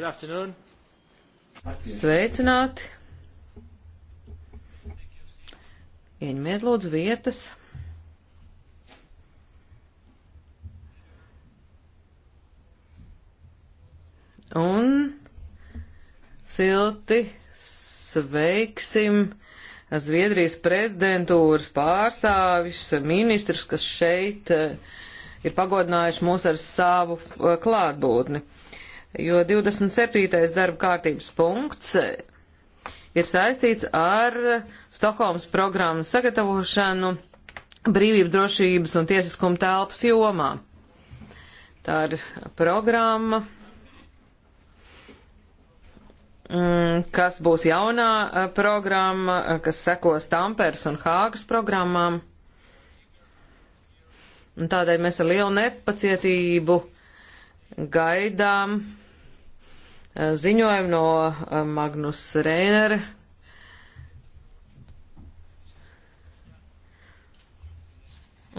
Good afternoon. Sveicināti. Ieņemiet lūdzu vietas. Un silti sveiksim Zviedrijas prezidentūras pārstāvis, ministrs, kas šeit eh, ir pagodinājuši mūs ar savu eh, klātbūtni jo 27. darba kārtības punkts ir saistīts ar Stokholmas programmas sagatavošanu brīvību, drošības un tiesiskuma telpas jomā. Tā ir programma, mm, kas būs jaunā eh, programma, kas sekos Tampers un Hāgas programmām. Un tādēļ mēs ar lielu nepacietību gaidām ziņojumu no eh, Magnus Reinera.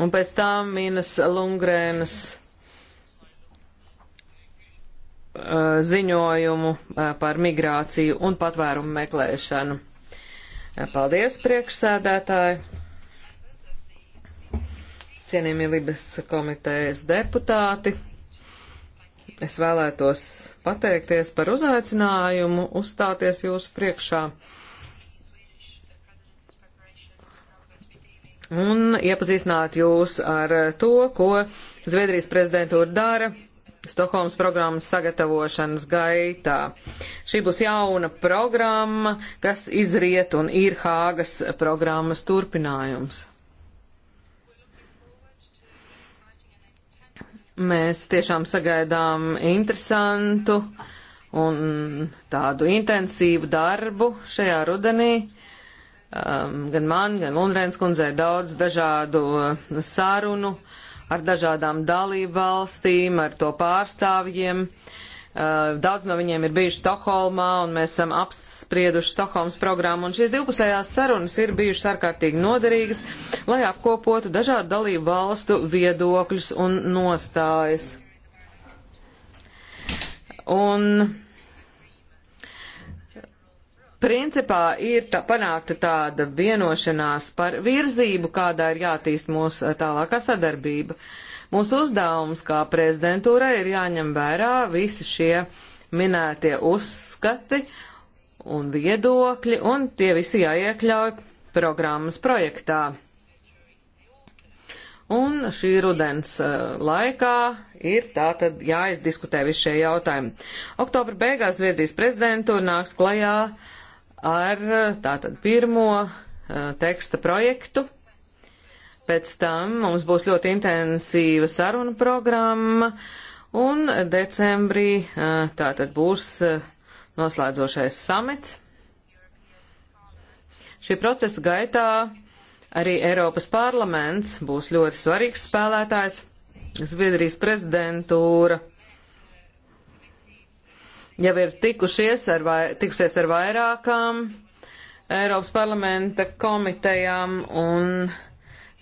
Un pēc tam Minas Lungrēnas eh, ziņojumu eh, par migrāciju un patvērumu meklēšanu. Paldies, priekšsēdētāji! Cienījamie Libes komitejas deputāti! Es vēlētos pateikties par uzaicinājumu uzstāties jūsu priekšā. un iepazīstināt jūs ar to, ko Zviedrijas prezidentūra dara Stokholmas programmas sagatavošanas gaitā. Šī būs jauna programma, kas izriet un ir Hāgas programmas turpinājums. Mēs tiešām sagaidām interesantu un tādu intensīvu darbu šajā rudenī. Um, gan man, gan Lundrēns kundzei daudz dažādu uh, sarunu ar dažādām dalību valstīm, ar to pārstāvjiem. Uh, Eh, daudz no viņiem ir bijuši Stokholmā, un mēs esam apsprieduši Stokholmas programmu, un šīs divpusējās sarunas ir bijušas ārkārtīgi noderīgas, lai apkopotu dažādu dalību valstu viedokļus un nostājas. Un principā ir tā, panākta tāda vienošanās par virzību, kādā ir jātīst mūsu eh, tālākā sadarbība. Uh, Mūsu uzdevums kā prezidentūrai ir jāņem vērā visi šie minētie uzskati un viedokļi, un tie visi jāiekļauj programmas projektā. Un šī rudens eh, laikā ir tātad jāizdiskutē visi šie jautājumi. Oktobra beigās Zviedrijas prezidentūra nāks klajā ar eh, tātad pirmo eh, teksta projektu Pēc tam mums būs ļoti intensīva saruna programma, un decembrī tā tad būs noslēdzošais samits. Šī procesa gaitā arī Eiropas parlaments būs ļoti svarīgs spēlētājs. Zviedrijas prezidentūra jau ir tikušies ar, vai, tikušies ar vairākām Eiropas parlamenta komitejām un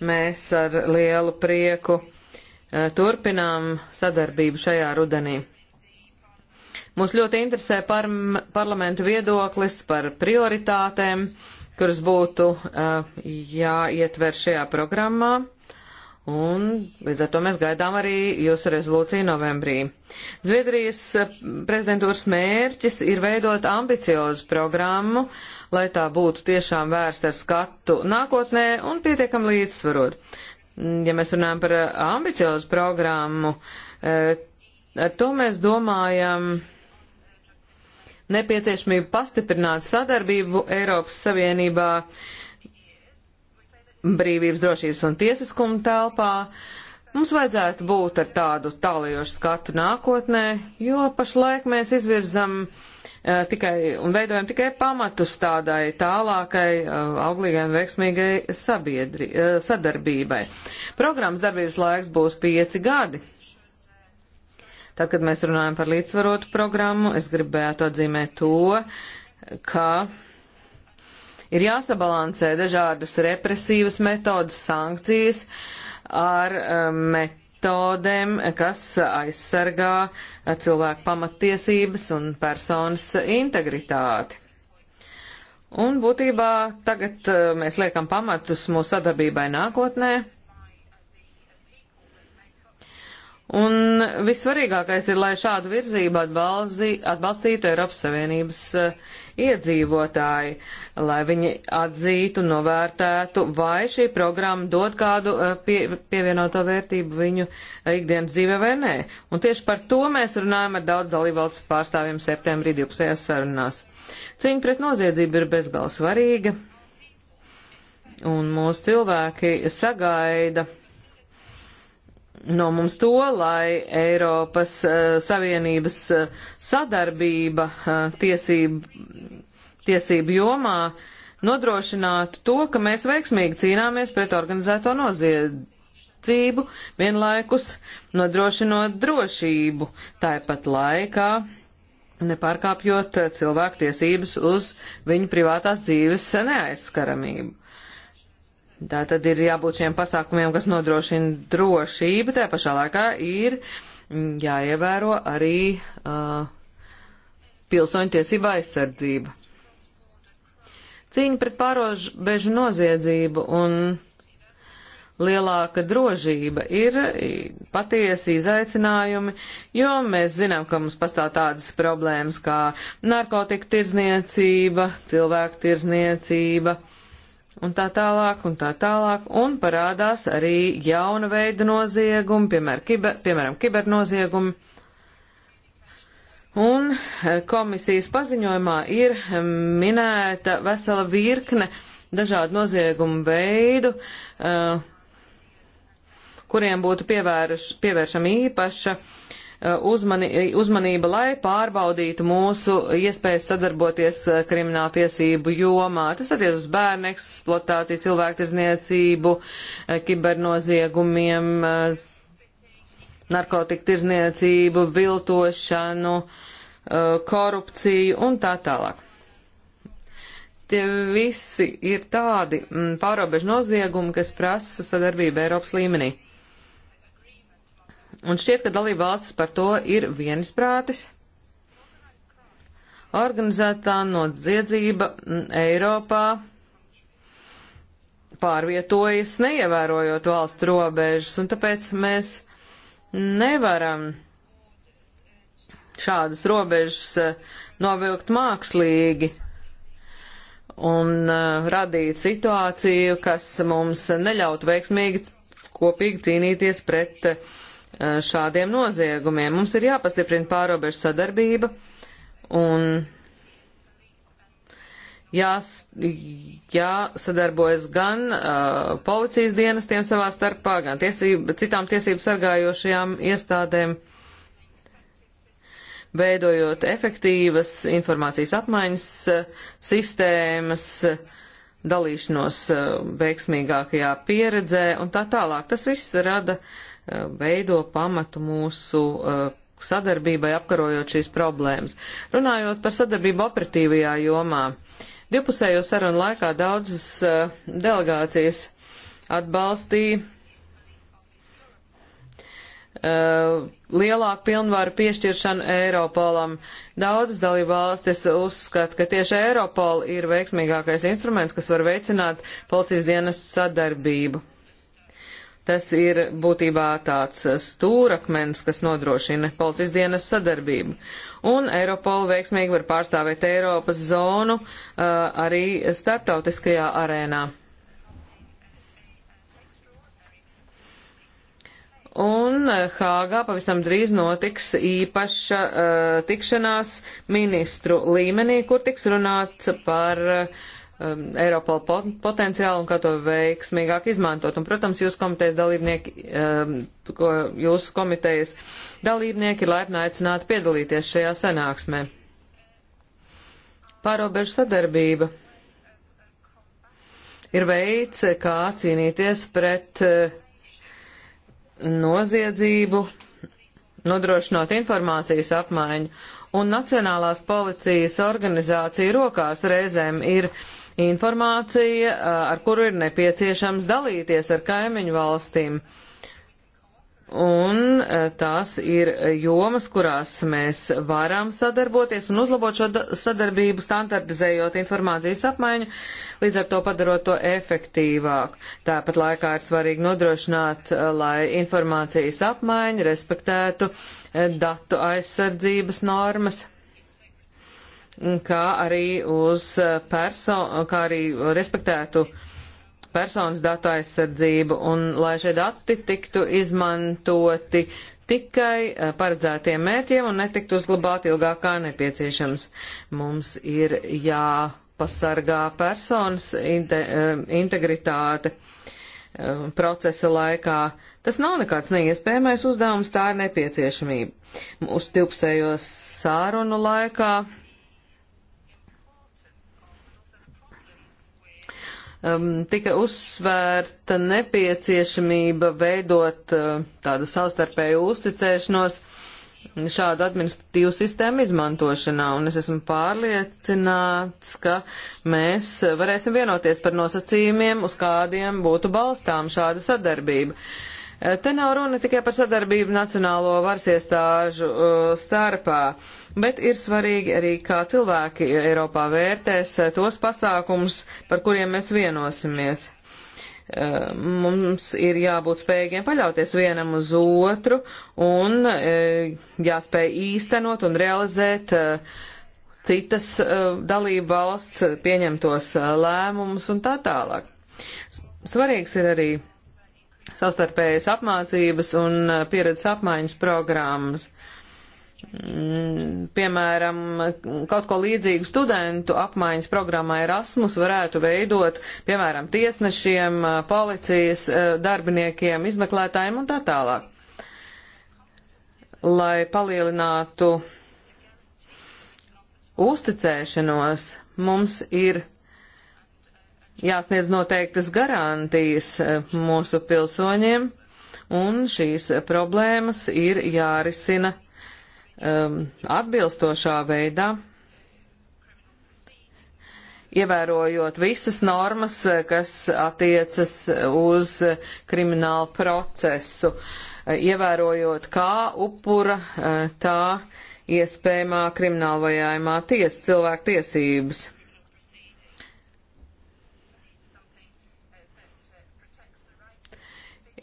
Mēs ar lielu prieku eh, turpinām sadarbību šajā rudenī. Mūs ļoti interesē par, parlamenta viedoklis par prioritātēm, kuras būtu eh, jāietver šajā programmā. Un līdz ar to mēs gaidām arī jūsu rezolūciju novembrī. Zviedrijas eh, prezidentūras mērķis ir veidot ambiciozu programmu, lai tā būtu tiešām vērsta ar skatu nākotnē un pietiekam līdzsvarot. Mm, ja mēs runājam par eh, ambiciozu programmu, eh, ar to mēs domājam nepieciešamību pastiprināt sadarbību Eiropas Savienībā brīvības, drošības un tiesiskuma telpā. Mums vajadzētu būt ar tādu tālajošu skatu nākotnē, jo pašlaik mēs izvirzam uh, tikai un veidojam tikai pamatus tādai tālākai uh, auglīgai un veiksmīgai sabiedri, uh, sadarbībai. Programmas darbības laiks būs pieci gadi. Tad, kad mēs runājam par līdzsvarotu programmu, es gribētu atzīmēt to, ka Ir jāsabalansē dažādas represīvas metodas, sankcijas ar um, metodēm, kas aizsargā cilvēku pamattiesības un personas integritāti. Un būtībā tagad uh, mēs liekam pamatus mūsu sadarbībai nākotnē Un vissvarīgākais ir, lai šādu virzību atbalzi, atbalstītu Eiropas Savienības uh, iedzīvotāji, lai viņi atzītu, novērtētu, vai šī programma dod kādu uh, pie, pievienoto vērtību viņu uh, ikdienas dzīvē vai nē. Un tieši par to mēs runājam ar daudz dalībvalsts pārstāvjiem septembrī 12. sarunās. Cīņa pret noziedzību ir bezgala svarīga, un mūsu cilvēki sagaida no mums to, lai Eiropas eh, Savienības eh, sadarbība eh, tiesību, tiesību jomā nodrošinātu to, ka mēs veiksmīgi cīnāmies pret organizēto noziedzību, vienlaikus nodrošinot drošību, tāpat laikā nepārkāpjot cilvēku tiesības uz viņu privātās dzīves neaizskaramību. Tā tad ir jābūt šiem pasākumiem, kas nodrošina drošību, tā pašā laikā ir mm, jāievēro arī uh, pilsoņu tiesība aizsardzība. Cīņa pret pārobežu noziedzību un lielāka drošība ir patiesi izaicinājumi, jo mēs zinām, ka mums pastāv tādas problēmas kā narkotiku tirzniecība, cilvēku tirzniecība un tā tālāk, un tā tālāk, un parādās arī jauna veida noziegumi, piemēram, kiber, piemēram kibernoziegumi. Un eh, komisijas paziņojumā ir eh, minēta vesela virkne dažādu noziegumu veidu, eh, kuriem būtu pievērš, pievēršama īpaša uh, Eh, uzmani, uzmanība, lai pārbaudītu mūsu iespējas sadarboties eh, krimināla tiesību jomā. Tas attiec uz bērnu eksploatāciju, cilvēktirzniecību, eh, kibernoziegumiem, narkotiku tirzniecību, viltošanu, korupciju un tā tālāk tie visi ir tādi m, mm, pārobežu noziegumi, kas prasa sadarbību Eiropas līmenī un šķiet, ka dalība valstis par to ir vienisprātis. Organizētā nodziedzība Eiropā pārvietojas neievērojot valstu robežas, un tāpēc mēs nevaram šādas robežas e, novilkt mākslīgi un uh, radīt situāciju, kas mums neļautu veiksmīgi kopīgi cīnīties pret uh, Eh, šādiem noziegumiem. Mums ir jāpastiprina pārobežu sadarbība un jās, jāsadarbojas gan uh, policijas dienestiem savā starpā, gan tiesība, citām tiesību sargājošajām iestādēm, veidojot efektīvas informācijas apmaiņas uh, sistēmas, uh, dalīšanos uh, veiksmīgākajā pieredzē un tā tālāk. Tas viss rada uh, Eh, veido pamatu mūsu eh, sadarbībai apkarojot šīs problēmas. Runājot par sadarbību operatīvajā jomā, divpusējo sarunu laikā daudzas eh, delegācijas atbalstīja lielāku pilnvaru piešķiršanu Eiropolam. Daudzas dalībvalstis uzskata, ka tieši Eiropola ir veiksmīgākais instruments, kas var veicināt policijas dienas sadarbību. Tas ir būtībā tāds stūrakmens, kas nodrošina policijas dienas sadarbību. Un Eiropola veiksmīgi var pārstāvēt Eiropas zonu uh, arī starptautiskajā arēnā. Un uh, Hāgā pavisam drīz notiks īpaša uh, tikšanās ministru līmenī, kur tiks runāts par uh, um, Eiropola pot potenciālu un kā to veiksmīgāk izmantot. Un, protams, jūs komitejas dalībnieki, um, ko, jūsu komitejas dalībnieki laipni aicināti piedalīties šajā sanāksmē. Pārobežu sadarbība ir veids, kā cīnīties pret uh, noziedzību, nodrošinot informācijas apmaiņu, un Nacionālās policijas organizācija rokās reizēm ir uh, informācija, ar kuru ir nepieciešams dalīties ar kaimiņu valstīm. Un tās ir jomas, kurās mēs varam sadarboties un uzlabot šo sadarbību, standartizējot informācijas apmaiņu, līdz ar to padarot to efektīvāk. Tāpat laikā ir svarīgi nodrošināt, lai informācijas apmaiņa respektētu datu aizsardzības normas kā arī uz personu, kā arī respektētu personas datu aizsardzību un lai šie dati tiktu izmantoti tikai eh, paredzētiem mērķiem un netiktu uzglabāti ilgāk kā nepieciešams. Mums ir jāpasargā personas inte, eh, integritāte eh, procesa laikā. Tas nav nekāds neiespējamais uzdevums, tā ir nepieciešamība. Mūsu divpusējo sārunu laikā um, tika uzsvērta nepieciešamība veidot uh, tādu savstarpēju uzticēšanos šādu administratīvu sistēmu izmantošanā, un es esmu pārliecināts, ka mēs varēsim vienoties par nosacījumiem, uz kādiem būtu balstām šāda sadarbība. Uh, Eh, te nav runa tikai par sadarbību nacionālo varas iestāžu eh, starpā, bet ir svarīgi arī, kā cilvēki Eiropā vērtēs eh, tos pasākums, par kuriem mēs vienosimies. Mums ir jābūt spējīgiem paļauties vienam uz otru un jāspēj īstenot un realizēt citas dalību valsts pieņemtos lēmumus un tā tālāk. Svarīgs ir arī savstarpējas apmācības un uh, pieredzes apmaiņas programmas. Mm, piemēram, kaut ko līdzīgu studentu apmaiņas programmā Erasmus varētu veidot, piemēram, tiesnešiem, uh, policijas uh, darbiniekiem, izmeklētājiem un tā tālāk. Lai palielinātu uzticēšanos, mums ir jāsniedz noteiktas garantijas eh, mūsu pilsoņiem, un šīs problēmas ir jārisina um, atbilstošā veidā ievērojot visas normas, eh, kas attiecas uz kriminālu procesu, eh, ievērojot kā upura, tā iespējamā kriminālvajājumā tiesa cilvēku tiesības.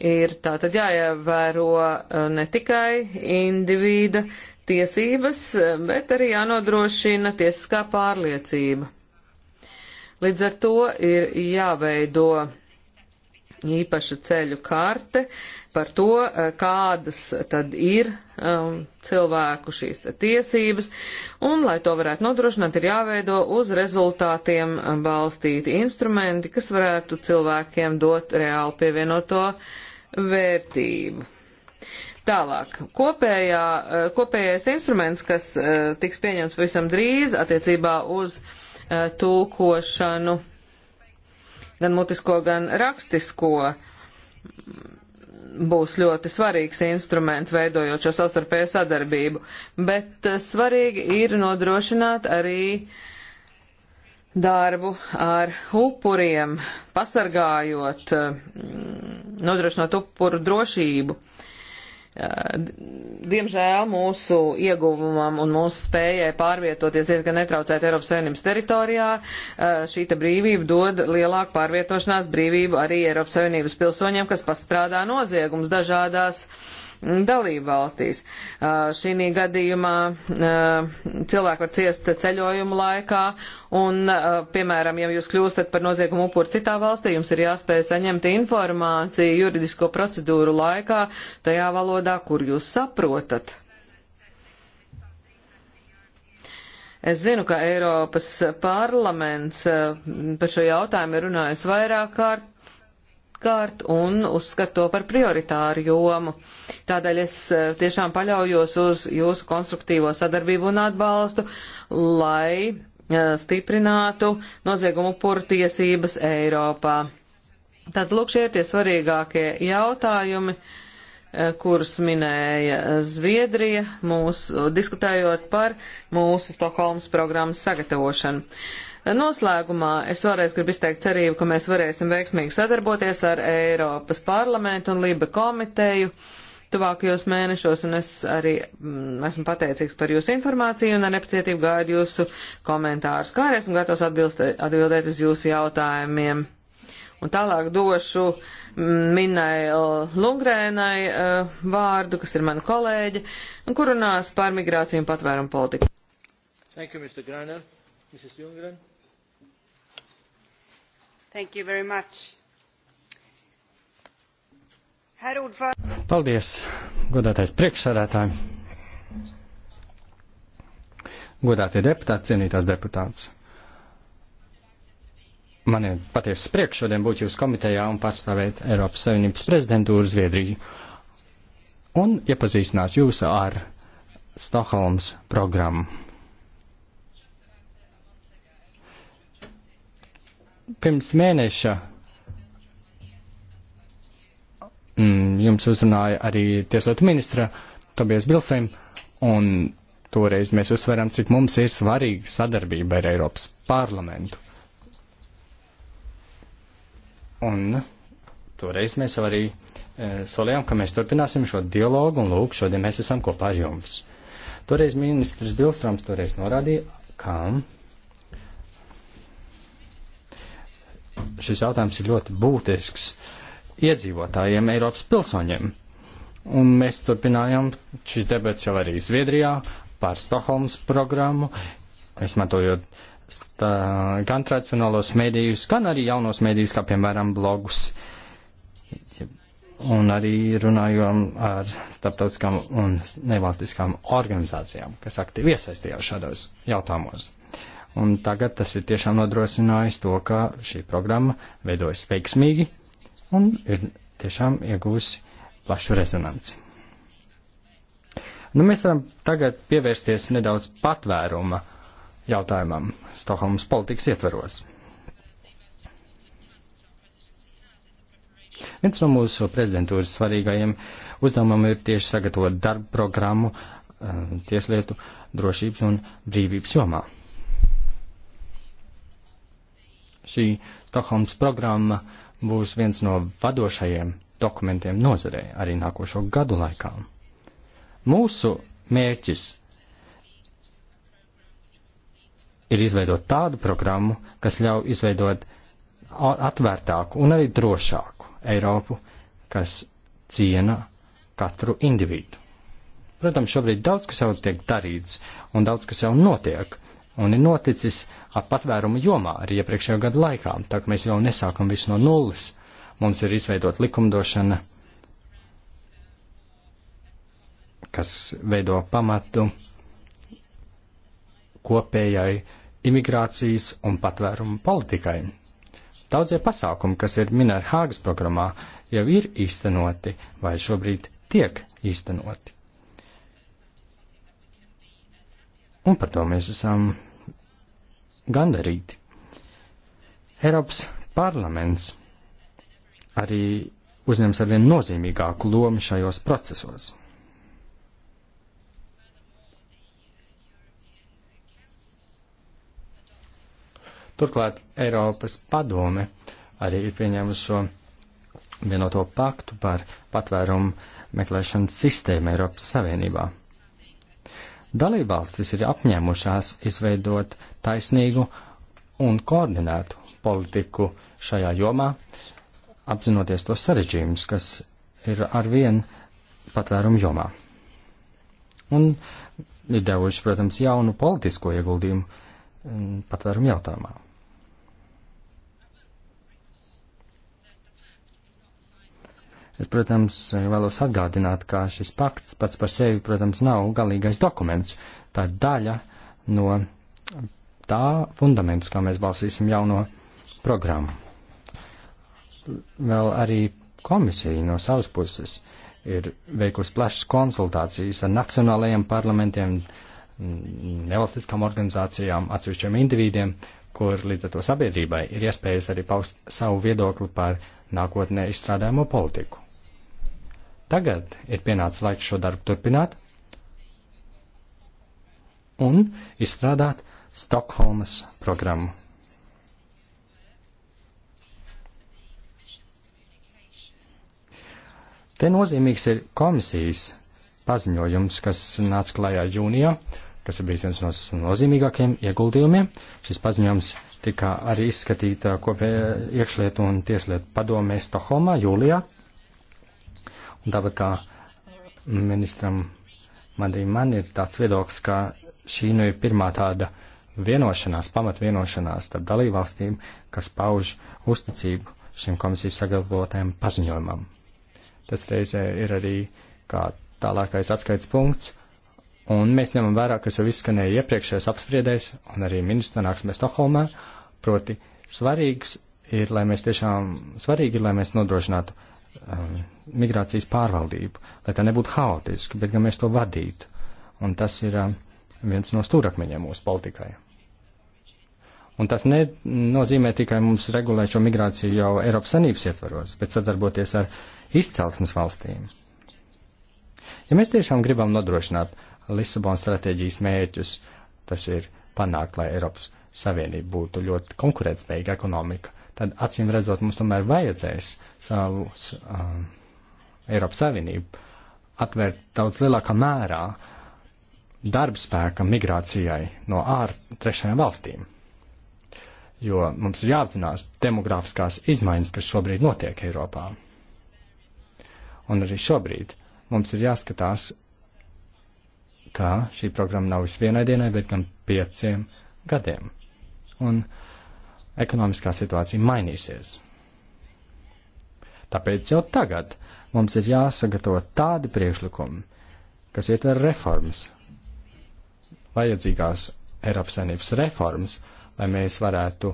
ir tātad jāievēro uh, ne tikai individa tiesības, uh, bet arī jānodrošina tiesiskā pārliecība. Līdz ar to ir jāveido īpaša ceļu karte par to, uh, kādas tad ir um, cilvēku šīs tiesības, un, lai to varētu nodrošināt, ir jāveido uz rezultātiem um, balstīti instrumenti, kas varētu cilvēkiem dot reāli pievienoto uh, vērtību. Tālāk, kopējā, eh, kopējais instruments, kas eh, tiks pieņemts pavisam drīz attiecībā uz eh, tulkošanu, gan mutisko, gan rakstisko, būs ļoti svarīgs instruments veidojot šo savstarpēju sadarbību, bet svarīgi ir nodrošināt arī uh, darbu ar upuriem, pasargājot, eh, nodrošinot upuru drošību. Eh, diemžēl mūsu ieguvumam un mūsu spējai pārvietoties diezgan netraucēt Eiropas Savienības teritorijā, eh, šī te brīvība dod lielāku pārvietošanās brīvību arī Eiropas Savienības pilsoņiem, kas pastrādā noziegums dažādās uh, dalībvalstīs. Šī gadījumā cilvēki var ciest ceļojumu laikā un, piemēram, ja jūs kļūstat par noziegumu upuru citā valstī, jums ir jāspēj saņemt informāciju juridisko procedūru laikā tajā valodā, kur jūs saprotat. Es zinu, ka Eiropas parlaments par šo jautājumu ir runājis vairāk kārt, apkārt un uzskata to par prioritāru jomu. Tādēļ es eh, tiešām paļaujos uz jūsu konstruktīvo sadarbību un atbalstu, lai eh, stiprinātu noziegumu upuru tiesības Eiropā. Tad lūk šie tie svarīgākie jautājumi, eh, kurus minēja Zviedrija, mūsu, diskutējot par mūsu Stokholmas programmas sagatavošanu. Noslēgumā es vēlreiz gribu izteikt cerību, ka mēs varēsim veiksmīgi sadarboties ar Eiropas parlamentu un Liba komiteju tuvākajos mēnešos, un es arī mm, esmu pateicīgs par jūsu informāciju un ar nepacietību gaidu jūsu komentārus, kā arī esmu gatavs atbilst, atbildēt uz jūsu jautājumiem. Un tālāk došu mm, Minai Lungrēnai uh, eh, vārdu, kas ir mana kolēģe, un kur runās par migrāciju un patvērumu politiku. Thank you, Mr. Graner. Mrs. Lundgren. Thank you very much. Paldies, godātais priekšsēdētāji, godātie deputāti, cienītās deputātas. Man ir patiesas prieks šodien būt jūsu komitejā un pārstāvēt Eiropas Savienības prezidentūru Zviedriju un iepazīstināt jūs ar Stokholmas programmu. pirms mēneša mm, jums uzrunāja arī tieslietu ministra Tobijas Bilsēm, un toreiz mēs uzsveram, cik mums ir svarīga sadarbība ar Eiropas parlamentu. Un toreiz mēs arī e, solījām, ka mēs turpināsim šo dialogu, un lūk, šodien mēs esam kopā ar jums. Toreiz ministrs Bilstrāms toreiz norādīja, ka šis jautājums ir ļoti būtisks iedzīvotājiem, Eiropas pilsoņiem. Un mēs turpinājām šīs debats jau arī Zviedrijā par Stokholmas programmu, izmantojot tā, gan tradicionālos mēdījus, gan arī jaunos mēdījus, kā piemēram blogus. Un arī runājām ar starptautiskām un nevalstiskām organizācijām, kas aktīvi iesaistījās šādos jautājumos. Uh, Un tagad tas ir tiešām nodrošinājis to, ka šī programma veidojas veiksmīgi un ir tiešām iegūsi plašu rezonanci. Nu, mēs varam tagad pievērsties nedaudz patvēruma jautājumam Stokholmas politikas ietveros. Viens no mūsu prezidentūras svarīgajiem uzdevumam ir tieši sagatavot darbu programmu eh, tieslietu drošības un brīvības jomā. šī Stokholmas programma būs viens no vadošajiem dokumentiem nozarē arī nākošo gadu laikā. Mūsu mērķis ir izveidot tādu programmu, kas ļauj izveidot atvērtāku un arī drošāku Eiropu, kas ciena katru individu. Protams, šobrīd daudz kas jau tiek darīts un daudz kas jau notiek, un ir noticis patvērumu jomā arī iepriekšējo gadu laikā, tā ka mēs jau nesākam visu no nulles. Mums ir izveidot likumdošana, kas veido pamatu kopējai imigrācijas un patvērumu politikai. Daudzie pasākumi, kas ir minēti Hāgas programmā, jau ir īstenoti vai šobrīd tiek īstenoti. Un par to mēs esam gandarīti. Eiropas parlaments arī uzņems arvien nozīmīgāku lomu šajos procesos. Turklāt Eiropas padome arī ir pieņēmusi šo vienoto paktu par patvērumu meklēšanas sistēmu Eiropas Savienībā. Dalībvalstis ir apņēmušās izveidot taisnīgu un koordinētu politiku šajā jomā, apzinoties tos sarežģījumus, kas ir arvien patvērumu jomā. Un ir devuši, protams, jaunu politisko ieguldījumu mm, patvērumu jautājumā. Es, protams, vēlos atgādināt, ka šis pakts pats par sevi, protams, nav galīgais dokuments. Tā ir daļa no tā fundamentus, kā mēs balsīsim jauno programmu. Vēl arī komisija no savas puses ir veikusi plašas konsultācijas ar nacionālajiem parlamentiem, nevalstiskām organizācijām, atsevišķiem individiem, kur līdz ar to sabiedrībai ir iespējas arī paust savu viedokli par nākotnē izstrādājumu politiku. Tagad ir pienācis laiks šo darbu turpināt un izstrādāt Stokholmas programmu. Te nozīmīgs ir komisijas paziņojums, kas nāca klajā jūnijā, kas ir bijis viens no nozīmīgākajiem ieguldījumiem. Šis paziņojums tika arī izskatīta kopējā iekšlietu un tieslietu padomē Stokholmā jūlijā Tāpat kā ministram man arī man ir tāds viedoklis, ka šī nu ir pirmā tāda vienošanās, pamatvienošanās starp dalībvalstīm, kas pauž uzticību šim komisijas sagatavotajam paziņojumam. Tas reizē ir arī kā tālākais atskaits punkts, un mēs ņemam vērā, kas jau izskanēja iepriekšējās apspriedēs un arī ministra nāksmē Stokholmā, proti svarīgs ir, lai mēs tiešām svarīgi ir, lai mēs nodrošinātu um, migrācijas pārvaldību, lai tā nebūtu haotiska, bet gan mēs to vadītu. Un tas ir um, viens no stūrakmeņiem mūsu politikai. Un tas nenozīmē tikai mums regulēt šo migrāciju jau Eiropas Sanības ietvaros, bet sadarboties ar izcelsmes valstīm. Ja mēs tiešām gribam nodrošināt Lisabonas stratēģijas mērķus, tas ir panākt, lai Eiropas Savienība būtu ļoti konkurētspējīga ekonomika, tad acīm redzot mums tomēr vajadzēs savus um, Eiropas Savienību atvērt daudz lielākā mērā darbspēka migrācijai no ār trešajām valstīm. Jo mums ir jāapzinās demografiskās izmaiņas, kas šobrīd notiek Eiropā. Un arī šobrīd mums ir jāskatās, ka šī programma nav visvienai dienai, bet gan pieciem gadiem. Un uh, ekonomiskā situācija mainīsies. Tāpēc jau tagad mums ir jāsagatavo tādi priekšlikumi, kas ietver reformas, vajadzīgās Eiropas Savienības reformas, lai mēs varētu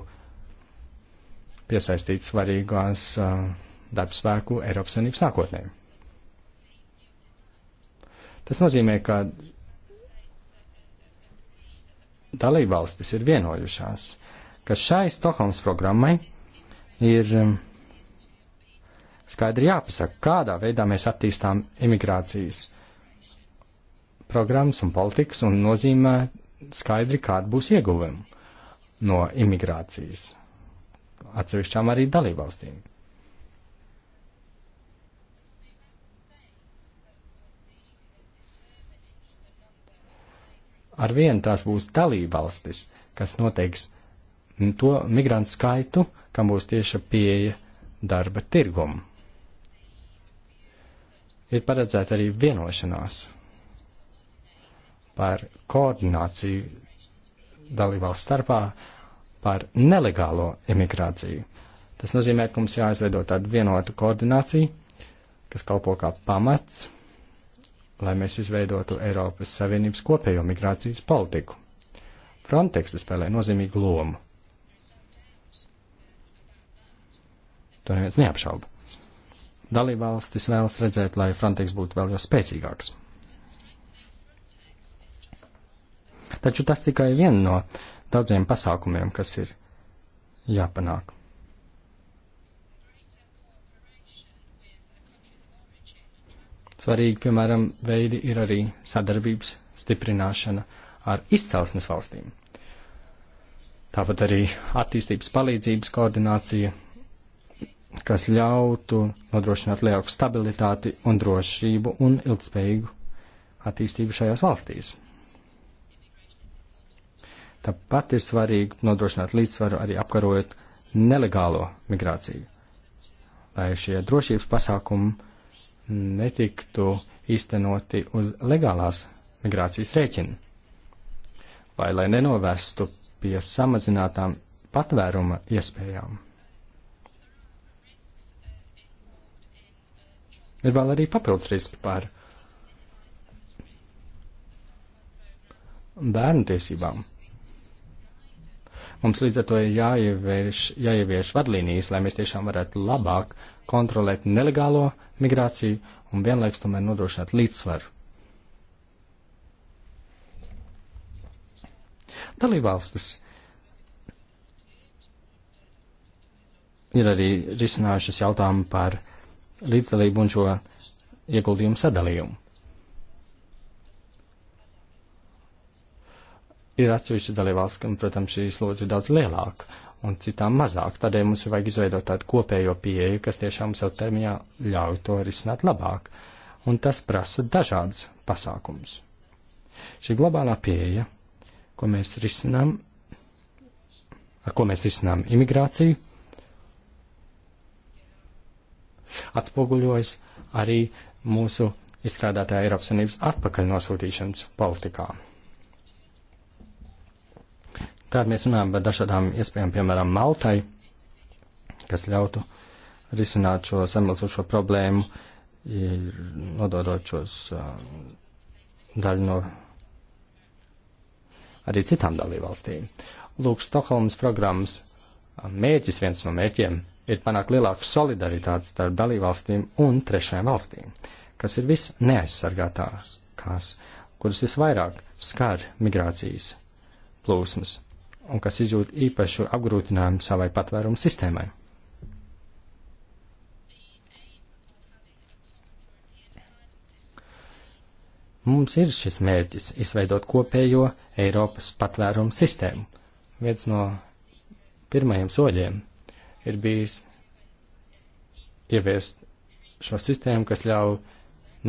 piesaistīt svarīgās uh, darbspēku Eiropas Savienības nākotnē. Tas nozīmē, ka dalībvalstis ir vienojušās ka šai Stokholmas programmai ir um, skaidri jāpasaka, kādā veidā mēs attīstām imigrācijas programmas un politikas un nozīmē skaidri, kāda būs ieguvuma no imigrācijas atsevišķām arī dalībvalstīm. Arvien tās būs dalībvalstis, kas noteiks to migrantu skaitu, kam būs tieša pieeja darba tirgumu. Ir paredzēta arī vienošanās par koordināciju dalībvalstu starpā par nelegālo imigrāciju. Tas nozīmē, ka mums jāizveido tāda vienota koordinācija, kas kalpo kā pamats, lai mēs izveidotu Eiropas Savienības kopējo migrācijas politiku. Frontex spēlē nozīmīgu lomu To neviens neapšauba. Dalībvalstis vēlas redzēt, lai Frontex būtu vēl jau spēcīgāks. Taču tas tikai viena no daudziem pasākumiem, kas ir jāpanāk. Svarīgi, piemēram, veidi ir arī sadarbības stiprināšana ar izcelsmes valstīm. Tāpat arī attīstības palīdzības koordinācija kas ļautu nodrošināt lielāku stabilitāti un drošību un ilgspējīgu attīstību šajās valstīs. Tāpat ir svarīgi nodrošināt līdzsvaru arī apkarojot nelegālo migrāciju, lai šie drošības pasākumi netiktu īstenoti uz legālās migrācijas rēķina, vai lai nenovestu pie samazinātām patvēruma iespējām. ir vēl arī papildus riski par bērnu tiesībām. Mums līdz ar to ir jāievieš, jāievieš vadlīnijas, lai mēs tiešām varētu labāk kontrolēt nelegālo migrāciju un vienlaiks tomēr nodrošināt līdzsvaru. Dalībvalstis ir arī risinājušas jautājumu par līdzdalību un šo ieguldījumu sadalījumu. Ir atsevišķi dalībvalsts, kam, protams, šī slodze ir daudz lielāka un citām mazāk. Tādēļ mums ir vajag izveidot tādu kopējo pieeju, kas tiešām sev termiņā ļauj to risināt labāk. Un tas prasa dažādas pasākums. Šī globālā pieeja, ko mēs risinām, ar ko mēs risinām imigrāciju, atspoguļojas arī mūsu izstrādātā Eiropas Savienības atpakaļ nosūtīšanas politikā. Tātad mēs runājam par dažādām iespējām, piemēram, Maltai, kas ļautu risināt šo samilzušo problēmu, nododot šos daļu no arī citām dalībvalstīm. Lūk, Stokholmas programmas mērķis, viens no mērķiem ir panākt lielāku solidaritāti starp dalībvalstīm un trešajām valstīm, kas ir viss neaizsargātākās, kuras visvairāk skar migrācijas plūsmas un kas izjūt īpašu apgrūtinājumu savai patvērumu sistēmai. Mums ir šis mērķis izveidot kopējo Eiropas patvērumu sistēmu, viens no pirmajiem soļiem ir bijis ieviest šo sistēmu, kas ļauj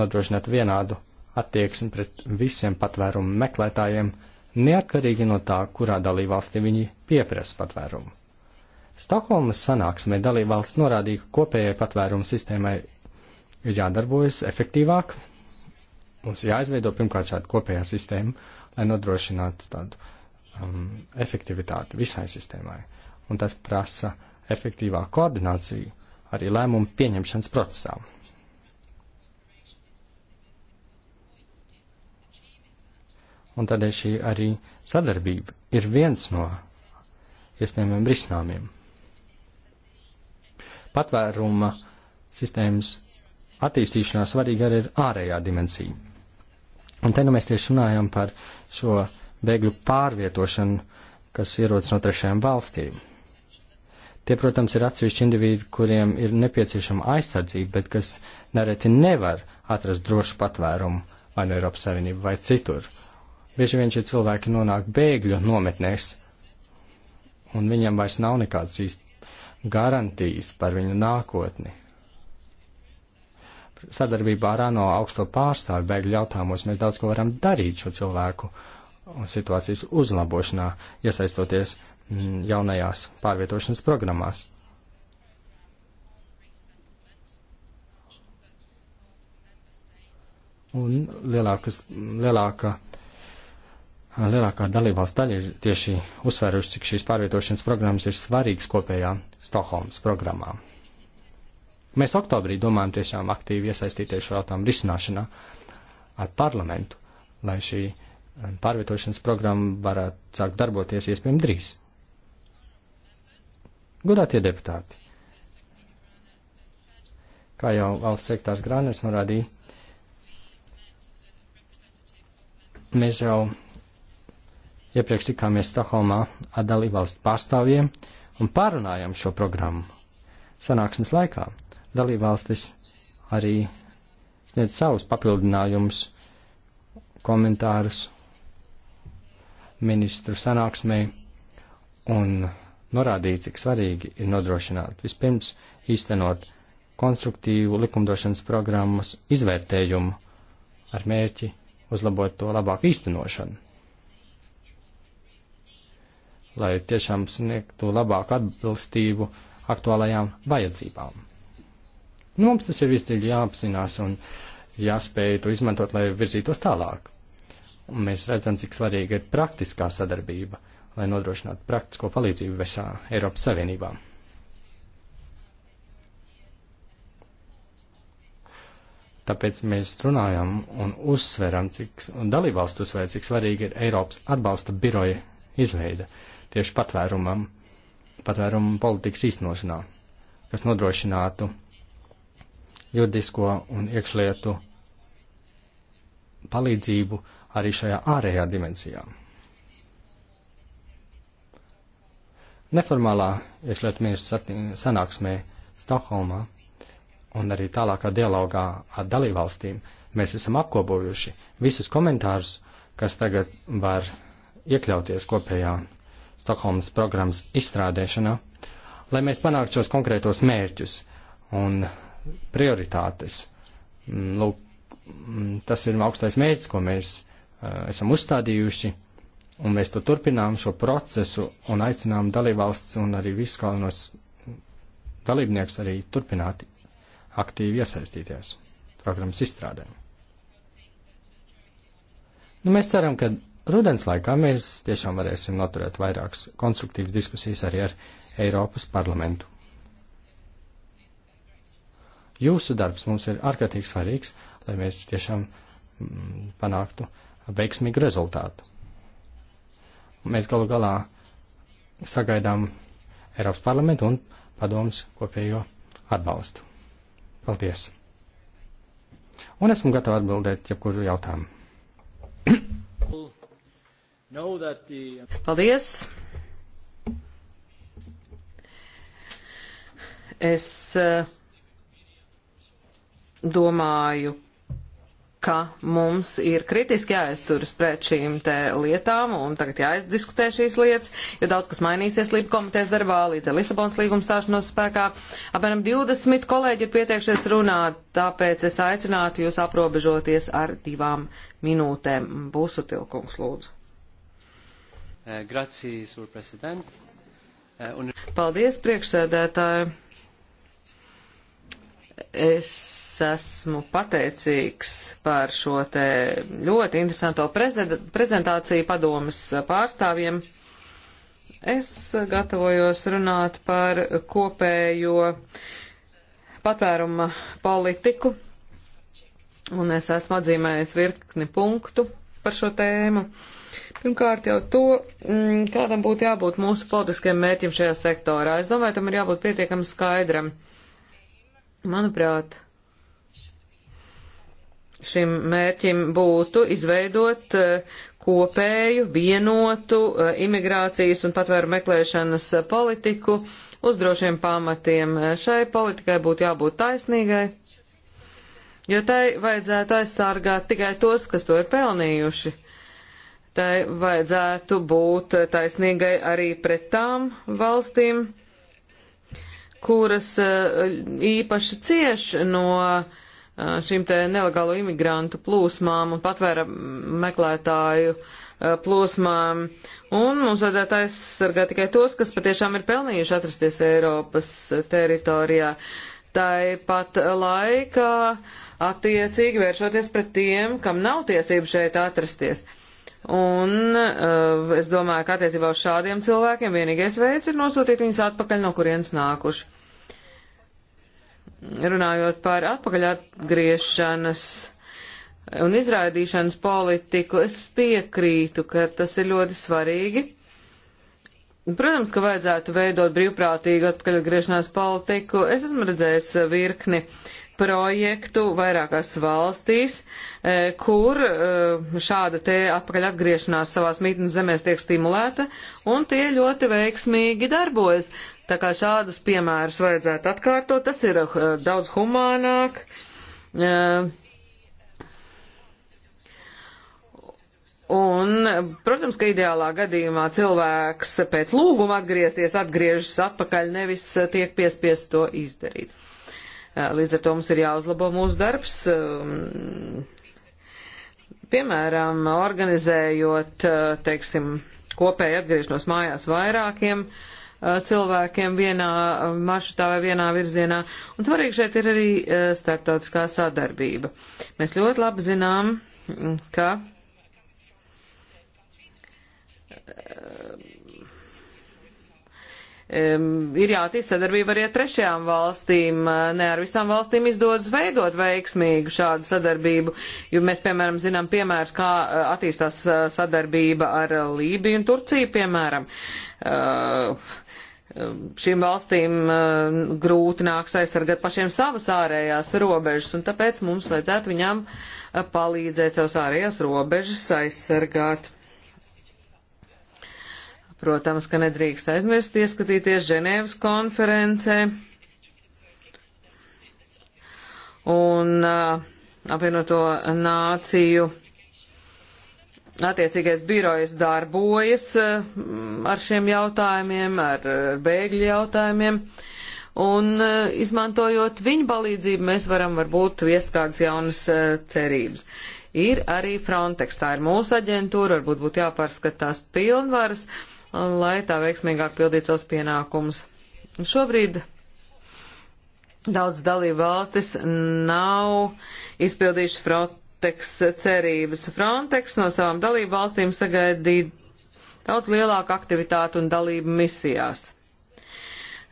nodrošināt vienādu attieksmi pret visiem patvērumu meklētājiem, neatkarīgi no tā, kurā dalībvalstī viņi pieprasa patvērumu. Stokholmas sanāksmē dalībvalsts norādīja, ka kopējai patvērumu sistēmai ir jādarbojas efektīvāk. Mums jāizveido pirmkārt šāda kopējā sistēma, lai nodrošinātu tādu um, efektivitāti visai sistēmai. Un tas prasa uh, efektīvāku koordināciju arī lēmumu pieņemšanas procesā. Un tādēļ šī arī sadarbība ir viens no iespējamiem risinājumiem. Patvēruma sistēmas attīstīšanā svarīga arī ir ārējā dimensija. Un te nu mēs tieši runājam par šo bēgļu pārvietošanu, kas ierodas no trešajām valstīm. Tie, protams, ir atsevišķi individi, kuriem ir nepieciešama aizsardzība, bet kas nereti nevar atrast drošu patvērumu vai no nu Eiropas Savienību vai citur. Bieži vien šie cilvēki nonāk bēgļu nometnēs, un viņam vairs nav nekādas īsti garantijas par viņu nākotni. Sadarbībā ar ANO augsto pārstāvi bēgļu jautājumos mēs daudz ko varam darīt šo cilvēku situācijas uzlabošanā, iesaistoties Mm, jaunajās pārvietošanas programmās. Un lielākas, lielāka, lielākā dalībvalsts daļa ir tieši uzsvērusi, cik šīs pārvietošanas programmas ir svarīgas kopējā Stokholmas programmā. Mēs oktobrī domājam tiešām aktīvi iesaistīties šo jautājumu risināšanā ar parlamentu, lai šī eh, pārvietošanas programma varētu sākt darboties iespējami drīz. Godātie deputāti! Kā jau valsts sektārs Grāners norādīja, mēs jau iepriekš tikāmies Stokholmā ar dalībvalstu pārstāvjiem un pārunājām šo programmu. Sanāksmes laikā dalībvalstis arī sniedz savus papildinājumus, komentārus ministru sanāksmē un norādīja, cik svarīgi ir nodrošināt vispirms īstenot konstruktīvu likumdošanas programmas izvērtējumu ar mērķi uzlabot to labāku īstenošanu, lai tiešām sniegtu labāku atbilstību aktuālajām vajadzībām. Nu, mums tas ir visdziļi jāapzinās un jāspēj to izmantot, lai virzītos tālāk. Un mēs redzam, cik svarīga ir praktiskā sadarbība lai nodrošinātu praktisko palīdzību visā Eiropas Savienībā. Tāpēc mēs runājam un uzsveram, cik un dalībvalstu uzsver, cik svarīgi ir Eiropas atbalsta biroja izveida tieši patvērumam, patvērumu politikas īstenošanā, kas nodrošinātu juridisko un iekšlietu palīdzību arī šajā ārējā dimensijā. Neformālā iekšlietu ministra sanāksmē Stokholmā un arī tālākā dialogā ar dalībvalstīm mēs esam apkopojuši visus komentārus, kas tagad var iekļauties kopējā Stokholmas programmas izstrādēšanā, lai mēs panāktu šos konkrētos mērķus un prioritātes. Mm, lūk, mm, tas ir augstais mērķis, ko mēs uh, esam uzstādījuši Un mēs to turpinām šo procesu un aicinām dalībvalsts un arī visus galvenos dalībniekus arī turpināt aktīvi iesaistīties programmas izstrādē. Nu, mēs ceram, ka rudens laikā mēs tiešām varēsim noturēt vairākas konstruktīvas diskusijas arī ar Eiropas parlamentu. Jūsu darbs mums ir ārkārtīgi svarīgs, lai mēs tiešām mm, panāktu veiksmīgu rezultātu. Mēs galu galā sagaidām Eiropas parlamentu un padomus kopējo atbalstu. Paldies! Un esmu gatava atbildēt jebkuru jautājumu. Paldies! Es eh, domāju, ka mums ir kritiski jāizturas pret šīm te lietām un tagad jāizdiskutē šīs lietas, jo daudz kas mainīsies Lība komitejas darbā līdz ar Lisabonas līguma stāšanos spēkā. Apmēram 20 kolēģi ir pieteikšies runāt, tāpēc es aicinātu jūs aprobežoties ar divām minūtēm. Būsu tilkums, lūdzu. Eh, Grazie, eh, Paldies, priekšsēdētāji. Es esmu pateicīgs par šo te ļoti interesanto prezentāciju padomas pārstāvjiem. Es gatavojos runāt par kopējo patvēruma politiku, un es esmu atzīmējis virkni punktu par šo tēmu. Pirmkārt jau to, mm, kādam būtu jābūt mūsu politiskajam mērķim šajā sektorā. Es domāju, tam ir jābūt pietiekami skaidram. Uh, Manuprāt, šim mērķim būtu izveidot eh, kopēju, vienotu eh, imigrācijas un patvēru meklēšanas politiku uz drošiem pamatiem. Šai politikai būtu jābūt taisnīgai, jo tai vajadzētu aizstāvēt tikai tos, kas to ir pelnījuši. Tai vajadzētu būt taisnīgai arī pret tām valstīm, kuras eh, īpaši cieš no eh, šīm te nelegālo imigrantu plūsmām un patvēra meklētāju eh, plūsmām. Un mums vajadzētu aizsargāt tikai tos, kas patiešām ir pelnījuši atrasties Eiropas teritorijā. Tāpat laikā attiecīgi vēršoties pret tiem, kam nav tiesību šeit atrasties. Un uh, es domāju, ka attiecībā uz šādiem cilvēkiem vienīgais veids ir nosūtīt viņus atpakaļ, no kurienes nākuši runājot par atpakaļ atgriešanas un izraidīšanas politiku, es piekrītu, ka tas ir ļoti svarīgi. Protams, ka vajadzētu veidot brīvprātīgu atpakaļ atgriešanās politiku. Es esmu redzējis virkni uh, projektu vairākās valstīs, e, kur e, šāda te atpakaļ atgriešanās savās mītnes zemēs tiek stimulēta, un tie ļoti veiksmīgi darbojas. Tā kā šādus piemērus vajadzētu atkārtot, tas ir e, daudz humānāk. Un, protams, ka ideālā gadījumā cilvēks pēc lūguma atgriezties, atgriežas atpakaļ, nevis tiek piespiests to izdarīt. Līdz ar to mums ir jāuzlabo mūsu darbs. Um, piemēram, organizējot, teiksim, kopēji atgriešanos mājās vairākiem cilvēkiem vienā maršrutā vai vienā virzienā. Un svarīgi šeit ir arī starptautiskā sadarbība. Mēs ļoti labi zinām, ka um, ir jātīst sadarbība arī ar trešajām valstīm. Eh, ne ar visām valstīm izdodas veidot veiksmīgu šādu sadarbību, jo mēs, piemēram, zinām piemērs, kā eh, attīstās eh, sadarbība ar Lībiju un Turciju, piemēram. Uh, Šīm valstīm uh, grūti nāks aizsargāt pašiem savas ārējās robežas, un tāpēc mums vajadzētu viņām palīdzēt savas ārējās robežas aizsargāt. Protams, ka nedrīkst aizmirst ieskatīties Ženēvas konferencē. Un uh, apvienoto nāciju attiecīgais birojas darbojas uh, ar šiem jautājumiem, ar bēgļu jautājumiem. Un uh, izmantojot viņu palīdzību, mēs varam varbūt viest kādas jaunas uh, cerības. Ir arī Frontex, tā ir mūsu aģentūra, varbūt būtu jāpārskatās pilnvaras. Uh, lai tā veiksmīgāk pildītu savus pienākumus. Šobrīd daudz dalību valstis nav izpildījuši Frontex cerības. Frontex no savām dalību valstīm sagaidīja daudz lielāku aktivitātu un dalību misijās.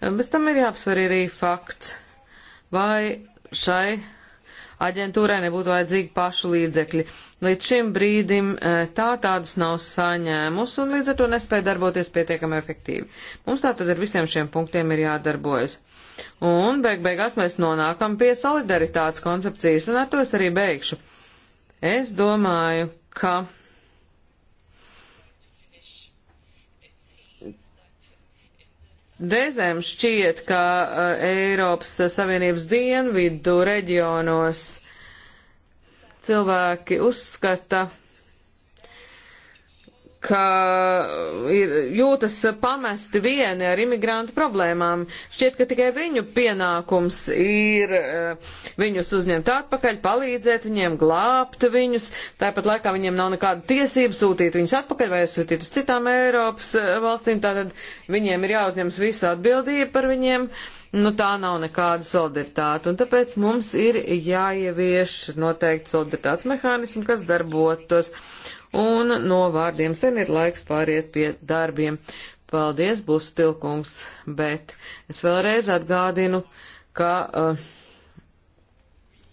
Bez tam ir jāapsver arī fakts, vai šai aģentūrai nebūtu vajadzīgi pašu līdzekļi. Līdz šim brīdim e, tā tādus nav saņēmusi un līdz ar to nespēja darboties pietiekami efektīvi. Mums tātad ar visiem šiem punktiem ir jādarbojas. Un beig beigās mēs nonākam pie solidaritātes koncepcijas, un ar to es arī beigšu. Es domāju, ka Reizēm šķiet, ka eh, Eiropas Savienības dienvidu reģionos cilvēki uzskata, ka uh, ir jūtas pamesti vieni ar imigrantu problēmām. Šķiet, ka tikai viņu pienākums ir uh, viņus uzņemt atpakaļ, palīdzēt viņiem, glābt viņus. Tāpat laikā viņiem nav nekāda tiesība sūtīt viņus atpakaļ vai sūtīt uz citām Eiropas uh, valstīm. Tātad viņiem ir jāuzņems visa atbildība par viņiem. Nu, tā nav nekāda solidaritāte, un tāpēc mums ir jāievieš noteikti solidaritātes mehānismi, kas darbotos. Uh, un no vārdiem sen ir laiks pāriet pie darbiem. Paldies, būs tilkums, bet es vēlreiz atgādinu, ka uh,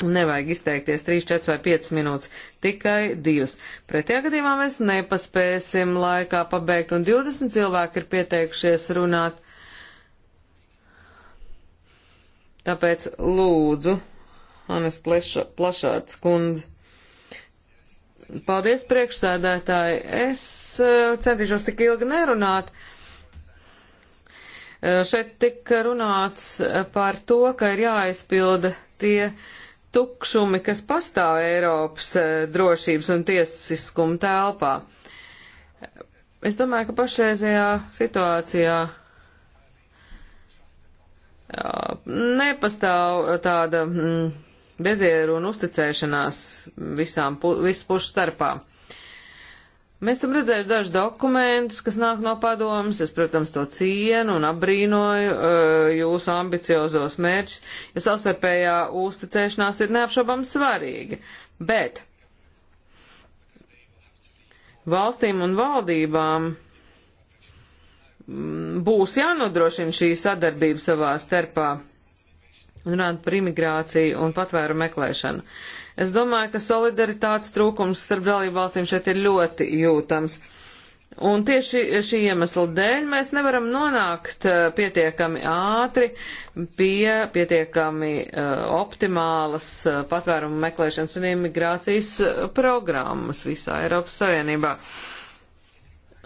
nevajag izteikties 3, 4 vai 5 minūtes, tikai 2. Pretējā gadījumā mēs nepaspēsim laikā pabeigt, un 20 cilvēki ir pieteikušies runāt. Tāpēc lūdzu, Anes Plašārds kundze. Paldies, priekšsēdētāji. Es eh, centīšos tik ilgi nerunāt. Eh, šeit tika runāts eh, par to, ka ir jāaizpilda tie tukšumi, kas pastāv Eiropas drošības un tiesiskuma telpā. Es domāju, ka pašreizajā situācijā nepastāv tāda. Mm, bezieru un uzticēšanās visām, visu pušu starpā. Mēs esam redzējuši dažus dokumentus, kas nāk no padomas. Es, protams, to cienu un apbrīnoju uh, jūsu ambiciozos mērķus, jo savstarpējā uzticēšanās ir neapšaubām svarīga. Bet valstīm un valdībām mm, būs jānodrošina šī sadarbība savā starpā runāt par imigrāciju un patvēru meklēšanu. Es domāju, ka solidaritātes trūkums starp dalībvalstīm šeit ir ļoti jūtams. Un tieši šī iemesla dēļ mēs nevaram nonākt eh, pietiekami ātri pie pietiekami uh, optimālas uh, patvērumu meklēšanas un imigrācijas programmas visā Eiropas Savienībā. Uh,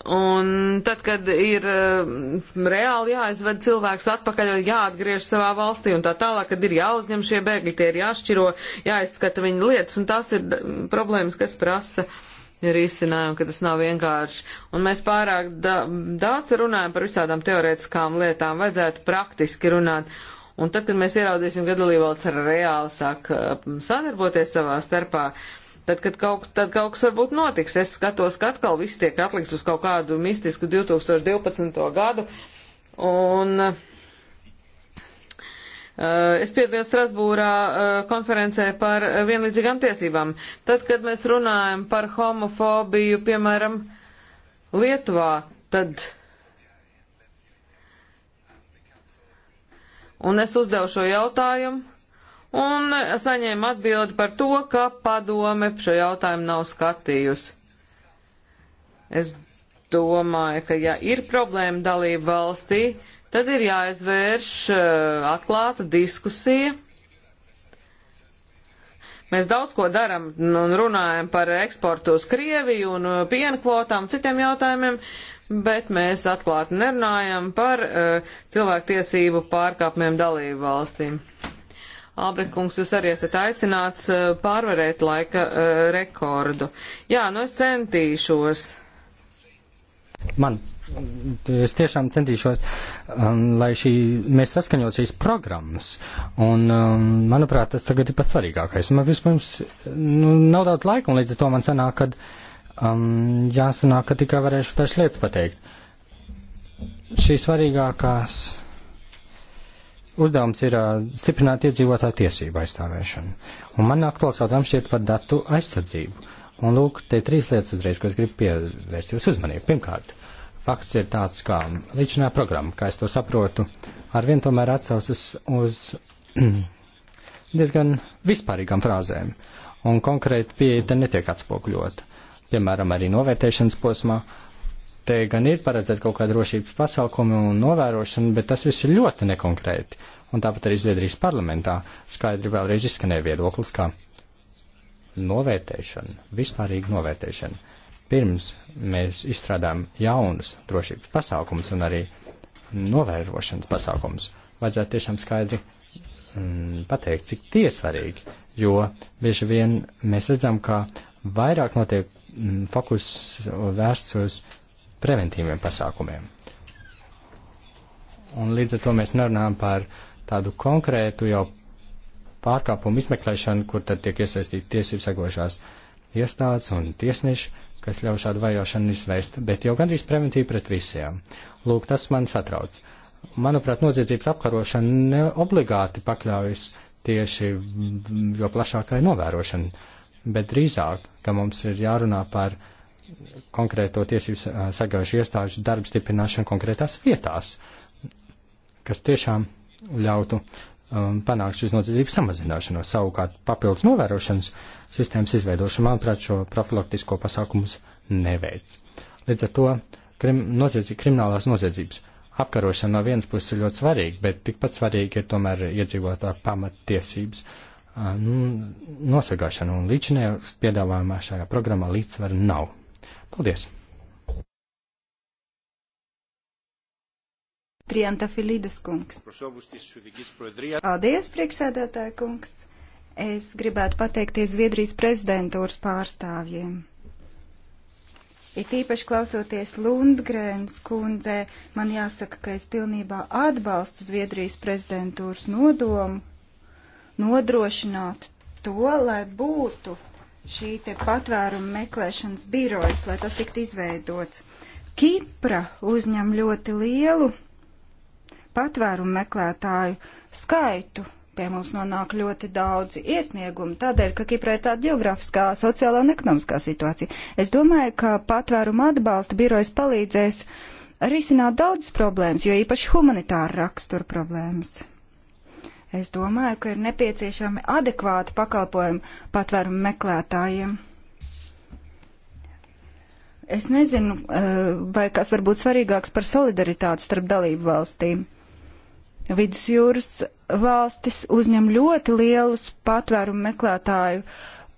Un tad, kad ir eh, reāli jāizved cilvēks atpakaļ, jāatgriež savā valstī un tā tālāk, kad ir jāuzņem šie bēgļi, tie ir jāšķiro, jāizskata viņu lietas, un tās ir mm, problēmas, kas prasa risinājumu, ka tas nav vienkārši. Un mēs pārāk da daudz runājam par visādām teorētiskām lietām, vajadzētu praktiski runāt. Un tad, kad mēs ieraudzīsim, ka dalībvalsts reāli sāk eh, sadarboties savā starpā, uh, Tad, kad kaut, tad kaut kas varbūt notiks, es skatos, ka atkal viss tiek atlikts uz kaut kādu mistisku 2012. gadu. Un uh, es piedalījos Strasbūrā uh, konferencē par vienlīdzīgām tiesībām. Tad, kad mēs runājam par homofobiju, piemēram, Lietuvā, tad. Un es uzdevu šo jautājumu un saņēma atbildi par to, ka padome šo jautājumu nav skatījusi. Es domāju, ka ja ir problēma dalība valstī, tad ir jāizvērš uh, atklāta diskusija. Mēs daudz ko darām un runājam par eksportu uz Krieviju un eh, piena kvotām, citiem jautājumiem, bet mēs atklāti nerunājam par uh, cilvēktiesību pārkāpumiem dalību valstīm. Albekungs, jūs arī esat aicināts eh, pārvarēt laika uh, rekordu. Jā, nu es centīšos. Man, es tiešām centīšos, um, lai šī, mēs saskaņot šīs programmas, un, um, manuprāt, tas tagad ir pats svarīgākais. Man vispirms, nu, nav daudz laika, un līdz ar to man sanāk, ka um, jāsanāk, ka tikai varēšu dažas lietas pateikt. Šīs svarīgākās uzdevums ir stiprināt iedzīvotāju tiesību aizstāvēšanu. Un man aktuāls jautājums šķiet par datu aizsardzību. Un lūk, te trīs lietas uzreiz, ko es gribu pievērst jūsu uzmanību. Pirmkārt, fakts ir tāds, kā līdzinā programma, kā es to saprotu, arvien tomēr atsaucas uz diezgan vispārīgām frāzēm, un konkrēti pieeja te netiek atspoguļota. Piemēram, arī novērtēšanas posmā uh, Te gan ir paredzēta kaut kāda drošības pasākumi un novērošana, bet tas viss ir ļoti nekonkrēti. Un tāpat arī Zviedrijas parlamentā skaidri vēlreiz izskanēja viedoklis, ka novērtēšana, vispārīga novērtēšana, pirms mēs izstrādājam jaunus drošības pasākumus un arī novērošanas pasākumus, vajadzētu tiešām skaidri mm, pateikt, cik tie svarīgi, jo bieži vien mēs redzam, ka vairāk notiek mm, fokus vērsts uz preventīviem pasākumiem. Un līdz ar to mēs nerunājam par tādu konkrētu jau pārkāpumu izmeklēšanu, kur tad tiek iesaistīti tiesību segošās iestādes un tiesneši, kas ļauj šādu vajošanu izvērst, bet jau gandrīz preventīvi pret visiem. Lūk, tas man satrauc. Manuprāt, noziedzības apkarošana neobligāti pakļaujas tieši jo plašākai novērošanai, bet drīzāk, ka mums ir jārunā par uh, konkrēto tiesību sagājušu iestāžu darbu stiprināšanu konkrētās vietās, kas tiešām ļautu um, panākt šīs nodzīvības samazināšanos. Savukārt papildus novērošanas sistēmas izveidošana, manuprāt, šo profilaktisko pasākumus neveic. Līdz ar to krim, noziedzi, kriminālās noziedzības apkarošana no vienas puses ir ļoti svarīga, bet tikpat svarīga ir tomēr iedzīvotāju pamattiesības nu, nosargāšana un līdzinējums piedāvājumā šajā programmā līdzsvara nav. Paldies! Triantafilīdas kungs. Paldies, priekšsēdētāja kungs. Es gribētu pateikties Zviedrijas prezidentūras pārstāvjiem. It īpaši klausoties Lundgrēns kundzē, man jāsaka, ka es pilnībā atbalstu Zviedrijas prezidentūras nodomu nodrošināt to, lai būtu šī te patvēruma meklēšanas birojas, lai tas tiktu izveidots. Kipra uzņem ļoti lielu patvērumu meklētāju skaitu. Pie mums nonāk ļoti daudzi iesniegumi, tādēļ, ka Kiprē ir tāda geogrāfiskā, sociālā un ekonomiskā situācija. Es domāju, ka patvērumu atbalsta birojas palīdzēs risināt daudzas problēmas, jo īpaši humanitāra rakstura problēmas. Es domāju, ka ir nepieciešami adekvāti pakalpojumi patvērumu meklētājiem. Es nezinu, eh, vai kas var būt svarīgāks par solidaritāti starp dalību valstīm. Vidusjūras valstis uzņem ļoti lielus patvērumu meklētāju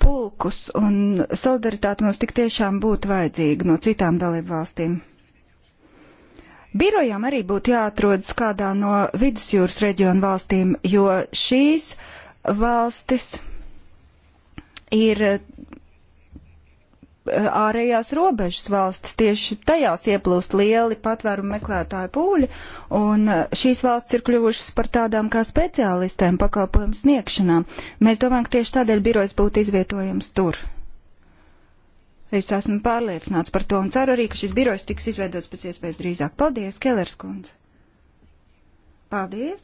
pulkus, un solidaritāte mums tik tiešām būtu vajadzīga no citām dalību valstīm. Birojām arī būtu jāatrodas kādā no vidusjūras reģionu valstīm, jo šīs valstis ir eh, ārējās robežas valstis. Tieši tajās ieplūst lieli patvērumu meklētāju pūļi, un eh, šīs valstis ir kļuvušas par tādām kā speciālistēm pakalpojumu sniegšanām. Mēs domājam, ka tieši tādēļ birojs būtu izvietojams tur. Es esmu pārliecināts par to un ceru arī, ka šis birojs tiks izveidots pēc iespējas drīzāk. Paldies, Kelers kundze! Paldies!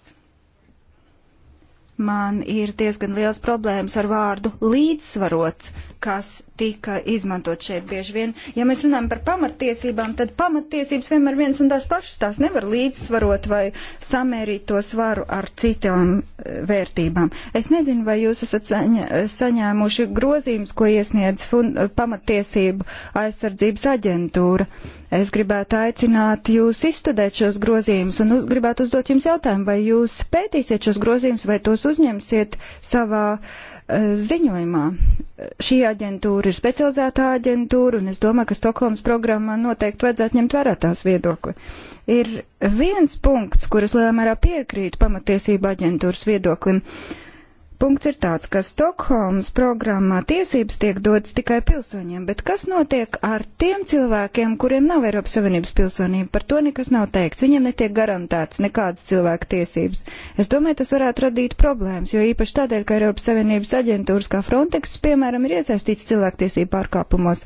Man ir diezgan liels problēmas ar vārdu līdzsvarots, kas tika izmantot šeit bieži vien. Ja mēs runājam par pamattiesībām, tad pamattiesības vienmēr viens un tās pašas tās nevar līdzsvarot vai samērīt to svaru ar citām eh, vērtībām. Es nezinu, vai jūs esat saņa, saņēmuši grozījumus, ko iesniedz fun, eh, pamattiesību aizsardzības aģentūra. Es gribētu aicināt jūs izstudēt šos grozījumus un uz, gribētu uzdot jums jautājumu, vai jūs pētīsiet šos grozījumus, vai tos uzņemsiet savā uh, ziņojumā. Šī aģentūra ir specializētā aģentūra, un es domāju, ka Stokholmas programmā noteikti vajadzētu ņemt vērā tās viedokli. Ir viens punkts, kuras lielā mērā piekrītu pamatiesība aģentūras viedoklim. Uh, punkts ir tāds, ka Stokholmas programmā tiesības tiek dotas tikai pilsoņiem, bet kas notiek ar tiem cilvēkiem, kuriem nav Eiropas Savienības pilsonība? Par to nekas nav teikts. Viņiem netiek garantēts nekādas cilvēka tiesības. Es domāju, tas varētu radīt problēmas, jo īpaši tādēļ, ka Eiropas Savienības aģentūras kā Frontex, piemēram, ir iesaistīts cilvēktiesību pārkāpumos.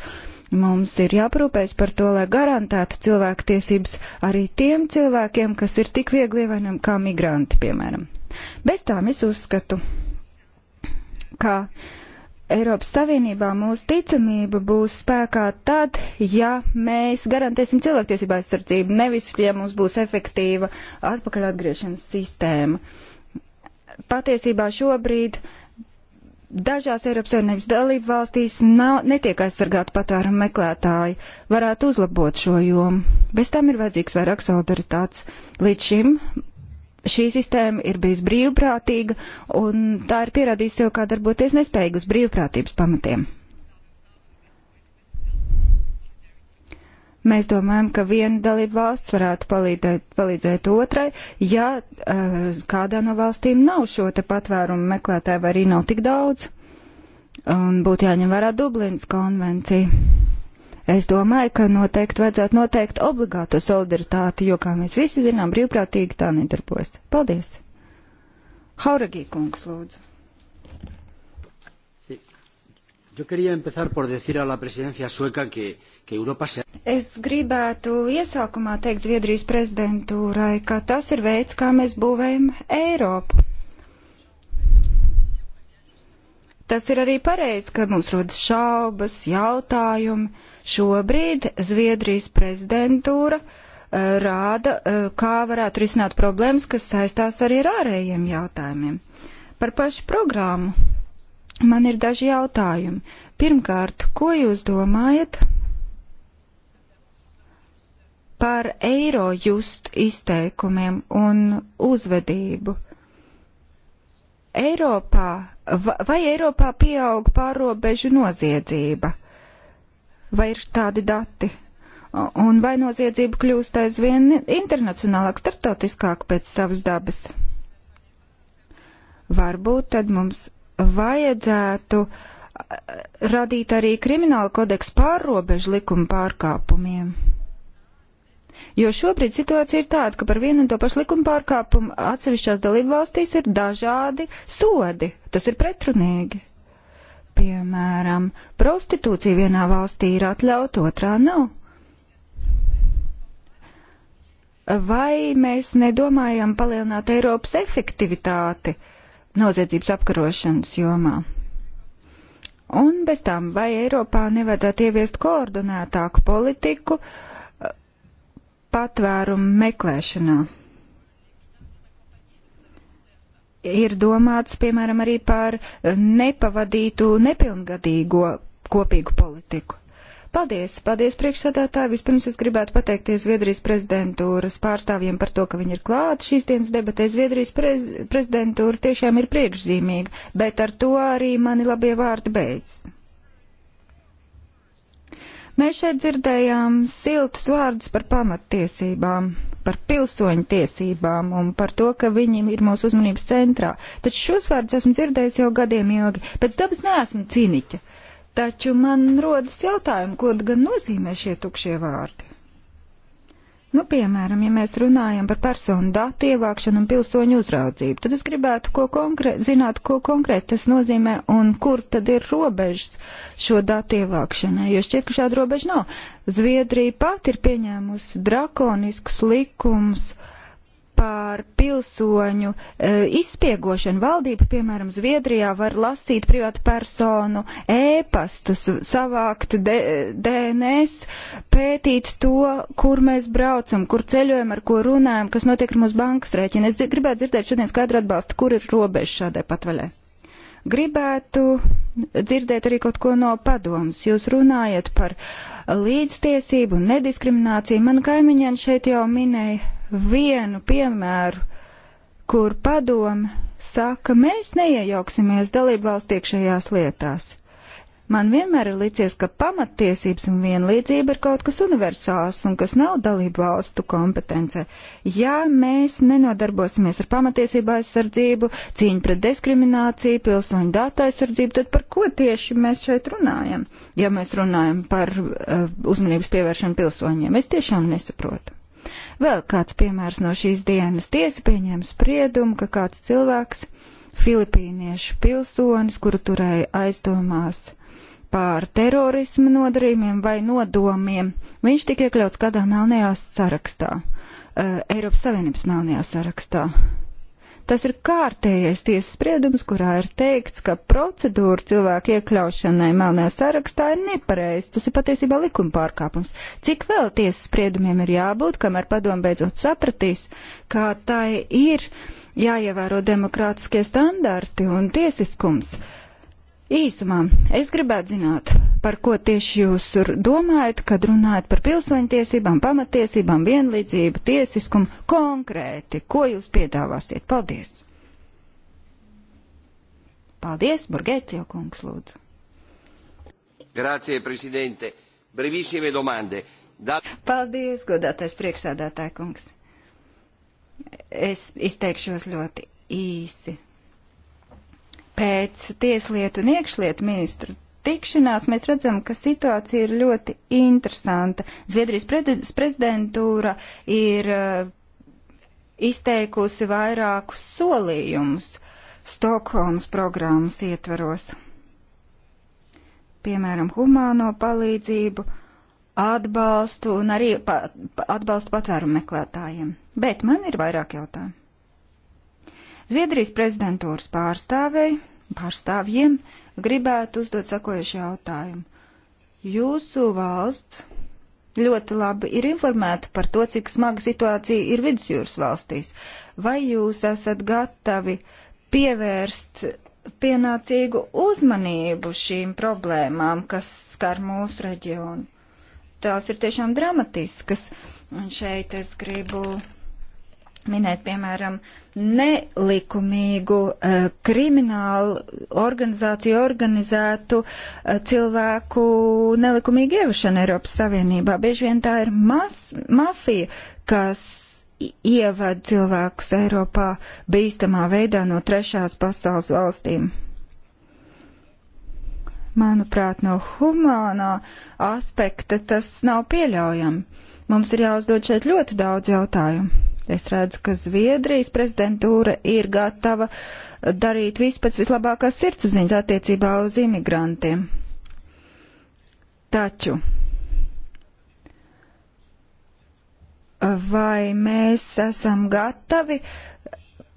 Mums ir jāparūpējas par to, lai garantētu cilvēktiesības arī tiem cilvēkiem, kas ir tik viegli ievainojami kā migranti, piemēram. Bez tām es uzskatu, ka Eiropas Savienībā mūsu ticamība būs spēkā tad, ja mēs garantēsim cilvēktiesību aizsardzību, nevis, ja mums būs efektīva atpakaļ atgriešanas sistēma. Patiesībā šobrīd dažās Eiropas Savienības dalību valstīs nav, netiek aizsargāti patvērumu meklētāji, varētu uzlabot šo jomu. Bez tam ir vajadzīgs vairāk solidaritātes. Līdz šim šī sistēma ir bijusi brīvprātīga, un tā ir pierādījusi sev kā darboties nespējīgu uz brīvprātības pamatiem. Mēs domājam, ka viena dalība valsts varētu palīdēt, palīdzēt otrai, ja uh, kādā no valstīm nav šo te patvērumu meklētāju vai arī nav tik daudz, un būtu jāņem vērā Dublinas konvencija. Es domāju, ka noteikti vajadzētu noteikt obligāto solidaritāti, jo, kā mēs visi zinām, brīvprātīgi tā nedarbojas. Paldies! Hauragī kungs, lūdzu. Yo quería empezar por decir a la presidencia sueca que, que Europa se. Es gribētu iesākumā teikt Zviedrijas prezidentūrai, ka tas ir veids, kā mēs būvējam Eiropu. Tas ir arī pareizi, ka mums rodas šaubas, jautājumi. Šobrīd Zviedrijas prezidentūra eh, rāda, eh, kā varētu risināt problēmas, kas saistās arī ar ārējiem jautājumiem. Par pašu programmu man ir daži jautājumi. Pirmkārt, ko jūs domājat par eiro just izteikumiem un uzvedību? Eiropā Vai Eiropā pieaug pārobežu noziedzība? Vai ir tādi dati? Un vai noziedzība kļūst aizvien internacionālāk, starptautiskāk pēc savas dabas? Varbūt tad mums vajadzētu radīt arī krimināla kodeksu pārrobežu likuma pārkāpumiem. Jo šobrīd situācija ir tāda, ka par vienu un to pašu likumu pārkāpumu atsevišķās dalību valstīs ir dažādi sodi. Tas ir pretrunīgi. Piemēram, prostitūcija vienā valstī ir atļauta, otrā nav. Vai mēs nedomājam palielināt Eiropas efektivitāti noziedzības apkarošanas jomā? Un bez tām, vai Eiropā nevajadzētu ieviest koordinētāku politiku, uh, patvērumu meklēšanā. Ir domāts, piemēram, arī par nepavadītu nepilngadīgo kopīgu politiku. Paldies, paldies priekšsādātāji. Vispirms es gribētu pateikties Zviedrijas prezidentūras pārstāvjiem par to, ka viņi ir klāt šīs dienas debatē. Zviedrijas prez prezidentūra tiešām ir priekšzīmīga, bet ar to arī mani labie vārdi beidzas. Mēs šeit dzirdējām siltus vārdus par pamattiesībām, par pilsoņu tiesībām un par to, ka viņi ir mūsu uzmanības centrā. Taču šos vārdus esmu dzirdējis jau gadiem ilgi. Pēc dabas neesmu cīniķa. Taču man rodas jautājumi, ko gan nozīmē šie tukšie vārdi. Nu, piemēram, ja mēs runājam par personu datu ievākšanu un pilsoņu uzraudzību, tad es gribētu ko konkrēt, zināt, ko konkrēti tas nozīmē un kur tad ir robežas šo datu ievākšanai, jo šķiet, ka šāda robeža nav. Zviedrija pat ir pieņēmusi drakoniskus likumus. Uh, par pilsoņu e, izspiegošanu. Valdība, piemēram, Zviedrijā var lasīt privātu personu ēpastus, savākt D DNS, pētīt to, kur mēs braucam, kur ceļojam, ar ko runājam, kas notiek ar mūsu bankas rēķinu. Es gribētu dzirdēt šodien skaidru atbalstu, kur ir robeža šādai patvaļai. Gribētu dzirdēt arī kaut ko no padomus. Jūs runājat par līdztiesību un nediskrimināciju. Man kaimiņiem šeit jau minēja vienu piemēru, kur padome saka, mēs neiejauksimies dalību valsts iekšējās lietās. Man vienmēr ir licies, ka pamattiesības un vienlīdzība ir kaut kas universāls un kas nav dalību valstu kompetence. Ja mēs nenodarbosimies ar pamatiesību aizsardzību, cīņu pret diskrimināciju, pilsoņu datu aizsardzību, tad par ko tieši mēs šeit runājam? Ja mēs runājam par uh, uzmanības pievēršanu pilsoņiem, es tiešām nesaprotu. Vēl kāds piemērs no šīs dienas. Tiesa pieņēma spriedumu, ka kāds cilvēks, filipīniešu pilsonis, kuru turēja aizdomās par terorismu nodarījumiem vai nodomiem, viņš tika iekļauts kādā melnajā sarakstā, uh, Eiropas Savienības melnajā sarakstā. Uh, Tas ir kārtējais tiesas spriedums, kurā ir teikts, ka procedūra cilvēku iekļaušanai melnajā sarakstā ir nepareiz. Tas ir patiesībā likuma pārkāpums. Cik vēl tiesas spriedumiem ir jābūt, kamēr padom beidzot sapratīs, kā tai ir jāievēro demokrātiskie standarti un tiesiskums? Uh, Īsumā es gribētu zināt, par ko tieši jūs domājat, kad runājat par pilsoņtiesībām, pamatiesībām, vienlīdzību, tiesiskumu konkrēti. Ko jūs piedāvāsiet? Paldies! Paldies, Burgēcio kungs, lūdzu. Grācie, prezidente. Brevīsime domande. Da... Paldies, godātais priekšsādātāja kungs. Es izteikšos ļoti īsi Pēc tieslietu un iekšlietu ministru tikšanās mēs redzam, ka situācija ir ļoti interesanta. Zviedrijas prezidentūra ir uh, izteikusi vairākus solījumus Stokholmas programmas ietvaros. Piemēram, humāno palīdzību, atbalstu un arī pa, pa, atbalstu patvērumu meklētājiem. Bet man ir vairāk jautājumu. Zviedrijas prezidentūras pārstāvēji, pārstāvjiem gribētu uzdot sakojuši jautājumu. Jūsu valsts ļoti labi ir informēta par to, cik smaga situācija ir vidusjūras valstīs. Vai jūs esat gatavi pievērst pienācīgu uzmanību šīm problēmām, kas skar mūsu reģionu? Tās ir tiešām dramatiskas. Un šeit es gribu minēt, piemēram, nelikumīgu uh, kriminālu organizāciju organizētu uh, cilvēku nelikumīgu ieviešanu Eiropas Savienībā. Bieži vien tā ir mas, mafija, kas ievad cilvēkus Eiropā bīstamā veidā no trešās pasaules valstīm. Manuprāt, no humānā aspekta tas nav pieļaujami. Mums ir jāuzdod šeit ļoti daudz jautājumu Es redzu, ka Zviedrijas prezidentūra ir gatava darīt visu pēc vislabākās sirdsapziņas attiecībā uz imigrantiem. Taču vai mēs esam gatavi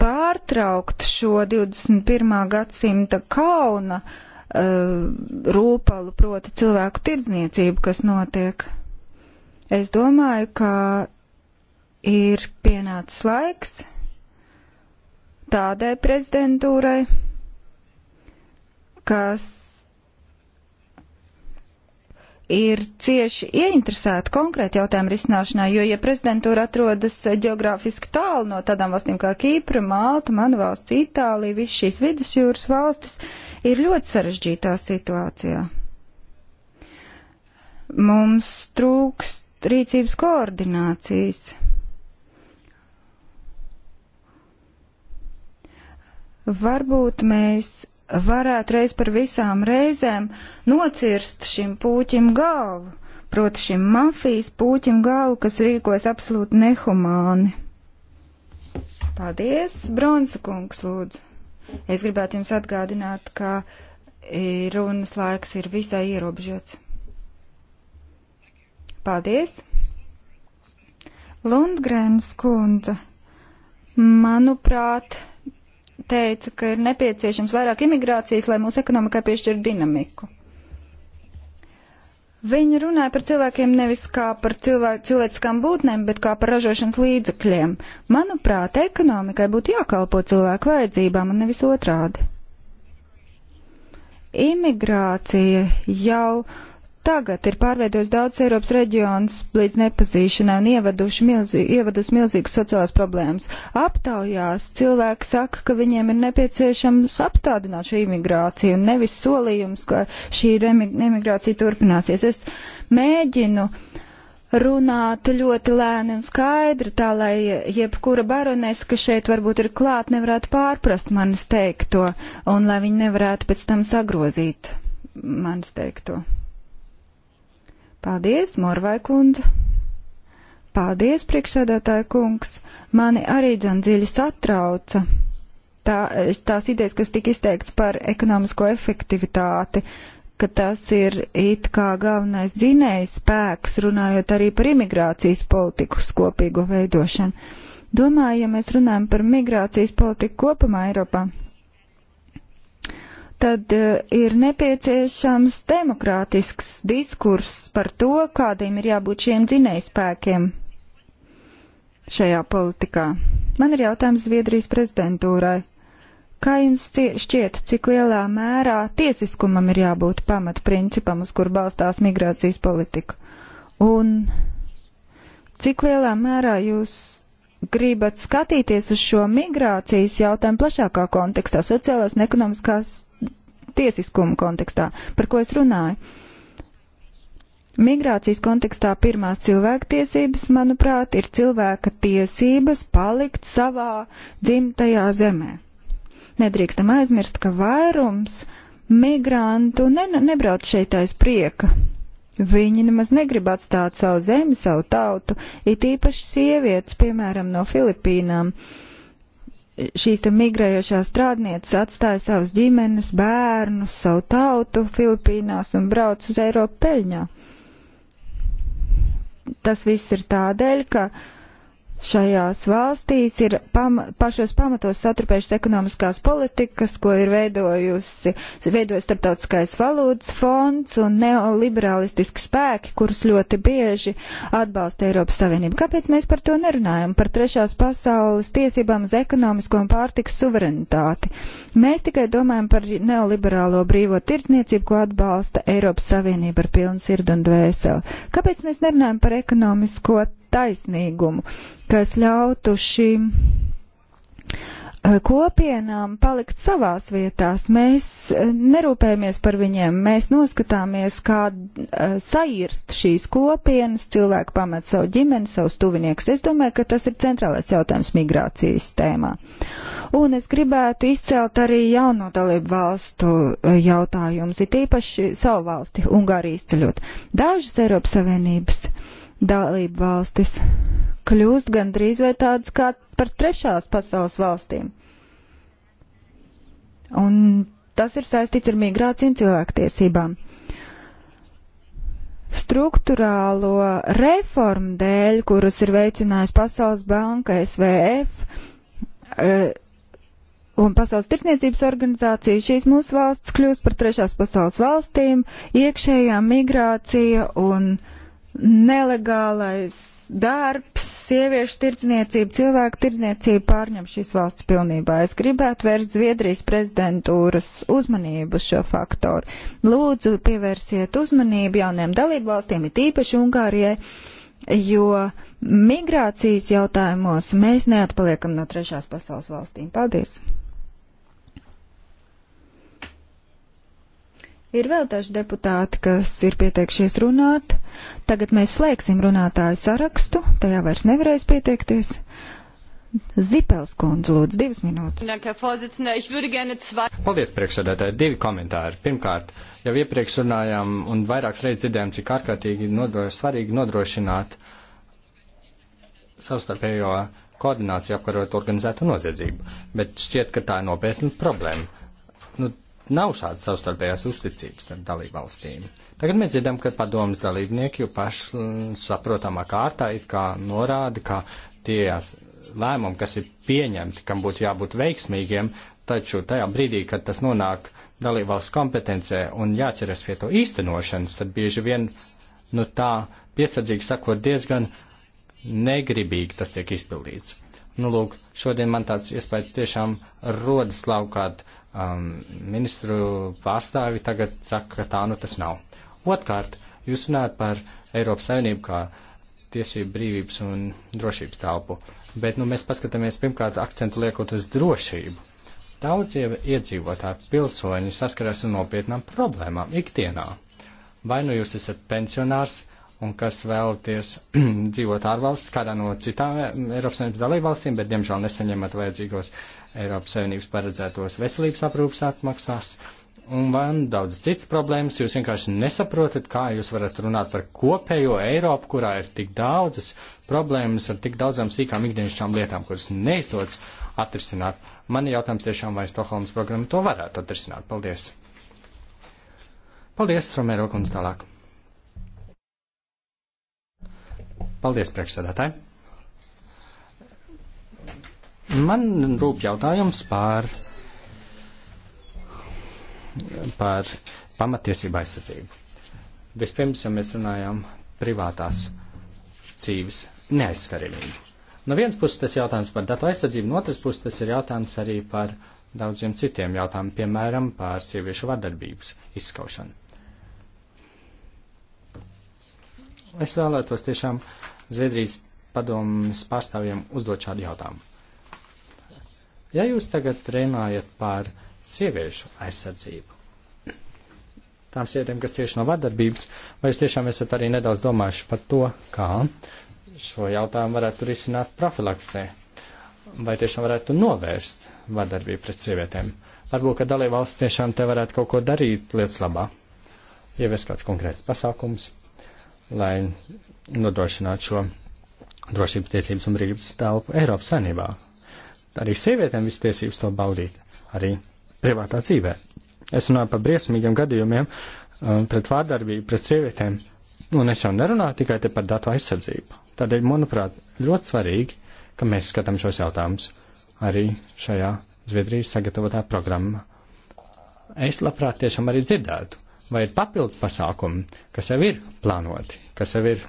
pārtraukt šo 21. gadsimta kauna uh, rūpalu, proti cilvēku tirdzniecību, kas notiek? Es domāju, ka ir pienācis laiks tādai prezidentūrai, kas ir cieši ieinteresēti konkrēti jautājumu risināšanā, jo, ja prezidentūra atrodas geogrāfiski tālu no tādām valstīm kā Kīpra, Malta, mana valsts, Itālija, visas šīs vidusjūras valstis, ir ļoti sarežģītā situācijā. Mums trūkst rīcības koordinācijas. Varbūt mēs varētu reiz par visām reizēm nocirst šim pūķim galvu, proti šim mafijas pūķim galvu, kas rīkojas absolūti nehumāni. Paldies, Bronsa kungs, lūdzu. Es gribētu jums atgādināt, ka runas laiks ir visai ierobežots. Paldies! Lundgrēns kundze, manuprāt, teica, ka ir nepieciešams vairāk imigrācijas, lai mūsu ekonomikai piešķir dinamiku. Viņi runāja par cilvēkiem nevis kā par cilvē, cilvēciskām būtnēm, bet kā par ražošanas līdzekļiem. Manuprāt, ekonomikai būtu jākalpo cilvēku vajadzībām un nevis otrādi. Imigrācija jau tagad ir pārveidojis daudz Eiropas reģionus līdz nepazīšanai un ievadusi milzī, milzīgas sociālās problēmas. Aptaujās cilvēki saka, ka viņiem ir nepieciešams apstādināt šo imigrāciju un nevis solījums, ka šī imigrācija turpināsies. Es mēģinu runāt ļoti lēni un skaidri, tā lai jebkura baronese, kas šeit varbūt ir klāt, nevarētu pārprast manis teikto un lai viņi nevarētu pēc tam sagrozīt manis teikto. Paldies, Morvai kundze! Paldies, priekšsēdētāja kungs! Mani arī dzandziļi satrauca tā, tās idejas, kas tika izteikts par ekonomisko efektivitāti, ka tas ir it kā galvenais dzinējs spēks, runājot arī par imigrācijas politiku kopīgo veidošanu. Domāju, ja mēs runājam par migrācijas politiku kopumā Eiropā, tad e, ir nepieciešams demokrātisks diskurss par to, kādiem ir jābūt šiem dzinējspēkiem šajā politikā. Man ir jautājums Zviedrijas prezidentūrai. Kā jums šķiet, cik lielā mērā tiesiskumam ir jābūt pamatprincipam, uz kur balstās migrācijas politika? Un cik lielā mērā jūs gribat skatīties uz šo migrācijas jautājumu plašākā kontekstā, sociālās un ekonomiskās tiesiskuma kontekstā. Par ko es runāju? Migrācijas kontekstā pirmās cilvēktiesības, manuprāt, ir cilvēka tiesības palikt savā dzimtajā zemē. Nedrīkstam aizmirst, ka vairums migrantu ne, nebrauc šeit aiz prieka. Viņi nemaz negrib atstāt savu zemi, savu tautu, it īpaši sievietes, piemēram, no Filipīnām. Uh, šīs te migrējošās strādnieces atstāja savus ģimenes, bērnus, savu tautu Filipīnās un brauc uz Eiropu peļņā. Tas viss ir tādēļ, ka uh, šajās valstīs ir pam, pašos pamatos satrupējušas ekonomiskās politikas, ko ir veidojusi, veidojas starptautiskais valūtas fonds un neoliberālistiski spēki, kurus ļoti bieži atbalsta Eiropas Savienība. Kāpēc mēs par to nerunājam? Par trešās pasaules tiesībām uz ekonomisko un pārtiks suverenitāti. Mēs tikai domājam par neoliberālo brīvo tirdzniecību, ko atbalsta Eiropas Savienība ar pilnu sirdu un dvēseli. Kāpēc mēs nerunājam par ekonomisko taisnīgumu, kas ļautu šīm eh, kopienām palikt savās vietās. Mēs eh, nerūpējamies par viņiem, mēs noskatāmies, kā eh, saīrst šīs kopienas, cilvēki pamet savu ģimeni, savus tuviniekus. Es domāju, ka tas ir centrālais jautājums migrācijas tēmā. Un es gribētu izcelt arī jauno dalību valstu jautājumus, it īpaši savu valsti, Ungāriju izceļot. Dažas Eiropas Savienības dalību valstis kļūst gandrīz vai tādas kā par trešās pasaules valstīm. Un tas ir saistīts ar migrāciju un cilvēktiesībām. Struktūrālo reformu dēļ, kuras ir veicinājusi Pasaules banka, SVF e, un Pasaules tirdzniecības organizācija, šīs mūsu valsts kļūst par trešās pasaules valstīm, iekšējā migrācija un uh, nelegālais darbs, sieviešu tirdzniecība, cilvēku tirdzniecība pārņem šīs valsts pilnībā. Es gribētu vērst Zviedrijas prezidentūras uzmanību uz šo faktoru. Lūdzu, pievērsiet uzmanību jauniem dalību valstīm, it īpaši Ungārijai, jo migrācijas jautājumos mēs neatpaliekam no trešās pasaules valstīm. Paldies! Ir vēl daži deputāti, kas ir pieteikšies runāt. Tagad mēs slēgsim runātāju sarakstu. Tajā vairs nevarēs pieteikties. Zipels kundze, lūdzu, divas minūtes. Paldies, priekšsēdētāji. Divi komentāri. Pirmkārt, jau iepriekš runājām un vairākas reizes dzirdējām, cik ārkārtīgi nodroš, svarīgi nodrošināt savstarpējo koordināciju apkarot organizēto noziedzību. Bet šķiet, ka tā ir nopietna problēma. Nu, nav šādas savstarpējās uzticības starp dalībvalstīm. Tagad mēs dzirdam, ka padomas dalībnieki jau pašsaprotamā mm, kārtā it kā norāda, ka tie lēmumi, kas ir pieņemti, kam būtu jābūt veiksmīgiem, taču tajā brīdī, kad tas nonāk dalībvalsts kompetencē un jāķeras pie to īstenošanas, tad bieži vien, nu tā, piesardzīgi sakot, diezgan negribīgi tas tiek izpildīts. Nu, lūk, šodien man tāds iespējas tiešām rodas laukāt uh, um, ministru pārstāvi tagad saka, ka tā nu tas nav. Otkārt, jūs runājat par Eiropas Savienību kā tiesību brīvības un drošības telpu, bet nu, mēs paskatāmies pirmkārt akcentu liekot uz drošību. Daudzie iedzīvotāji, pilsoņi saskarās ar nopietnām problēmām ikdienā. Vai nu jūs esat pensionārs, un kas vēlaties dzīvot ārvalstu, kādā no citām e, Eiropas Savienības dalībvalstīm, bet diemžēl nesaņemat vajadzīgos Eiropas Savienības paredzētos veselības aprūpas atmaksās. Un vēl daudz cits problēmas, jūs vienkārši nesaprotat, kā jūs varat runāt par kopējo Eiropu, kurā ir tik daudzas problēmas ar tik daudzām sīkām ikdienišķām lietām, kuras neizdodas atrisināt. Man ir jautājums tiešām, vai Stokholmas programma to varētu atrisināt. Paldies! Paldies, Romero kundze, tālāk! Paldies, priekšsēdētāji. Man rūp jautājums par, par pamatiesību aizsardzību. Vispirms, ja mēs runājam privātās dzīves neaizskarimību. No vienas puses tas ir jautājums par datu aizsardzību, no otras puses tas ir jautājums arī par daudziem citiem jautājumiem, piemēram, par sieviešu vardarbības izskaušanu. Es vēlētos tiešām Zviedrijas padomus pārstāvjiem uzdot šādu jautājumu. Ja jūs tagad runājat par sieviešu aizsardzību, tām sievietēm, kas cieši no vardarbības, vai jūs tiešām esat arī nedaudz domājuši par to, kā šo jautājumu varētu risināt profilaksē, vai tiešām varētu novērst vardarbību pret sievietēm? Varbūt, ka dalībvalsts tiešām te varētu kaut ko darīt lietas labā, ievies kāds konkrēts pasākums lai nodrošinātu šo drošības tiesības un brīvības telpu Eiropas saimnībā. Arī sievietēm visu tiesības to baudīt, arī privātā dzīvē. Es runāju par briesmīgiem gadījumiem um, pret vārdarbību, pret sievietēm, nu, un es jau nerunāju tikai te par datu aizsardzību. Tādēļ, manuprāt, ļoti svarīgi, ka mēs skatām šos jautājumus arī šajā Zviedrijas sagatavotā programmā. Es labprāt tiešām arī dzirdētu, vai ir papildus pasākumi, kas jau ir plānoti, kas jau ir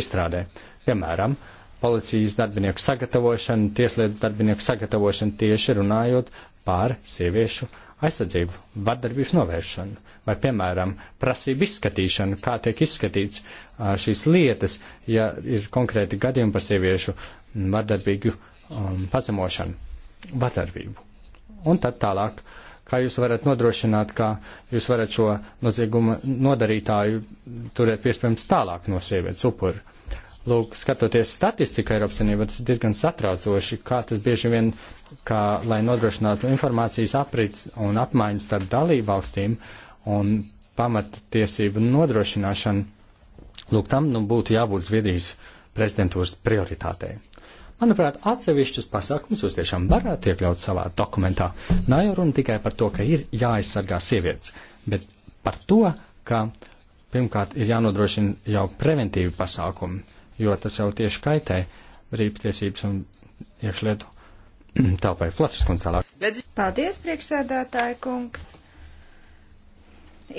izstrādē. Piemēram, policijas darbinieku sagatavošana, tieslietu darbinieku sagatavošana tieši runājot pār sieviešu aizsardzību, vardarbības novēršanu, vai, piemēram, prasību izskatīšanu, kā tiek izskatīts šīs lietas, ja ir konkrēti gadījumi par sieviešu vardarbīgu um, pazemošanu, vardarbību. Un tad tālāk uh, Kā jūs varat nodrošināt, ka jūs varat šo nozieguma nodarītāju turēt piespējams tālāk no sievietes upuru? Lūk, skatoties statistiku Eiropas Savienībā, tas ir diezgan satraucoši, kā tas bieži vien, kā, lai nodrošinātu informācijas aprits un apmaiņas starp dalībvalstīm un pamatiesību nodrošināšanu, lūk, tam nu, būtu jābūt Zviedrijas prezidentūras prioritātei. Manuprāt, atsevišķus pasākumus jūs tiešām varētu iekļaut savā dokumentā. Nav jau runa tikai par to, ka ir jāaizsargā sievietes, bet par to, ka pirmkārt ir jānodrošina jau preventīvi pasākumi, jo tas jau tieši kaitē brīvstiesības un iekšlietu telpai. Flačs kundze tālāk. Paldies, priekšsēdētāji kungs!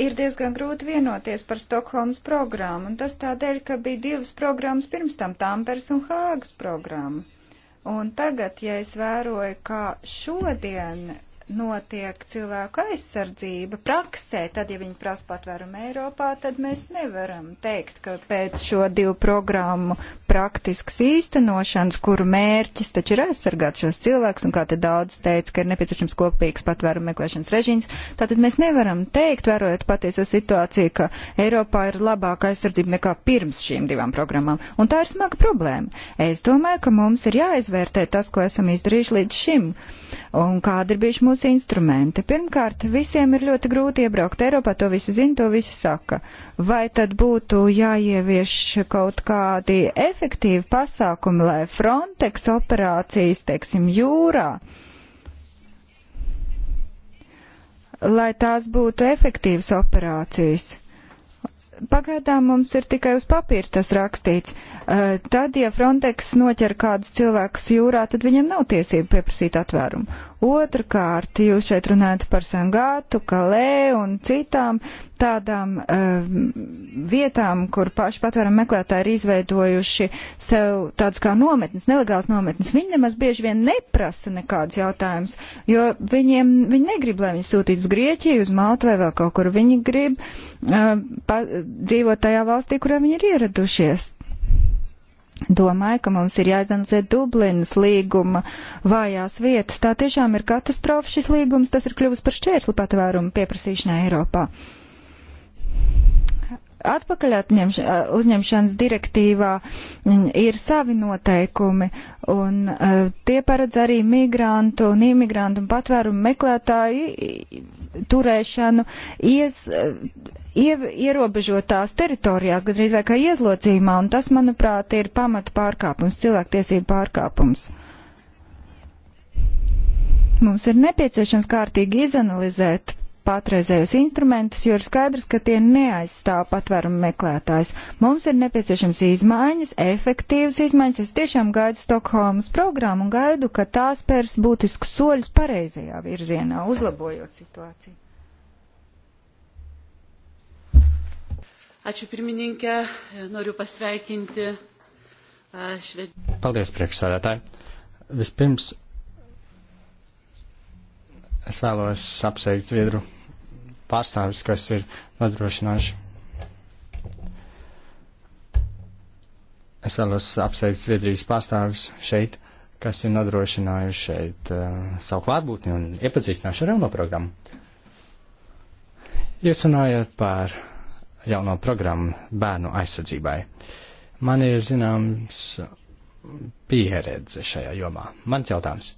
ir diezgan grūti vienoties par Stokholmas programmu, un tas tādēļ, ka bija divas programmas pirms tam - Tampers un Hāgas programma. Un tagad, ja es vēroju, kā šodien notiek cilvēku aizsardzība praksē, tad, ja viņi prasa patvērumu Eiropā, tad mēs nevaram teikt, ka pēc šo divu programmu praktisks īstenošanas, kuru mērķis taču ir aizsargāt šos cilvēkus, un kā te daudz teica, ka ir nepieciešams kopīgs patvērumu meklēšanas režīms, tātad mēs nevaram teikt, vērojot patieso situāciju, ka Eiropā ir labāka aizsardzība nekā pirms šīm divām programmām. Un tā ir smaga problēma. Es domāju, ka mums ir jāizvērtē tas, ko esam izdarījuši līdz šim, un kāda ir bijuši mūsu mums instrumenti. Pirmkārt, visiem ir ļoti grūti iebraukt Eiropā, to visi zina, to visi saka. Vai tad būtu jāievieš kaut kādi efektīvi pasākumi, lai Frontex operācijas, teiksim, jūrā, lai tās būtu efektīvas operācijas? Pagaidām mums ir tikai uz papīra tas rakstīts. Eh, tad, ja Frontex noķer kādus cilvēkus jūrā, tad viņam nav tiesību pieprasīt atvērumu. Otrakārt, jūs šeit runājat par Sangātu, Kalē un citām tādām uh, vietām, kur paši patvērumu meklētāji ir izveidojuši sev tādas kā nometnes, nelegālas nometnes. Viņi nemaz bieži vien neprasa nekādus jautājumus, jo viņiem, viņi negrib, lai viņi sūtītu uz Grieķiju, uz Maltu vai vēl kaut kur. Viņi grib uh, pa, dzīvot tajā valstī, kurā viņi ir ieradušies. Domāju, ka mums ir jāizanalizē Dublinas līguma vājās vietas. Tā tiešām ir katastrofa šis līgums, tas ir kļuvis par šķērsli patvērumu pieprasīšanai Eiropā. Uh, Atpakaļ uzņemšanas direktīvā mm, ir savi noteikumi, un tie paredz arī migrantu un imigrantu un patvērumu meklētāju turēšanu ies, iev, ierobežotās teritorijās, gadrīz vai kā iezlocījumā, un tas, manuprāt, ir pamata pārkāpums, cilvēktiesību pārkāpums. Mums ir nepieciešams kārtīgi izanalizēt patreizējos instrumentus, jo ir skaidrs, ka tie neaizstāv patvērumu meklētājs. Mums ir nepieciešams izmaiņas, efektīvas izmaiņas. Es tiešām gaidu Stokholmas programmu un gaidu, ka tā spērs būtiskus soļus pareizajā virzienā, uzlabojot situāciju. Ačiū pirmininkė, noriu pasveikinti švedį. Paldies, priekšsēdētāji. Vispirms Es vēlos apsveikt Zviedru pārstāvis, kas ir nodrošinājuši. Es vēlos apsveikt Zviedrijas pārstāvis šeit, kas ir nodrošinājuši šeit uh, savu klātbūtni un iepazīstināšu ar jauno programmu. Jūs runājat par jauno programmu bērnu aizsardzībai. Man ir zināms pieredze šajā jomā. Mans jautājums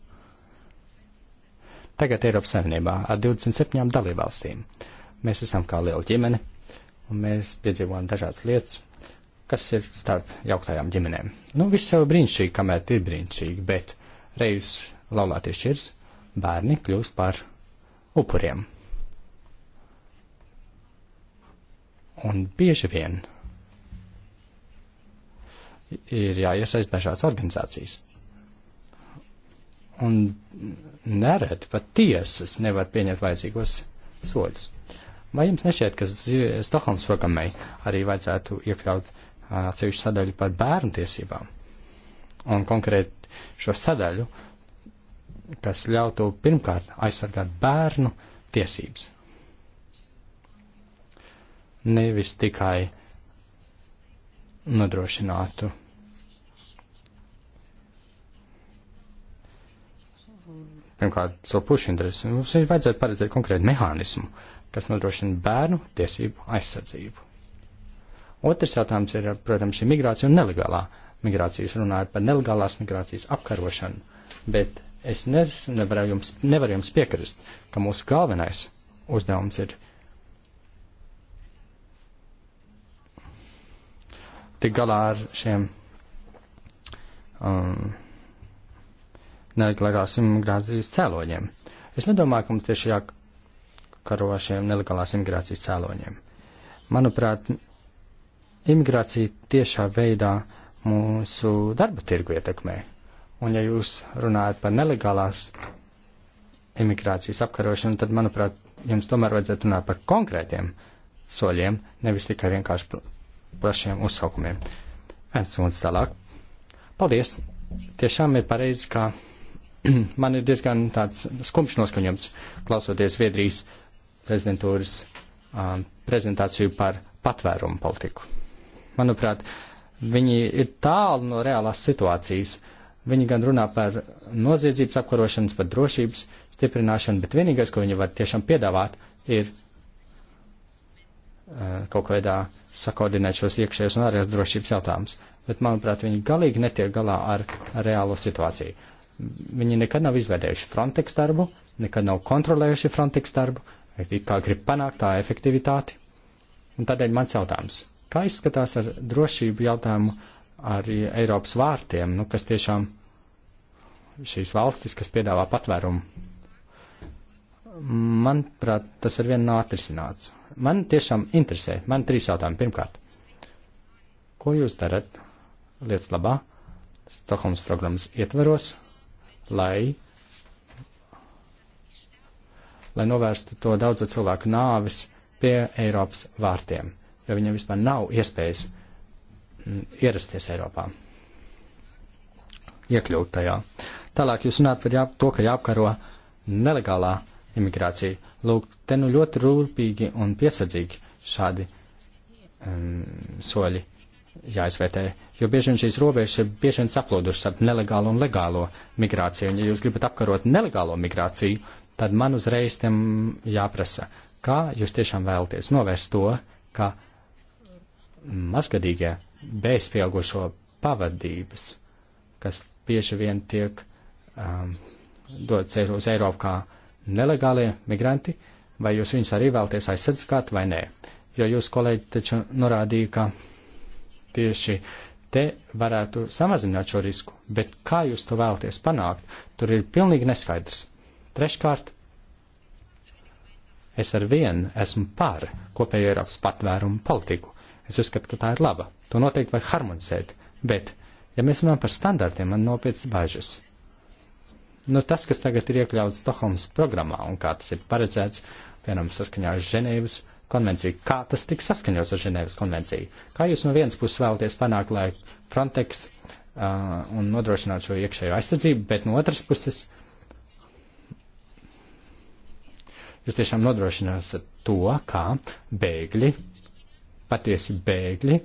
tagad Eiropas Savienībā ar 27 dalībvalstīm. Mēs esam kā liela ģimene, un mēs piedzīvojam dažādas lietas, kas ir starp jauktajām ģimenēm. Nu, viss jau brīnišķīgi, kamēr ir brīnišķīgi, bet reiz laulāties šķirs, bērni kļūst par upuriem. Un bieži vien ir jāiesaist dažādas organizācijas. Un nereti pat tiesas nevar pieņemt vajadzīgos soļus. Vai jums nešķiet, ka Stokholmas programmai arī vajadzētu iekļaut atsevišķu sadaļu par bērnu tiesībām? Un konkrēti šo sadaļu, kas ļautu pirmkārt aizsargāt bērnu tiesības. Nevis tikai nodrošinātu pirmkārt savu pušu interesi. Mums ir vajadzētu paredzēt konkrētu mehānismu, kas nodrošina bērnu tiesību aizsardzību. Otrs jautājums ir, protams, šī migrācija un nelegālā migrācijas, runājot par nelegālās migrācijas apkarošanu, bet es nevaru jums, nevaru jums piekrist, ka mūsu galvenais uzdevums ir tik galā ar šiem um, nelegālāsim migrācijas cēloņiem. Es nedomāju, ka mums tieši jākaro ar šiem nelegālās imigrācijas cēloņiem. Manuprāt, imigrācija tiešā veidā mūsu darba tirgu ietekmē. Un ja jūs runājat par nelegālās imigrācijas apkarošanu, tad, manuprāt, jums tomēr vajadzētu runāt par konkrētiem soļiem, nevis tikai vienkārši plašiem uzsaukumiem. Viens un tālāk. Paldies! Tiešām ir pareizi, ka man ir diezgan tāds skumjš noskaņojums, klausoties Viedrijas prezidentūras um, prezentāciju par patvērumu politiku. Manuprāt, viņi ir tālu no reālās situācijas. Viņi gan runā par noziedzības apkarošanas, par drošības stiprināšanu, bet vienīgais, ko viņi var tiešām piedāvāt, ir uh, kaut kādā sakoordinēt šos iekšējos un ārējos drošības jautājumus. Bet, manuprāt, viņi galīgi netiek galā ar, ar reālo situāciju. Viņi nekad nav izvērtējuši Frontex darbu, nekad nav kontrolējuši Frontex darbu, kā grib panākt tā efektivitāti. Un tādēļ mans jautājums, kā izskatās ar drošību jautājumu arī Eiropas vārtiem, nu, kas tiešām šīs valstis, kas piedāvā patvērumu? Manuprāt, tas ar vienu nav atrisināts. Man tiešām interesē, man trīs jautājumi. Pirmkārt, ko jūs darat lietas labā Stokholmas programmas ietveros, lai, lai novērstu to daudzu cilvēku nāvis pie Eiropas vārtiem, jo viņiem vispār nav iespējas mm, ierasties Eiropā, iekļūt tajā. Tālāk jūs runājat par jā, to, ka jāapkaro nelegālā imigrācija. Lūk, te nu ļoti rūpīgi un piesardzīgi šādi um, soļi jāizvērtē, jo bieži vien šīs robežas ir bieži vien saplodušas ar nelegālo un legālo migrāciju. Un, ja jūs gribat apkarot nelegālo migrāciju, tad man uzreiz tam jāprasa, kā jūs tiešām vēlaties novērst to, ka mazgadīgie bezpieaugušo pavadības, kas bieži vien tiek um, dots uz Eiropu kā nelegālie migranti, vai jūs viņus arī vēlaties aizsargāt vai nē. Jo jūs kolēģi taču norādīja, ka tieši te varētu samazināt šo risku, bet kā jūs to vēlaties panākt, tur ir pilnīgi neskaidrs. Treškārt, es ar vienu esmu par kopēju Eiropas patvērumu politiku. Es uzskatu, ka tā ir laba. To noteikti vajag harmonizēt, bet, ja mēs runājam par standartiem, man nopietnas bažas. Nu, tas, kas tagad ir iekļauts Stokholmas programmā un kā tas ir paredzēts, piemēram, saskaņā ar Ženēvas konvenciju. Kā tas tiks saskaņots ar Ženēvas konvenciju? Kā jūs no vienas puses vēlaties panākt, lai Frontex uh, un nodrošināt šo iekšējo aizsardzību, bet no otras puses jūs tiešām nodrošinās to, kā bēgļi, patiesi bēgļi,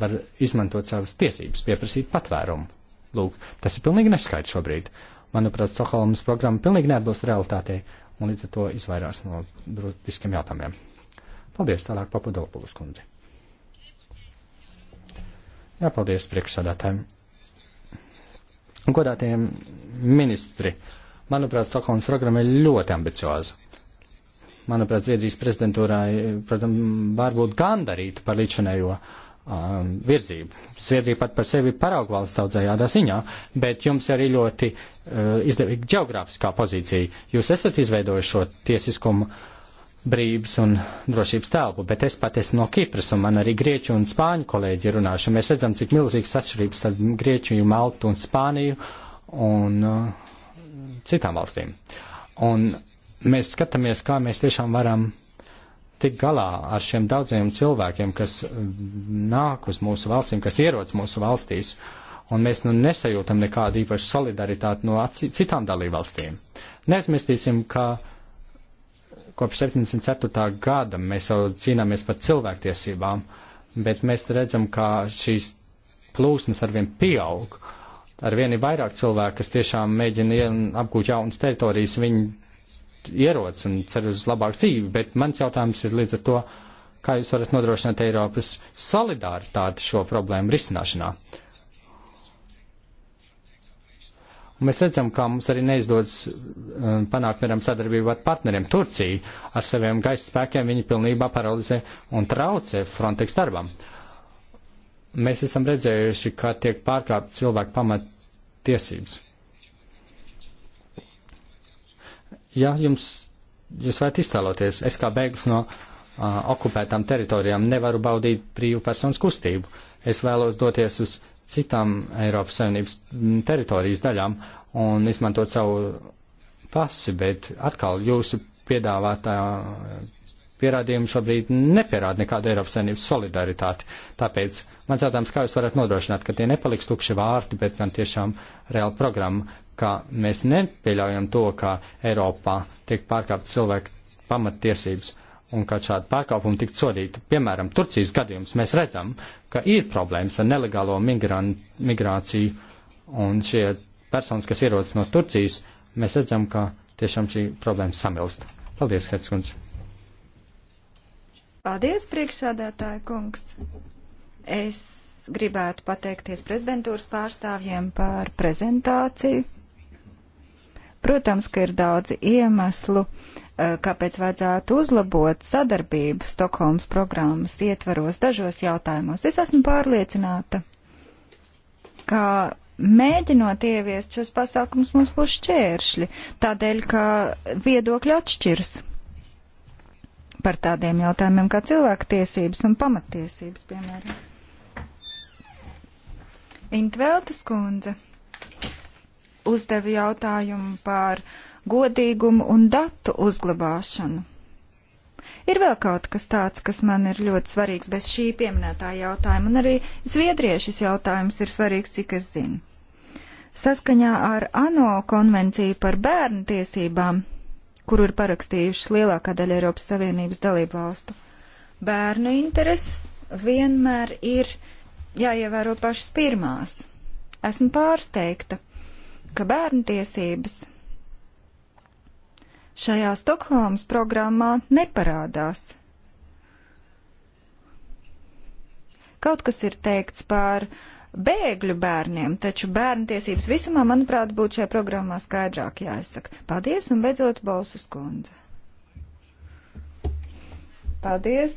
var izmantot savas tiesības, pieprasīt patvērumu. Lūk, tas ir pilnīgi neskaidrs šobrīd. Manuprāt, Soholmas programma pilnīgi neatbilst realitātei un līdz ar to izvairās no brutiskiem jautājumiem. Paldies tālāk Papadopulus kundze. Jā, paldies priekšsādātājiem. Godātiem ministri, manuprāt, Stokholmas programma ir ļoti ambicioza. Manuprāt, Zviedrijas prezidentūrai, protams, varbūt gandarīt par līdšanējo um, virzību. Zviedrija pat par sevi paraugvalsts daudzējādā ziņā, bet jums arī ļoti uh, izdevīga geogrāfiskā pozīcija. Jūs esat izveidojuši šo tiesiskumu uh, brības un drošības telpu, bet es pat esmu no Kipras, un man arī grieķu un spāņu kolēģi runāšu. Mēs redzam, cik milzīgas atšķirības starp Grieķiju, Maltu un Spāniju un uh, citām valstīm. Un mēs skatāmies, kā mēs tiešām varam tik galā ar šiem daudziem cilvēkiem, kas uh, nāk uz mūsu valstīm, kas ierodas mūsu valstīs, un mēs nu nesajūtam nekādu īpašu solidaritāti no citām dalībvalstīm. Neaizmirstīsim, ka kopš 74. gada mēs jau cīnāmies par cilvēktiesībām, bet mēs redzam, ka šīs plūsmas arvien pieaug. Arvien ir vairāk cilvēku, kas tiešām mēģina apgūt jaunas teritorijas, viņi ierodas un cer uz labāku dzīvi, bet mans jautājums ir līdz ar to, kā jūs varat nodrošināt Eiropas solidaritāti šo problēmu risināšanā. Uh, Un mēs redzam, kā mums arī neizdodas uh, panākt, piemēram, sadarbību ar partneriem. Turcija ar saviem gaisa spēkiem viņi pilnībā paralizē un traucē Frontex darbam. Mēs esam redzējuši, kā tiek pārkāpt cilvēku pamattiesības. Ja jums, jūs varat iztēloties, es kā bēglis no uh, okupētām teritorijām nevaru baudīt brīvu personas kustību. Es vēlos doties uz citām Eiropas Savienības teritorijas daļām un izmantot savu pasi, bet atkal jūsu piedāvātā pierādījumi šobrīd nepierāda nekādu Eiropas Savienības solidaritāti. Tāpēc mans jautājums, kā jūs varat nodrošināt, ka tie nepaliks tukši vārti, bet gan tiešām reāla programma, ka mēs nepieļaujam to, ka Eiropā tiek pārkāptas cilvēku pamattiesības un ka šādi pārkāpumi tiktu sodīti. Piemēram, Turcijas gadījums mēs redzam, ka ir problēmas ar nelegālo migran, migrāciju, un šie personas, kas ierodas no Turcijas, mēs redzam, ka tiešām šī problēma samilst. Paldies, Hertskunds! Paldies, priekšsādātāja kungs! Es gribētu pateikties prezidentūras pārstāvjiem par prezentāciju. Protams, ka ir daudzi iemeslu uh, Eh, kāpēc vajadzētu uzlabot sadarbību Stokholmas programmas ietvaros dažos jautājumos. Es esmu pārliecināta, ka mēģinot ieviest šos pasākumus, mums būs šķēršļi, tādēļ, ka viedokļi atšķirs par tādiem jautājumiem kā cilvēktiesības un pamatiesības, piemēram. Intveltas kundze uzdeva jautājumu par uh, godīgumu un datu uzglabāšanu. Ir vēl kaut kas tāds, kas man ir ļoti svarīgs bez šī pieminētā jautājuma, un arī Zviedrijai šis jautājums ir svarīgs, cik es zinu. Saskaņā ar ANO konvenciju par bērnu tiesībām, kuru ir parakstījušas lielākā daļa Eiropas Savienības dalību valstu, bērnu intereses vienmēr ir jāievēro pašas pirmās. Esmu pārsteigta, ka bērnu tiesības šajā Stokholmas programmā neparādās. Kaut kas ir teikts par bēgļu bērniem, taču bērnu tiesības visumā, manuprāt, būtu šajā programmā skaidrāk jāizsaka. Paldies un beidzot Balsas kundze. Paldies.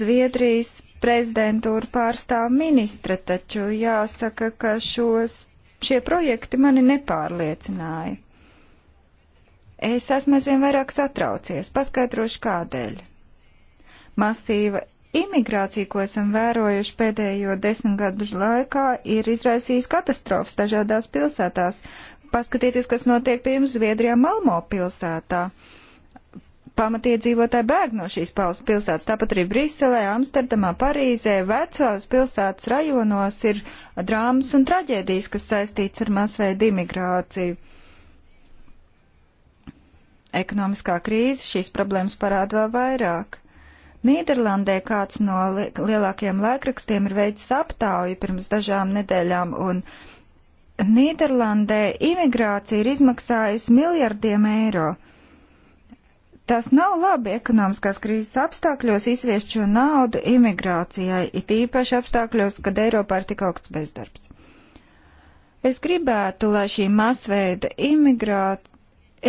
Zviedrijas prezidentūra pārstāv ministra, taču jāsaka, ka šos Šie projekti mani nepārliecināja. Es esmu aizvien vairāk satraucies, paskaidrošu kādēļ. Masīva imigrācija, ko esam vērojuši pēdējo desmit gadu laikā, ir izraisījusi katastrofas dažādās pilsētās. Paskatieties, kas notiek pie jums Zviedrijā Malmo pilsētā. Uh, pamatiedzīvotāji bēg no šīs pilsētas. Tāpat arī Briselē, Amsterdamā, Parīzē, vecās pilsētas rajonos ir drāmas un traģēdijas, kas saistīts ar masveidu imigrāciju. Ekonomiskā krīze šīs problēmas parāda vēl vairāk. Nīderlandē kāds no li lielākajiem laikrakstiem ir veicis aptauju pirms dažām nedēļām, un Nīderlandē imigrācija ir izmaksājusi miljardiem eiro. Tas nav labi ekonomiskās krīzes apstākļos izviest šo naudu imigrācijai, it īpaši apstākļos, kad Eiropā ir tik augsts bezdarbs. Es gribētu, lai šī masveida imigrācija.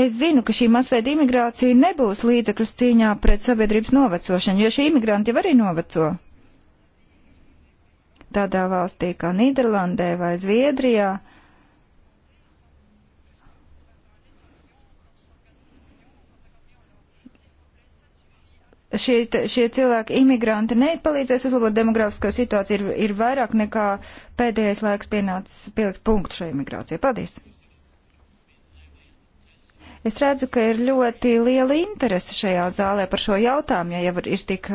Es zinu, ka šī masveida imigrācija nebūs līdzeklis cīņā pret sabiedrības novecošanu, jo šie imigranti jau arī noveco. Tādā valstī kā Nīderlandē vai Zviedrijā šie, šie cilvēki, imigranti, nepalīdzēs uzlabot demografisko situāciju. Ir, ir vairāk nekā pēdējais laiks pienācis pielikt punktu šai imigrācijai. Paldies! Es redzu, ka ir ļoti liela interese šajā zālē par šo jautājumu, ja jau ir tik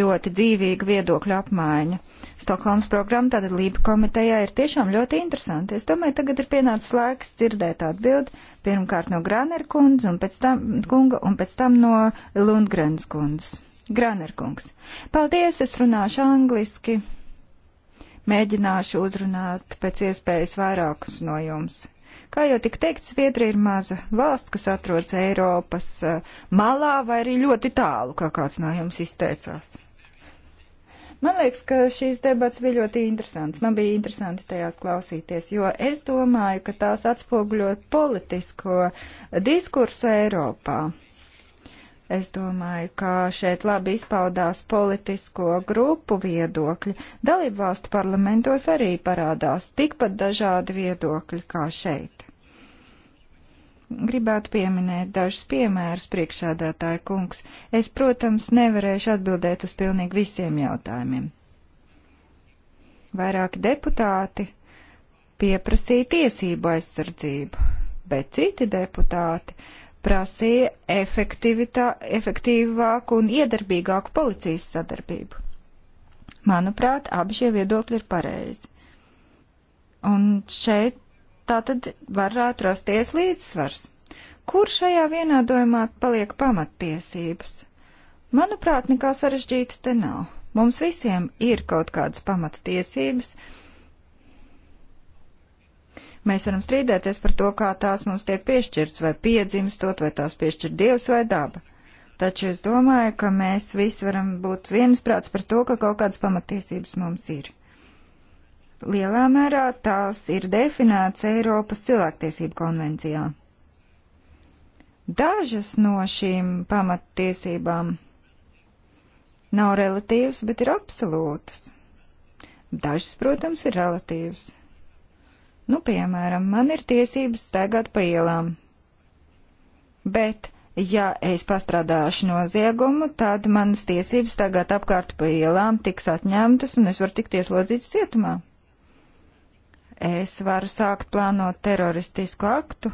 ļoti dzīvīga viedokļa apmaiņa. Stokholmas programmu, tātad Lība komitejā ir tiešām ļoti interesanti. Es domāju, tagad ir pienācis laiks dzirdēt atbildi pirmkārt no Granera kundzes un pēc tam kunga un pēc tam no Lundgrens kundzes. Graner kungs. Paldies, es runāšu angliski. Mēģināšu uzrunāt pēc iespējas vairākus no jums. Kā jau tik teikt, Zviedrija ir maza valsts, kas atrodas Eiropas eh, malā vai arī ļoti tālu, kā kāds no jums izteicās. Man liekas, ka šīs debats bija ļoti interesants. Man bija interesanti tajās klausīties, jo es domāju, ka tās atspoguļo politisko diskursu Eiropā. Es domāju, ka šeit labi izpaudās politisko grupu viedokļi. Dalību valstu parlamentos arī parādās tikpat dažādi viedokļi kā šeit gribētu pieminēt dažus piemērus priekšsādātāja kungs. Es, protams, nevarēšu atbildēt uz pilnīgi visiem jautājumiem. Vairāki deputāti pieprasīja tiesību aizsardzību, bet citi deputāti prasīja efektīvāku un iedarbīgāku policijas sadarbību. Manuprāt, abi šie viedokļi ir pareizi. Un šeit tā tad varētu rasties līdzsvars. Kur šajā vienādojumā paliek pamattiesības? Manuprāt, nekā sarežģīta te nav. Mums visiem ir kaut kādas pamattiesības. Mēs varam strīdēties par to, kā tās mums tiek piešķirts, vai piedzimstot, vai tās piešķir dievs vai daba. Taču es domāju, ka mēs visi varam būt viensprāts par to, ka kaut kādas pamatiesības mums ir. Lielā mērā tās ir definētas Eiropas cilvēktiesību konvencijā. Dažas no šīm pamattiesībām nav relatīvas, bet ir absolūtas. Dažas, protams, ir relatīvas. Nu, piemēram, man ir tiesības staigāt pa ielām. Bet, ja es pastrādāšu noziegumu, tad manas tiesības staigāt apkārt pa ielām tiks atņemtas un es varu tikt ieslodzīts cietumā es varu sākt plānot teroristisku aktu,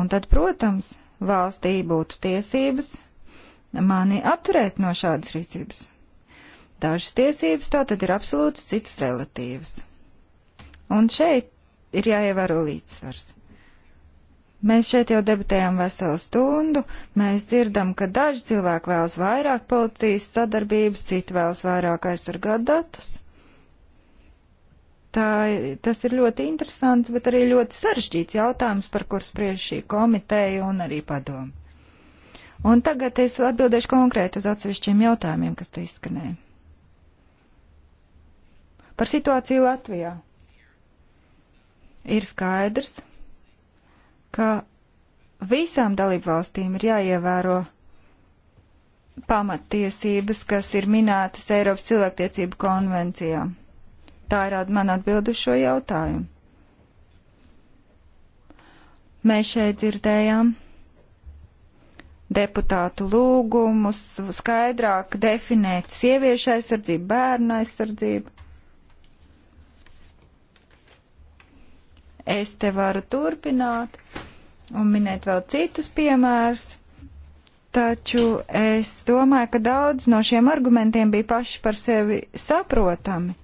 un tad, protams, valstī būtu tiesības mani apturēt no šādas rīcības. Dažas tiesības tā tad ir absolūti citas relatīvas. Un šeit ir jāievēro līdzsvars. Mēs šeit jau debatējām veselu stundu, mēs dzirdam, ka daži cilvēki vēlas vairāk policijas sadarbības, citi vēlas vairāk aizsargāt datus. Tā, tas ir ļoti interesants, bet arī ļoti sarežģīts jautājums, par kur spriež šī komiteja un arī padomu. Un tagad es atbildēšu konkrēti uz atsevišķiem jautājumiem, kas te izskanēja. Par situāciju Latvijā ir skaidrs, ka visām dalībvalstīm ir jāievēro pamattiesības, kas ir minētas Eiropas cilvēktiesību konvencijām. Tā ir man atbildu šo jautājumu. Mēs šeit dzirdējām deputātu lūgumus skaidrāk definēt sieviešu aizsardzību, bērnu aizsardzību. Es te varu turpināt un minēt vēl citus piemērus, taču es domāju, ka daudz no šiem argumentiem bija paši par sevi saprotami.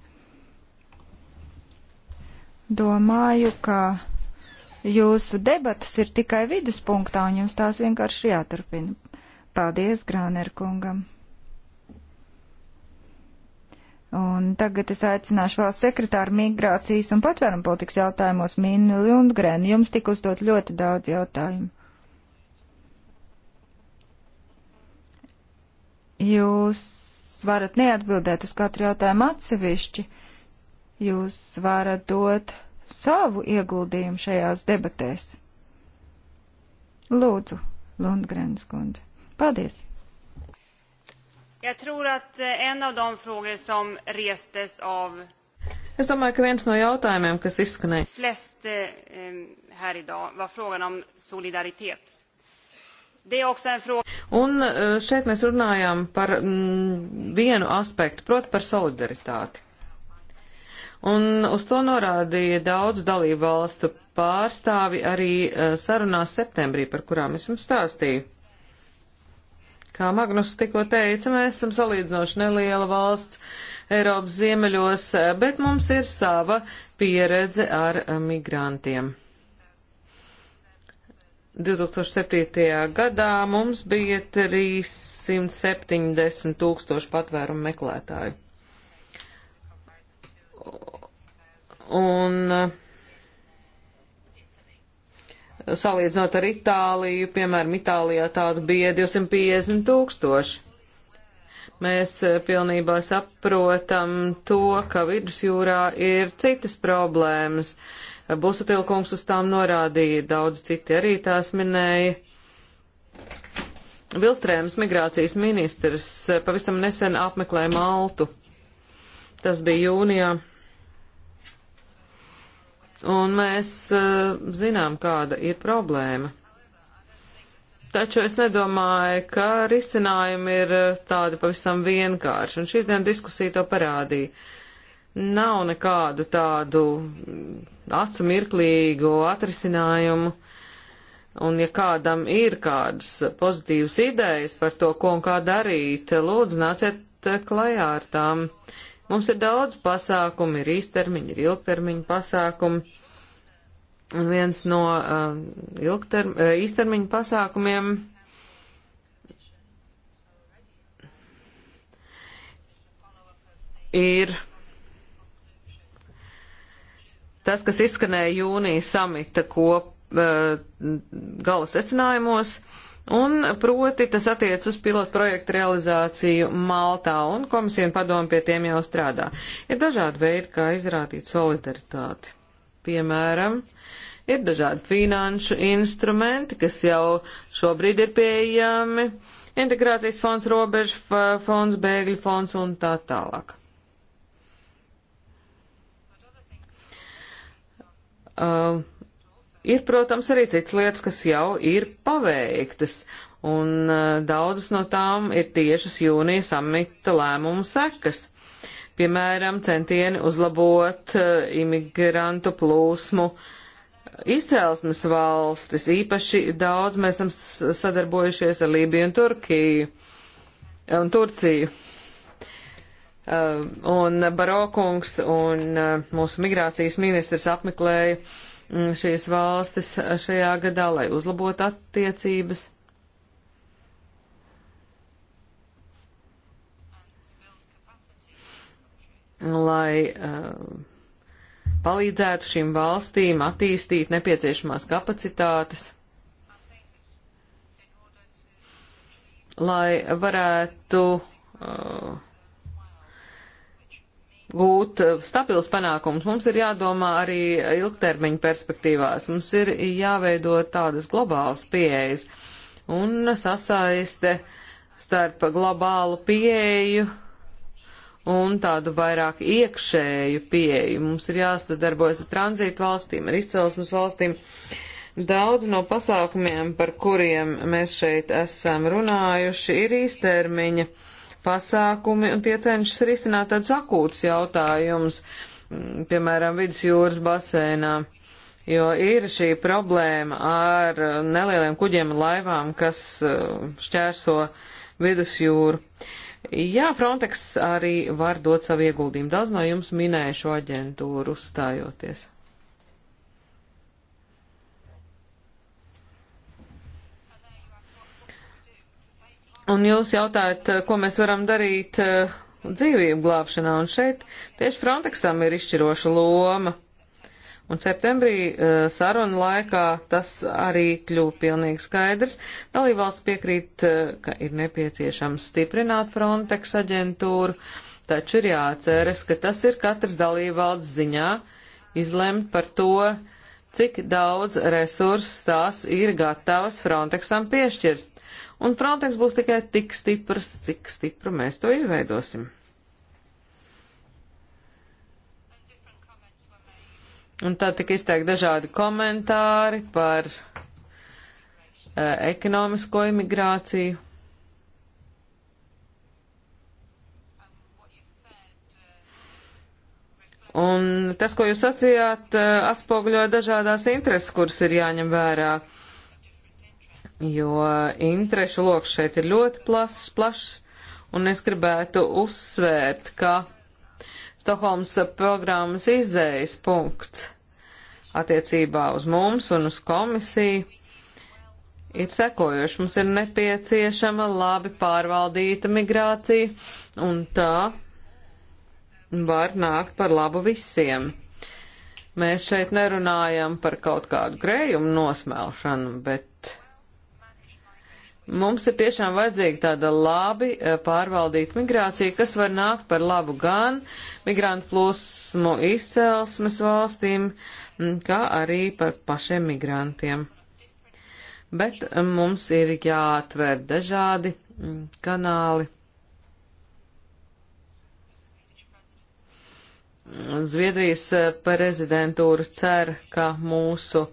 Domāju, ka jūsu debatas ir tikai viduspunktā, un jums tās vienkārši jāturpina. Paldies Grānerkungam! Un tagad es aicināšu valsts sekretāru migrācijas un patvērumu politikas jautājumos Mīnu Lundgrēnu. Jums tik uzdot ļoti daudz jautājumu. Jūs varat neatbildēt uz katru jautājumu atsevišķi jūs varat dot savu ieguldījumu šajās debatēs. Lūdzu, Lundgrens kundze. Paldies! Jag tror att eh, en av de frågor som restes av Es domāju, ka viens no jautājumiem, kas izskanēja, flest, um, här idag, var frågan om solidaritet. Un eh, šeit mēs runājām par mm, vienu aspektu, proti par solidaritāti. Un uz to norādīja daudz dalību valstu pārstāvi arī eh, sarunās septembrī, par kurām es jums stāstīju. Kā Magnus tikko teica, mēs esam salīdzinoši neliela valsts Eiropas ziemeļos, eh, bet mums ir sava pieredze ar eh, migrantiem. 2007. gadā mums bija 370 tūkstoši patvērumu meklētāju. Un eh, salīdzinot ar Itāliju, piemēram, Itālijā tādu bija 250 tūkstoši. Mēs eh, pilnībā saprotam to, ka vidusjūrā ir citas problēmas. Busutilkungs uz tām norādīja, daudz citi arī tās minēja. Vilstrēmas migrācijas ministrs eh, pavisam nesen apmeklēja Maltu. Tas bija jūnijā. Un mēs uh, zinām, kāda ir problēma. Taču es nedomāju, ka risinājumi ir eh, tādi pavisam vienkārši, un šī diena diskusija to parādīja. Nav nekādu tādu mm, acu mirklīgu atrisinājumu, un ja kādam ir kādas pozitīvas idejas par to, ko un kā darīt, lūdzu nāciet eh, klajā ar tām. Uh, Mums ir daudz pasākumu, ir īstermiņa, ir ilgtermiņa pasākumi. Un viens no uh, ilgterm, uh, īstermiņa pasākumiem ir tas, kas izskanēja jūnijas samita kop uh, gala secinājumos. Uh, Un proti tas attiec uz pilotu projektu realizāciju Maltā, un komisija un padomu pie tiem jau strādā. Ir dažādi veidi, kā izrādīt solidaritāti. Piemēram, ir dažādi finanšu instrumenti, kas jau šobrīd ir pieejami, integrācijas fonds, robežu fonds, bēgļu fonds un tā tālāk. Uh, Ir, protams, arī citas lietas, kas jau ir paveiktas, un eh, daudzas no tām ir tiešas jūnija samita lēmumu sekas. Piemēram, centieni uzlabot eh, imigrantu plūsmu izcelsmes valstis. Īpaši daudz mēs esam sadarbojušies ar Lībiju un Turkiju un Turciju. Eh, un Barokungs un mūsu migrācijas ministrs apmeklēja uh, šīs valstis šajā gadā, lai uzlabotu attiecības. Lai uh, palīdzētu šīm valstīm attīstīt nepieciešamās kapacitātes, lai varētu uh, gūt eh, stabilus panākumus, mums ir jādomā arī ilgtermiņa perspektīvās. Mums ir jāveido tādas globālas pieejas un sasaiste starp globālu pieeju un tādu vairāk iekšēju pieeju. Mums ir jāsadarbojas ar tranzītu valstīm, ar izcelsmes valstīm. Daudz no pasākumiem, par kuriem mēs šeit esam runājuši, ir īstermiņa pasākumi, un tie cenšas risināt tādus akūtus jautājumus, mm, piemēram, vidusjūras basēnā. Jo ir šī problēma ar nelieliem kuģiem un laivām, kas eh, šķērso vidusjūru. Jā, Frontex arī var dot savu ieguldījumu. Daudz no jums minēja šo aģentūru uzstājoties. Un jūs jautājat, eh, ko mēs varam darīt eh, dzīvību glābšanā, un šeit tieši Frontexam ir izšķiroša loma. Un septembrī eh, sarunu laikā tas arī kļūp pilnīgi skaidrs. Dalībvalsts piekrīt, ka ir nepieciešams stiprināt Frontex aģentūru, taču ir jāatceras, ka tas ir katras dalībvalsts ziņā izlemt par to, cik daudz resursus tās ir gatavas Frontexam piešķirt un Frontex būs tikai tik stiprs, cik stipru mēs to izveidosim. Un tad tika izteikti dažādi komentāri par e, ekonomisko imigrāciju. Un tas, ko jūs sacījāt, eh, atspoguļoja dažādās intereses, kuras ir jāņem vērā. Uh, jo interešu loks šeit ir ļoti plašs, plašs un es gribētu uzsvērt, ka Stokholmas programmas izējas punkts attiecībā uz mums un uz komisiju ir sekojoši. Mums ir nepieciešama labi pārvaldīta migrācija, un tā var nākt par labu visiem. Mēs šeit nerunājam par kaut kādu grējumu nosmelšanu, bet Mums ir tiešām vajadzīga tāda labi eh, pārvaldīta migrācija, kas var nākt par labu gan migrantu plūsmu izcelsmes valstīm, mm, kā arī par pašiem migrantiem. Bet eh, mums ir jāatver dažādi mm, kanāli. Zviedrijas eh, prezidentūra cer, ka mūsu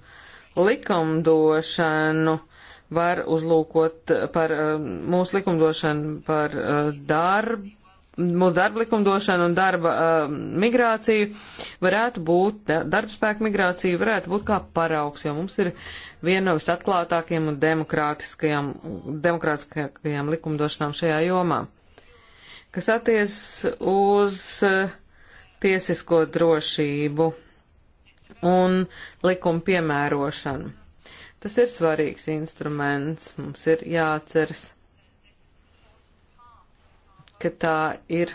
likumdošanu var uzlūkot par eh, mūsu likumdošanu, par eh, darbu, mūsu darba likumdošanu un darba eh, migrāciju, varētu būt, darbspēka migrācija varētu būt kā paraugs, jo mums ir viena no visatklātākajiem un demokrātiskajām, demokrātiskajām likumdošanām šajā jomā. Kas attiec uz tiesisko drošību un likuma piemērošanu. Tas ir svarīgs instruments, mums ir jāatceras, ka tā ir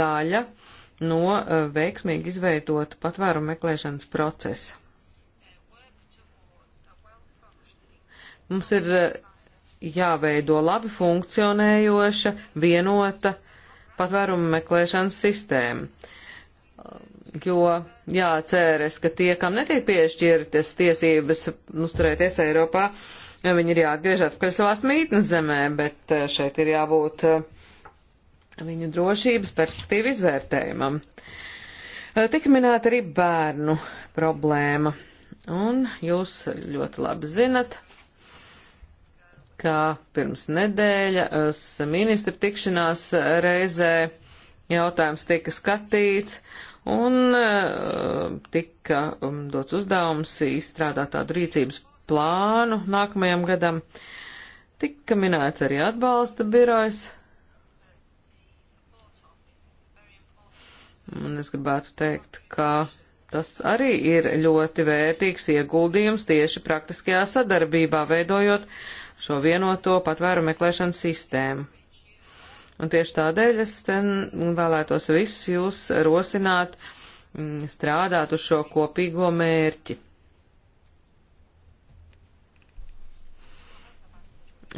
daļa no e, veiksmīgi izveidota patvērumu meklēšanas procesa. Mums ir e, jāveido labi funkcionējoša, vienota patvērumu meklēšanas sistēma jo jācēras, ka tie, kam netiek piešķirtas tiesības uzturēties Eiropā, viņi ir jāatgriež atpakaļ savās mītnes zemē, bet eh, šeit ir jābūt eh, viņu drošības perspektīvu izvērtējumam. Eh, Tik minēta arī bērnu problēma, un jūs ļoti labi zinat, ka pirms nedēļas ministra tikšanās reizē jautājums tika skatīts, uh, un eh, tika um, dots uzdevums izstrādāt tādu rīcības plānu nākamajam gadam. Tika minēts arī atbalsta birojs. Un es gribētu teikt, ka tas arī ir ļoti vērtīgs ieguldījums tieši praktiskajā sadarbībā, veidojot šo vienoto patvēru meklēšanas sistēmu. Un tieši tādēļ es vēlētos visus jūs rosināt, mm, strādāt uz šo kopīgo mērķi.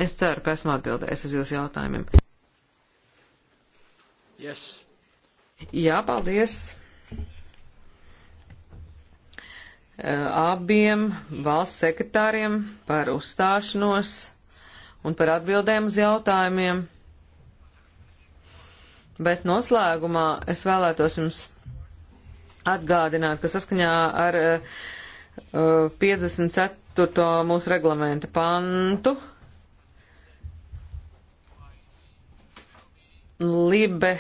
Es ceru, ka esmu atbildējis uz jūsu jautājumiem. Yes. Jā, paldies. Eh, abiem valsts sekretāriem par uzstāšanos un par atbildēm uz jautājumiem. Bet noslēgumā es vēlētos jums atgādināt, ka saskaņā ar uh, eh, 54. Eh, mūsu reglamenta pantu Libe,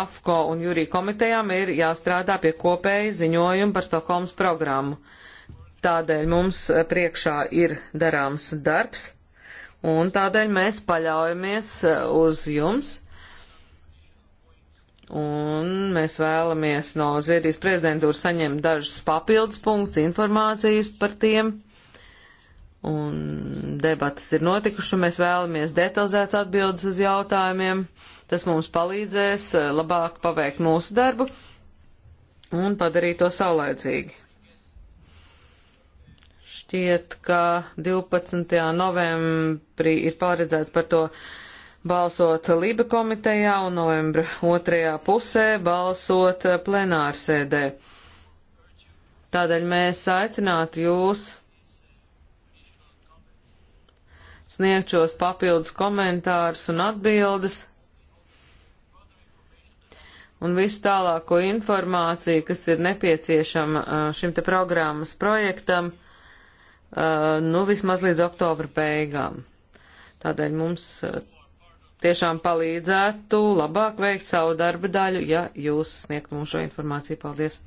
AFCO un Jurī komitejām ir jāstrādā pie kopēja ziņojuma par Stokholmas programmu. Tādēļ mums priekšā ir darāms darbs, un tādēļ mēs paļaujamies eh, uz jums Un mēs vēlamies no Zviedrijas prezidentūras saņemt dažus papildus punktus, informācijas par tiem. Un debatas ir notikušas, un mēs vēlamies detalizēts atbildes uz jautājumiem. Tas mums palīdzēs eh, labāk paveikt mūsu darbu un padarīt to saulēcīgi. Šķiet, ka 12. novembrī ir paredzēts par to uh, balsot Liba komitejā un novembra otrajā pusē balsot plenārsēdē. Tādēļ mēs aicinātu jūs sniegt šos papildus komentārus un atbildes un visu tālāko informāciju, kas ir nepieciešama uh, šim te programmas projektam, uh, nu vismaz līdz oktobra beigām. Tādēļ mums uh, tiešām palīdzētu labāk veikt savu darba daļu, ja jūs sniegt mums šo informāciju. Paldies!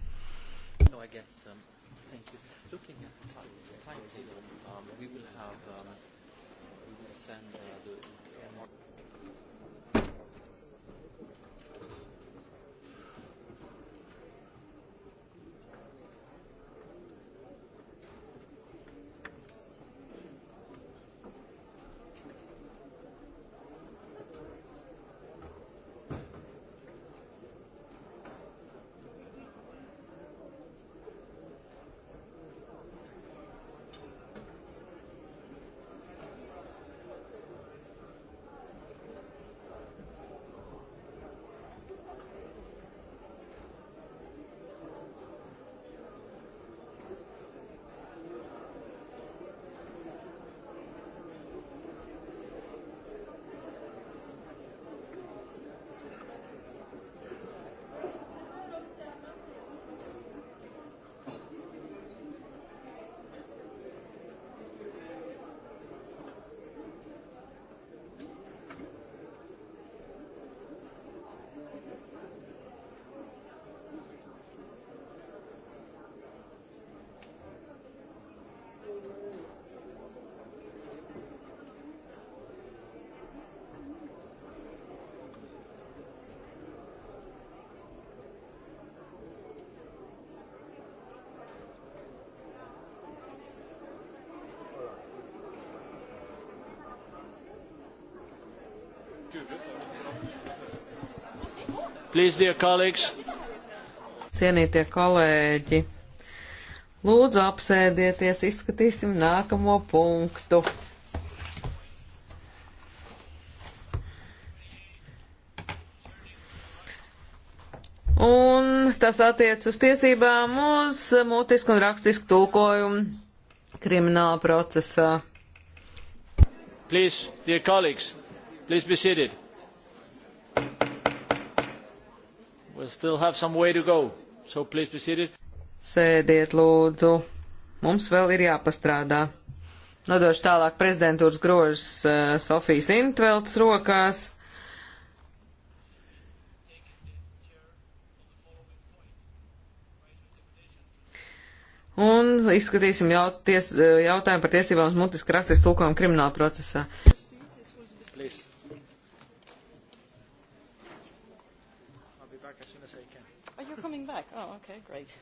Please, dear colleagues. Cienītie kolēģi, lūdzu apsēdieties, izskatīsim nākamo punktu. Un tas attiec uz tiesībām uz mutisku un rakstisku tulkojumu krimināla procesā. Please, dear colleagues, please be seated. We'll still have some way to go, so please be seated. Sēdiet, lūdzu. Mums vēl ir jāpastrādā. Nodošu tālāk prezidentūras grožas uh, Sofijas Intveltas rokās. Un izskatīsim jaut, ties, eh, jautājumu par tiesībām uz mutisku rakstisku tulkojumu krimināla procesā. back. Oh, okay, great.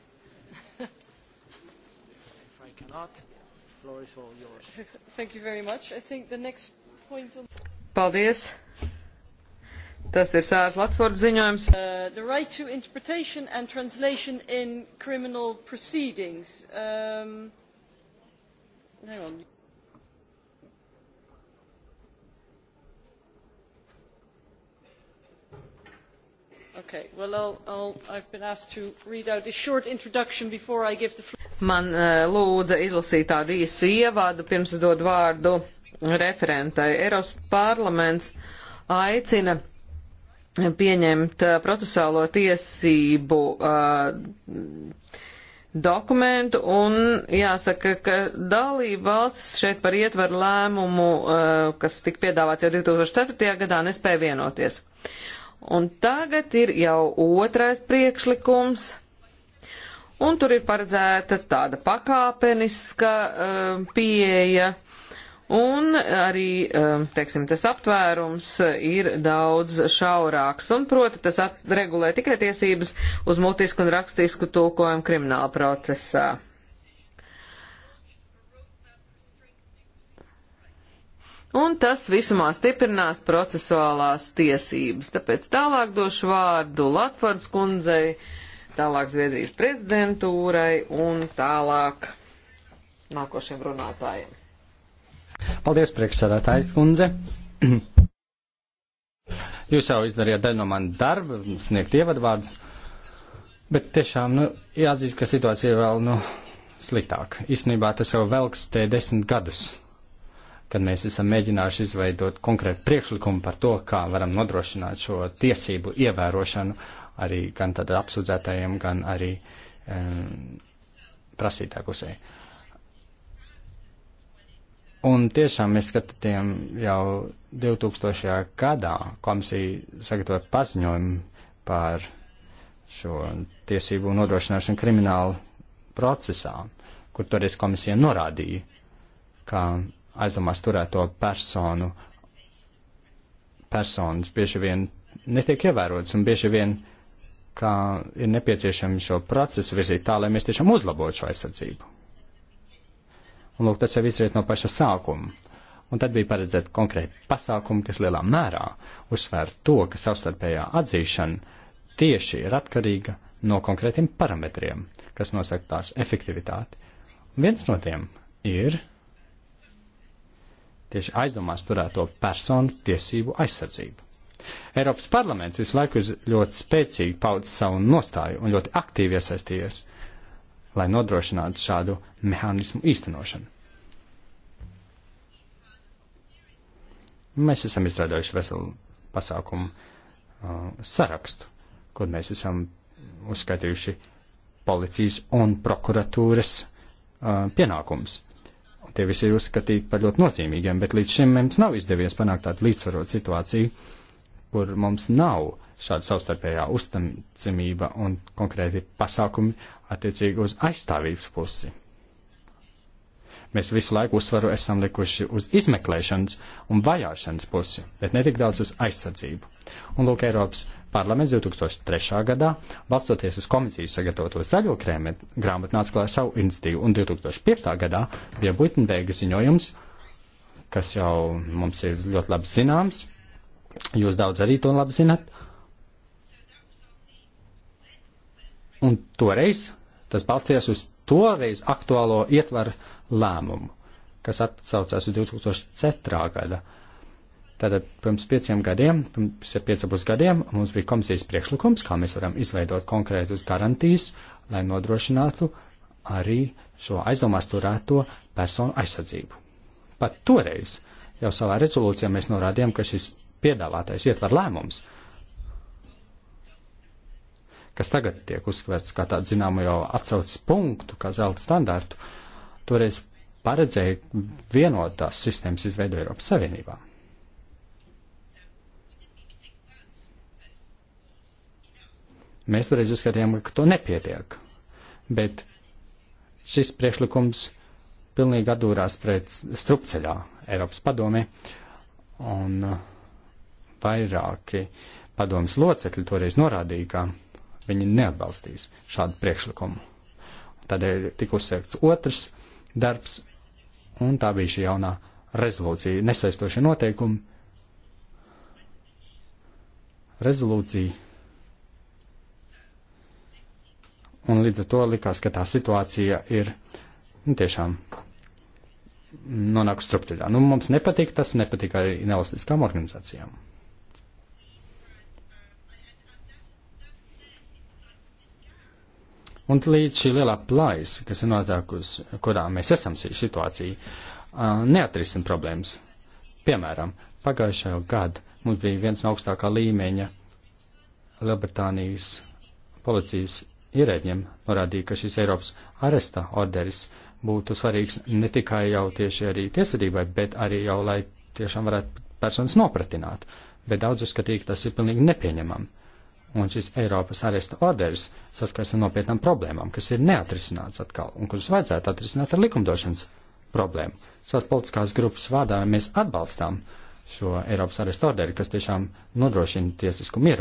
if I cannot, floor is all yours. Thank you very much. I think the next point on... Paldies. Tas ir Sērs Latvords ziņojums. Uh, the right to interpretation and translation in criminal proceedings. Um, hang on. Okay, well, I'll, I'll, I've been asked to read out a short introduction before I give the floor. Man uh, lūdza izlasīt tādu īsu ievādu, pirms es dodu vārdu referentai. Eiropas parlaments aicina pieņemt uh, procesuālo tiesību uh, dokumentu, un jāsaka, ka dalība valstis šeit par ietveru lēmumu, uh, kas tika piedāvāts jau 2004. gadā, nespēja vienoties. Uh, Un tagad ir jau otrais priekšlikums, un tur ir paredzēta tāda pakāpeniska uh, pieeja, un arī, uh, teiksim, tas aptvērums ir daudz šaurāks, un proti tas regulē tikai tiesības uz mutisku un rakstisku tulkojumu krimināla procesā. un tas visumā stiprinās procesuālās tiesības. Tāpēc tālāk došu vārdu Latvārds kundzei, tālāk Zviedrijas prezidentūrai un tālāk nākošiem runātājiem. Paldies, priekšsēdētājs kundze. Jūs jau izdarījāt daļu no manas darba, sniegt ievadvārdus, bet tiešām, nu, jāatzīst, ka situācija vēl, nu, sliktāk. Īstenībā tas jau velks te desmit gadus kad mēs esam mēģinājuši izveidot konkrētu priekšlikumu par to, kā varam nodrošināt šo tiesību ievērošanu arī gan tad apsūdzētajiem, gan arī um, prasītā pusē. Un tiešām mēs skatījām jau 2000. gadā komisija sagatavoja paziņojumu par šo tiesību nodrošināšanu kriminālu procesā, kur toreiz komisija norādīja, ka aizdomās turēto personu, personas bieži vien netiek ievērotas un bieži vien, kā ir nepieciešami šo procesu virzīt tā, lai mēs tiešām uzlabotu šo aizsardzību. Un lūk, tas jau izriet no paša sākuma. Un tad bija paredzēta konkrēta pasākuma, kas lielā mērā uzsver to, ka savstarpējā atzīšana tieši ir atkarīga no konkrētiem parametriem, kas nosaka tās efektivitāti. Un viens no tiem ir tieši aizdomās turēto personu tiesību aizsardzību. Eiropas parlaments visu laiku ir ļoti spēcīgi paudzis savu nostāju un ļoti aktīvi iesaistījies, lai nodrošinātu šādu mehānismu īstenošanu. Mēs esam izstrādājuši veselu pasākumu uh, sarakstu, kur mēs esam uzskaitījuši policijas un prokuratūras uh, pienākums. Tie visi ir uzskatīti par ļoti nozīmīgiem, bet līdz šim mums nav izdevies panākt tādu līdzsvarotu situāciju, kur mums nav šāda savstarpējā uzticamība un konkrēti pasākumi attiecīgi uz aizstāvības pusi. Mēs visu laiku uzsvaru esam likuši uz izmeklēšanas un vajāšanas pusi, bet netik daudz uz aizsardzību. Un lūk, Eiropas Parlaments 2003. gadā, balstoties uz komisijas sagatavoto zaļo grāmatu, nāca klāt savu iniciatīvu, un 2005. gadā bija Buitenbeiga ziņojums, kas jau mums ir ļoti labi zināms. Jūs daudz arī to labi zinat. Un toreiz tas balstījās uz toreiz aktuālo ietvaru lēmumu, kas atsaucās uz 2004. gada Tātad pirms pieciem gadiem, pirms pieciem pusgadiem mums bija komisijas priekšlikums, kā mēs varam izveidot konkrētus garantijas, lai nodrošinātu arī šo aizdomās turēto personu aizsardzību. Pat toreiz jau savā rezolūcijā mēs norādījām, ka šis piedāvātais ietver lēmums, kas tagad tiek uzskatās kā tādu zināmu jau atcaucas punktu, kā zelta standārtu, toreiz paredzēja vienotās sistēmas izveidu Eiropas Savienībā. Mēs toreiz uzskatījām, ka to nepietiek. Bet šis priekšlikums pilnīgi atdūrās pret strupceļā Eiropas padomē, un uh, vairāki padomas locekļi toreiz norādīja, ka viņi neatbalstīs šādu priekšlikumu. Tādēļ tika uzsēgts otrs darbs, un tā bija šī jaunā rezolūcija, nesaistošie noteikumi. Rezolūcija Un līdz ar to likās, ka tā situācija ir nu, tiešām nonākusi strupceļā. Nu, mums nepatīk tas, nepatīk arī nelastiskām organizācijām. Un līdz šī lielā plājas, kas ir notākusi, kurā mēs esam šī situācija, neatrisin problēmas. Piemēram, pagājušajā gadā mums bija viens no augstākā līmeņa Lielbritānijas policijas ierēģiem norādīja, ka šis Eiropas aresta orderis būtu svarīgs ne tikai jau tieši arī tiesvedībai, bet arī jau, lai tiešām varētu personas nopratināt. Bet daudz uzskatīja, ka tas ir pilnīgi nepieņemam. Un šis Eiropas aresta orderis saskars ar nopietnām problēmām, kas ir neatrisināts atkal un kuras vajadzētu atrisināt ar likumdošanas problēmu. Savas politiskās grupas vārdā mēs atbalstām šo Eiropas arestu orderi, kas tiešām nodrošina tiesiskumu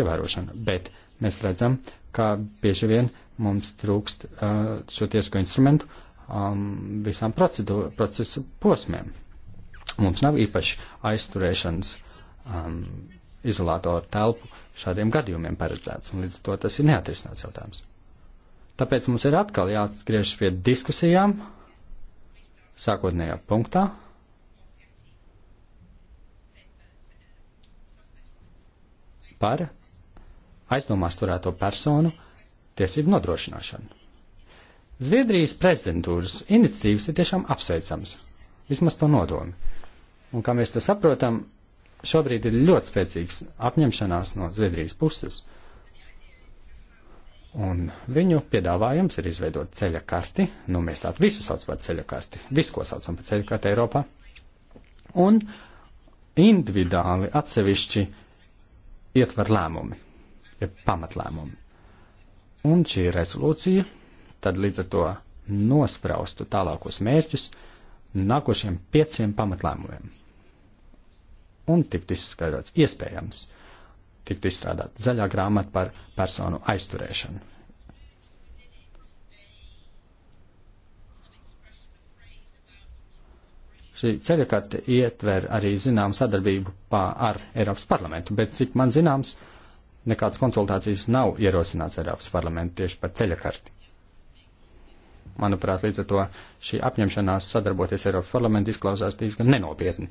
ievērošanu, bet mēs redzam, ka bieži vien mums trūkst uh, šo tiesko instrumentu um, visām procesu posmiem. Mums nav īpaši aizturēšanas um, izolātoru telpu šādiem gadījumiem paredzēts, un līdz ar to tas ir neatrisināts jautājums. Tāpēc mums ir atkal jāatgriežas pie diskusijām sākotnējā punktā. Par aizdomās turēto personu tiesību nodrošināšanu. Zviedrijas prezidentūras iniciatīvas ir tiešām apsveicams, vismaz to nodomi. Un kā mēs to saprotam, šobrīd ir ļoti spēcīgs apņemšanās no Zviedrijas puses. Un viņu piedāvājums ir izveidot ceļa karti, nu mēs tādu visu saucam par ceļa karti, visu, ko saucam par ceļa karti Eiropā. Un individuāli atsevišķi ietver lēmumi ja pamatlēmumu. Un šī rezolūcija tad līdz ar to nospraustu tālākos mērķus nākošiem pieciem pamatlēmumiem. Un tiktu izskaidrots iespējams, tiktu izstrādāt zaļā grāmata par personu aizturēšanu. Šī ceļakarte ietver arī zinām sadarbību pā ar Eiropas parlamentu, bet cik man zināms, uh, nekādas konsultācijas nav ierosināts Eiropas parlamentu tieši par ceļa karti. Manuprāt, līdz ar to šī apņemšanās sadarboties Eiropas parlamentu izklausās diezgan nenopietni.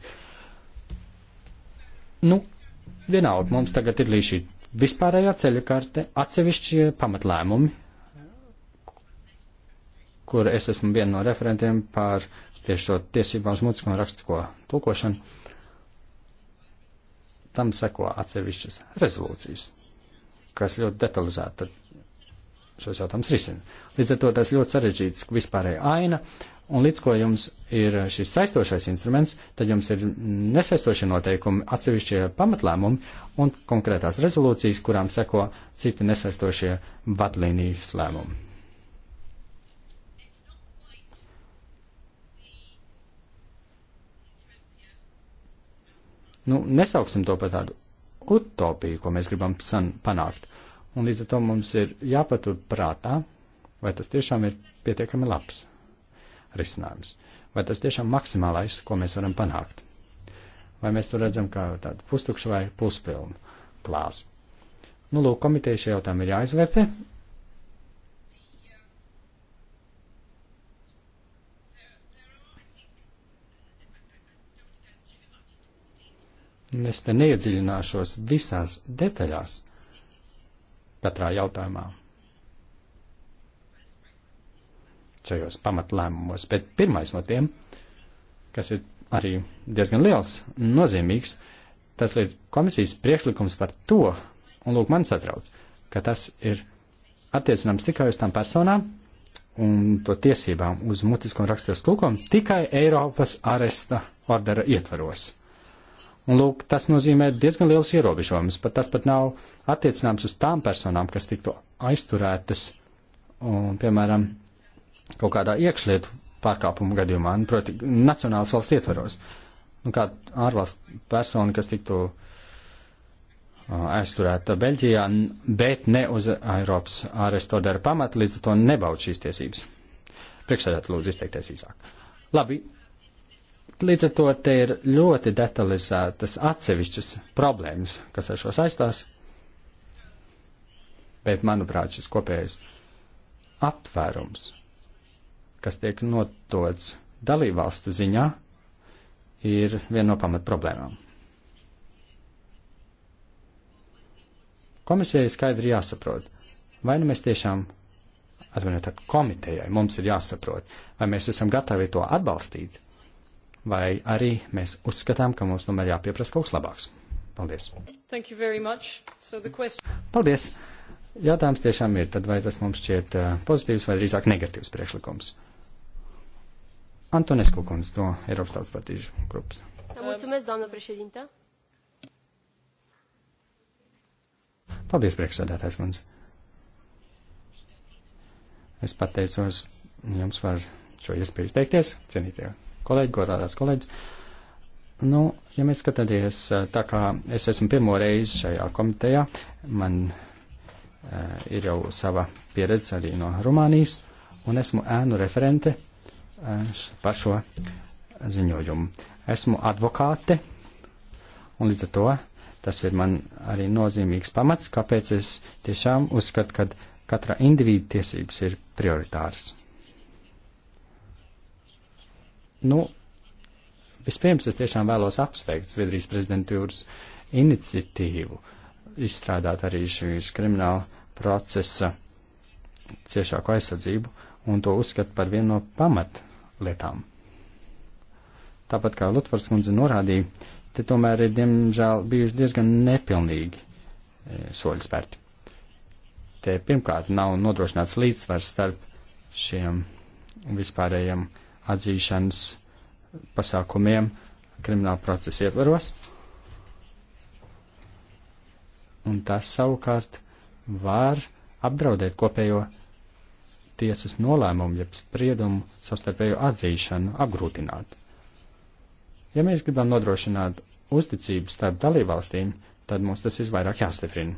Nu, vienalga, mums tagad ir līdz šī vispārējā ceļa karte, atsevišķi pamatlēmumi, kur es esmu viena no referentiem par tieši šo tiesībām uz mutisko un rakstisko tulkošanu tam seko atsevišķas rezolūcijas kas ļoti detalizēti šos jautājumus risina. Līdz ar to tas ļoti sarežģīts vispārēja aina, un līdz ko jums ir šis saistošais instruments, tad jums ir nesaistošie noteikumi, atsevišķie pamatlēmumi un konkrētās rezolūcijas, kurām seko citi nesaistošie vadlīnijas lēmumi. Nu, nesauksim to par tādu utopija, ko mēs gribam panākt. Un līdz ar to mums ir jāpatur prātā, vai tas tiešām ir pietiekami labs risinājums, vai tas tiešām maksimālais, ko mēs varam panākt. Vai mēs to redzam kā tādu pustukšu vai puspilnu klāstu. Nu, lūk, komiteja šie jautājumi ir jāizvērtē, Es te neiedziļināšos visās detaļās katrā jautājumā. Šajos pamatlēmumos, bet pirmais no tiem, kas ir arī diezgan liels un nozīmīgs, tas ir komisijas priekšlikums par to, un lūk, man satrauc, ka tas ir attiecināms tikai uz tām personām un to tiesībām uz mutisko un raksturos tulkojumu tikai Eiropas aresta ordera ietvaros. Un, lūk, tas nozīmē diezgan liels ierobežojums, pat tas pat nav attiecināms uz tām personām, kas tiktu aizturētas, un, piemēram, kaut kādā iekšlietu pārkāpumu gadījumā, un, nu, proti, nacionāls valsts ietveros. Nu, kā ārvalstu persona, kas tiktu aizturēta Beļģijā, bet ne uz Eiropas ārestu ordera pamata, līdz ar to nebaud šīs tiesības. Priekšsēdēt lūdzu izteikties īsāk. Labi, Līdz ar to te ir ļoti detalizētas atsevišķas problēmas, kas ar šo saistās, bet, manuprāt, šis kopējais aptvērums, kas tiek notots dalībvalstu ziņā, ir viena no pamat problēmām. Komisijai skaidri jāsaprot, vai nu mēs tiešām, atvainojiet, komitejai mums ir jāsaprot, vai mēs esam gatavi to atbalstīt, vai arī mēs uzskatām, ka mums tomēr jāpieprasa kaut kas labāks. Paldies! So question... Paldies! Jautājums tiešām ir, tad vai tas mums šķiet eh, pozitīvs vai drīzāk negatīvs priekšlikums? Antonescu Kunz, no Eiropas Tautas partijas grupas. Mulțumesc, doamnă președintă. Paldies, priekšsēdētājs Kunz. Es pateicos jums par šo iespēju izteikties, cienītie kolēģi, godādās kolēģis. Nu, ja mēs skatāties, eh, tā kā es esmu pirmo reizi šajā komitejā, man uh, ir jau sava pieredze arī no Rumānijas, un esmu ēnu referente uh, par šo ziņojumu. Esmu advokāte, un līdz ar to tas ir man arī nozīmīgs pamats, kāpēc es tiešām uzskatu, ka katra individu tiesības ir prioritāras. Nu, vispirms es tiešām vēlos apsveikt Zviedrijas prezidentūras iniciatīvu izstrādāt arī šīs krimināla procesa ciešāku aizsardzību un to uzskatu par vienu no pamatlietām. Tāpat kā Lutvars kundze norādīja, te tomēr ir diemžēl bijuši diezgan nepilnīgi e, soļi spērti. Te pirmkārt nav nodrošināts līdzsvars starp šiem vispārējiem uh, atzīšanas pasākumiem krimināla procesa ietvaros. Un tas savukārt var apdraudēt kopējo tiesas nolēmumu, jeb spriedumu savstarpēju atzīšanu, apgrūtināt. Ja mēs gribam nodrošināt uzticību starp dalībvalstīm, tad mums tas ir vairāk jāstiprina.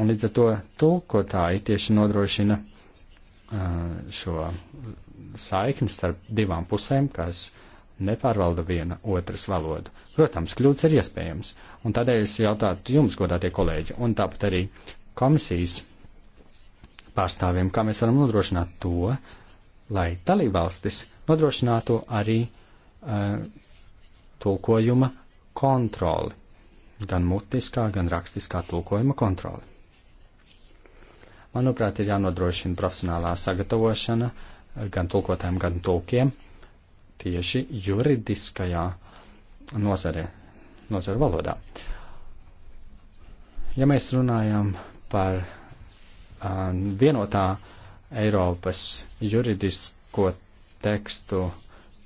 Un līdz ar to tulkotāji tieši nodrošina uh, šo saikni starp divām pusēm, kas nepārvalda viena otras valodu. Protams, kļūdas ir iespējams, un tādēļ es jautātu jums, godātie kolēģi, un tāpat arī komisijas pārstāvjiem, kā mēs varam nodrošināt to, lai dalībvalstis nodrošinātu arī uh, tulkojuma kontroli, gan mutiskā, gan rakstiskā tulkojuma kontroli. Manuprāt, ir jānodrošina profesionālā sagatavošana, uh, gan tulkotājiem, gan tulkiem tieši juridiskajā nozare, nozare valodā. Ja mēs runājam par uh, vienotā Eiropas juridisko tekstu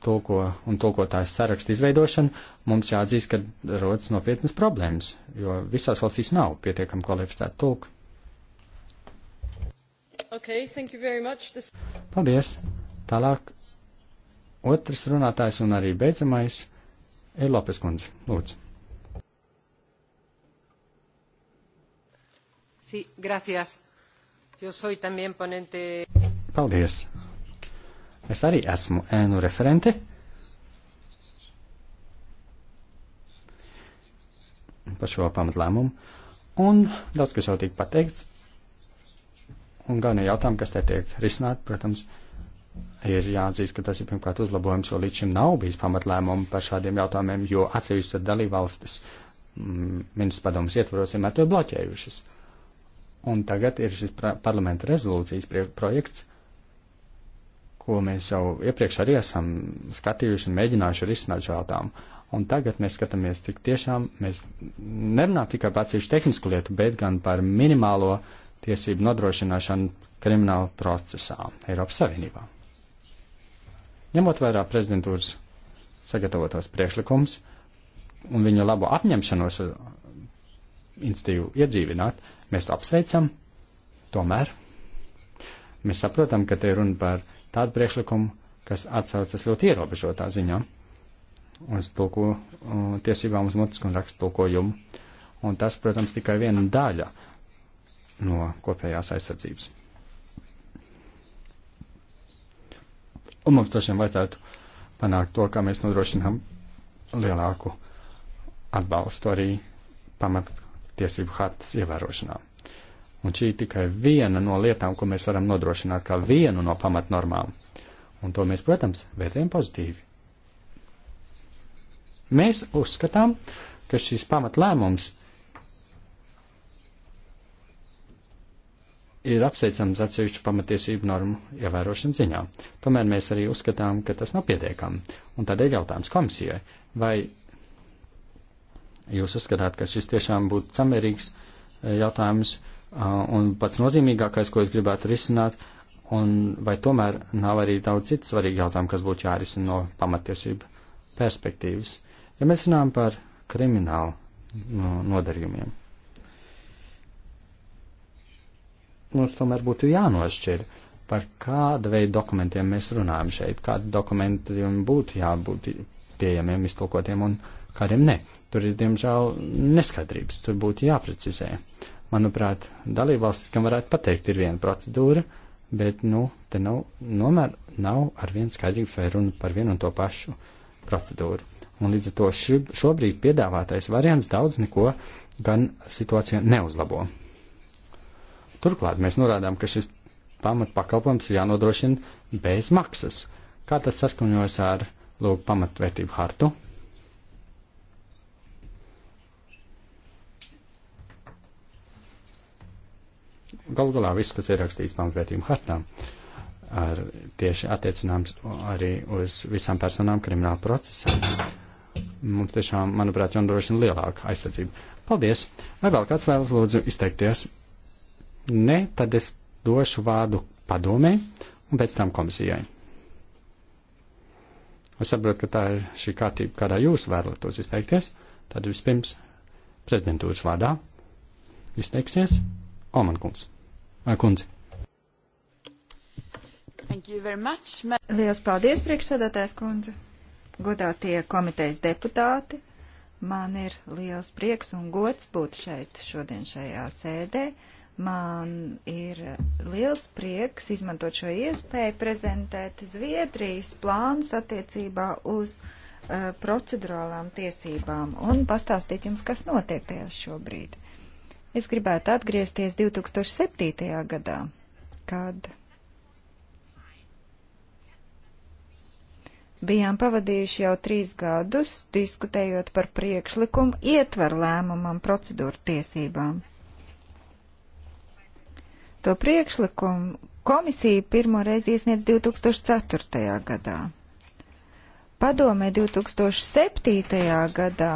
tulko un tulkotāju sarakstu izveidošanu, mums jāatzīst, ka rodas nopietnas problēmas, jo visās valstīs nav pietiekami kvalificēti tulki. Okay, thank you very much. This... Paldies. Tālāk otrs runātājs un arī beidzamais ir Lopes kundze. Lūdzu. Sí, gracias. Yo soy también ponente. Paldies. Es arī esmu ēnu referente. Par šo pamatlēmumu. Un daudz kas jau tika pateikts. Un galvenie jautājumi, kas te tiek risināti, protams, ir jāatzīst, ka tas ir pirmkārt uzlabojums, jo līdz šim nav bijis pamatlēmumu par šādiem jautājumiem, jo atsevišķas dalībvalstis mm, ministrs padomus ietvaros vienmēr to bloķējušas. Un tagad ir šis parlamenta rezolūcijas projekts, ko mēs jau iepriekš arī esam skatījuši un mēģinājuši risināt šo jautājumu. Un tagad mēs skatāmies, cik tiešām mēs nerunājam tikai par atsevišķu tehnisku lietu, bet gan par minimālo uh, tiesību nodrošināšanu krimināla procesā Eiropas Savienībā. Ņemot vērā prezidentūras sagatavotos priekšlikums un viņu labo apņemšanos uh, institīvu iedzīvināt, mēs to apsveicam. Tomēr mēs saprotam, ka te runa par tādu priekšlikumu, kas atsaucas ļoti ierobežotā ziņā uz tulku, uh, tiesībām uz mutisku un rakstu tulkojumu. Un tas, protams, tikai viena daļa no kopējās aizsardzības. Un mums droši vien vajadzētu panākt to, kā mēs nodrošinām lielāku atbalstu arī pamattiesību hartas ievērošanā. Un šī tikai viena no lietām, ko mēs varam nodrošināt kā vienu no pamatnormām. Un to mēs, protams, vērtējam pozitīvi. Mēs uzskatām, ka šis pamatlēmums ir apsveicams atsevišķu pamatiesību normu ievērošanas ziņā. Tomēr mēs arī uzskatām, ka tas nav pietiekami, un tādēļ jautājums komisijai, vai jūs uzskatāt, ka šis tiešām būtu samērīgs e, jautājums un pats nozīmīgākais, ko es gribētu risināt, un vai tomēr nav arī daudz citu svarīgu jautājumu, kas būtu jārisina no pamatiesību perspektīvas. Ja mēs runājam par kriminālu nodarījumiem. mums tomēr būtu jānošķir, par kādu veidu dokumentiem mēs runājam šeit, kādu dokumentiem būtu jābūt pieejamiem, iztulkotiem un kādiem ne. Tur ir, diemžēl, neskaidrības, tur būtu jāprecizē. Manuprāt, dalībvalstis, kam varētu pateikt, ir viena procedūra, bet, nu, te nav, nomēr nav ar vienu skaidrību vai runa par vienu un to pašu procedūru. Un līdz ar to šobrīd piedāvātais variants daudz neko gan situācija neuzlabo. Turklāt mēs norādām, ka šis pamatpakalpojums ir jānodrošina bez maksas. Kā tas saskaņojas ar lūk, pamatvērtību hartu? Galu galā viss, kas ir rakstīts pamatvērtību hartām, ar tieši attiecināms arī uz visām personām krimināla procesā. Mums tiešām, manuprāt, jānodrošina lielāka aizsardzība. Paldies! Vai vēl kāds vēlas lūdzu izteikties? ne, tad es došu vārdu padomē un pēc tam komisijai. Es saprotu, ka tā ir šī kārtība, kādā jūs vēlatos izteikties. Tad vispirms prezidentūras vārdā izteiksies Oman kungs. Kundze. Lielas paldies, priekšsēdētājs kundze. Godātie komitejas deputāti, man ir liels prieks un gods būt šeit šodien šajā sēdē Man ir liels prieks izmantot šo iespēju prezentēt Zviedrijas plānus attiecībā uz uh, procedurālām tiesībām un pastāstīt jums, kas notiek tajās šobrīd. Es gribētu atgriezties 2007. gadā, kad bijām pavadījuši jau trīs gadus diskutējot par priekšlikumu ietver lēmumam procedūru tiesībām. To priekšlikumu komisija pirmo reizi iesniedz 2004. gadā. Padomē 2007. gadā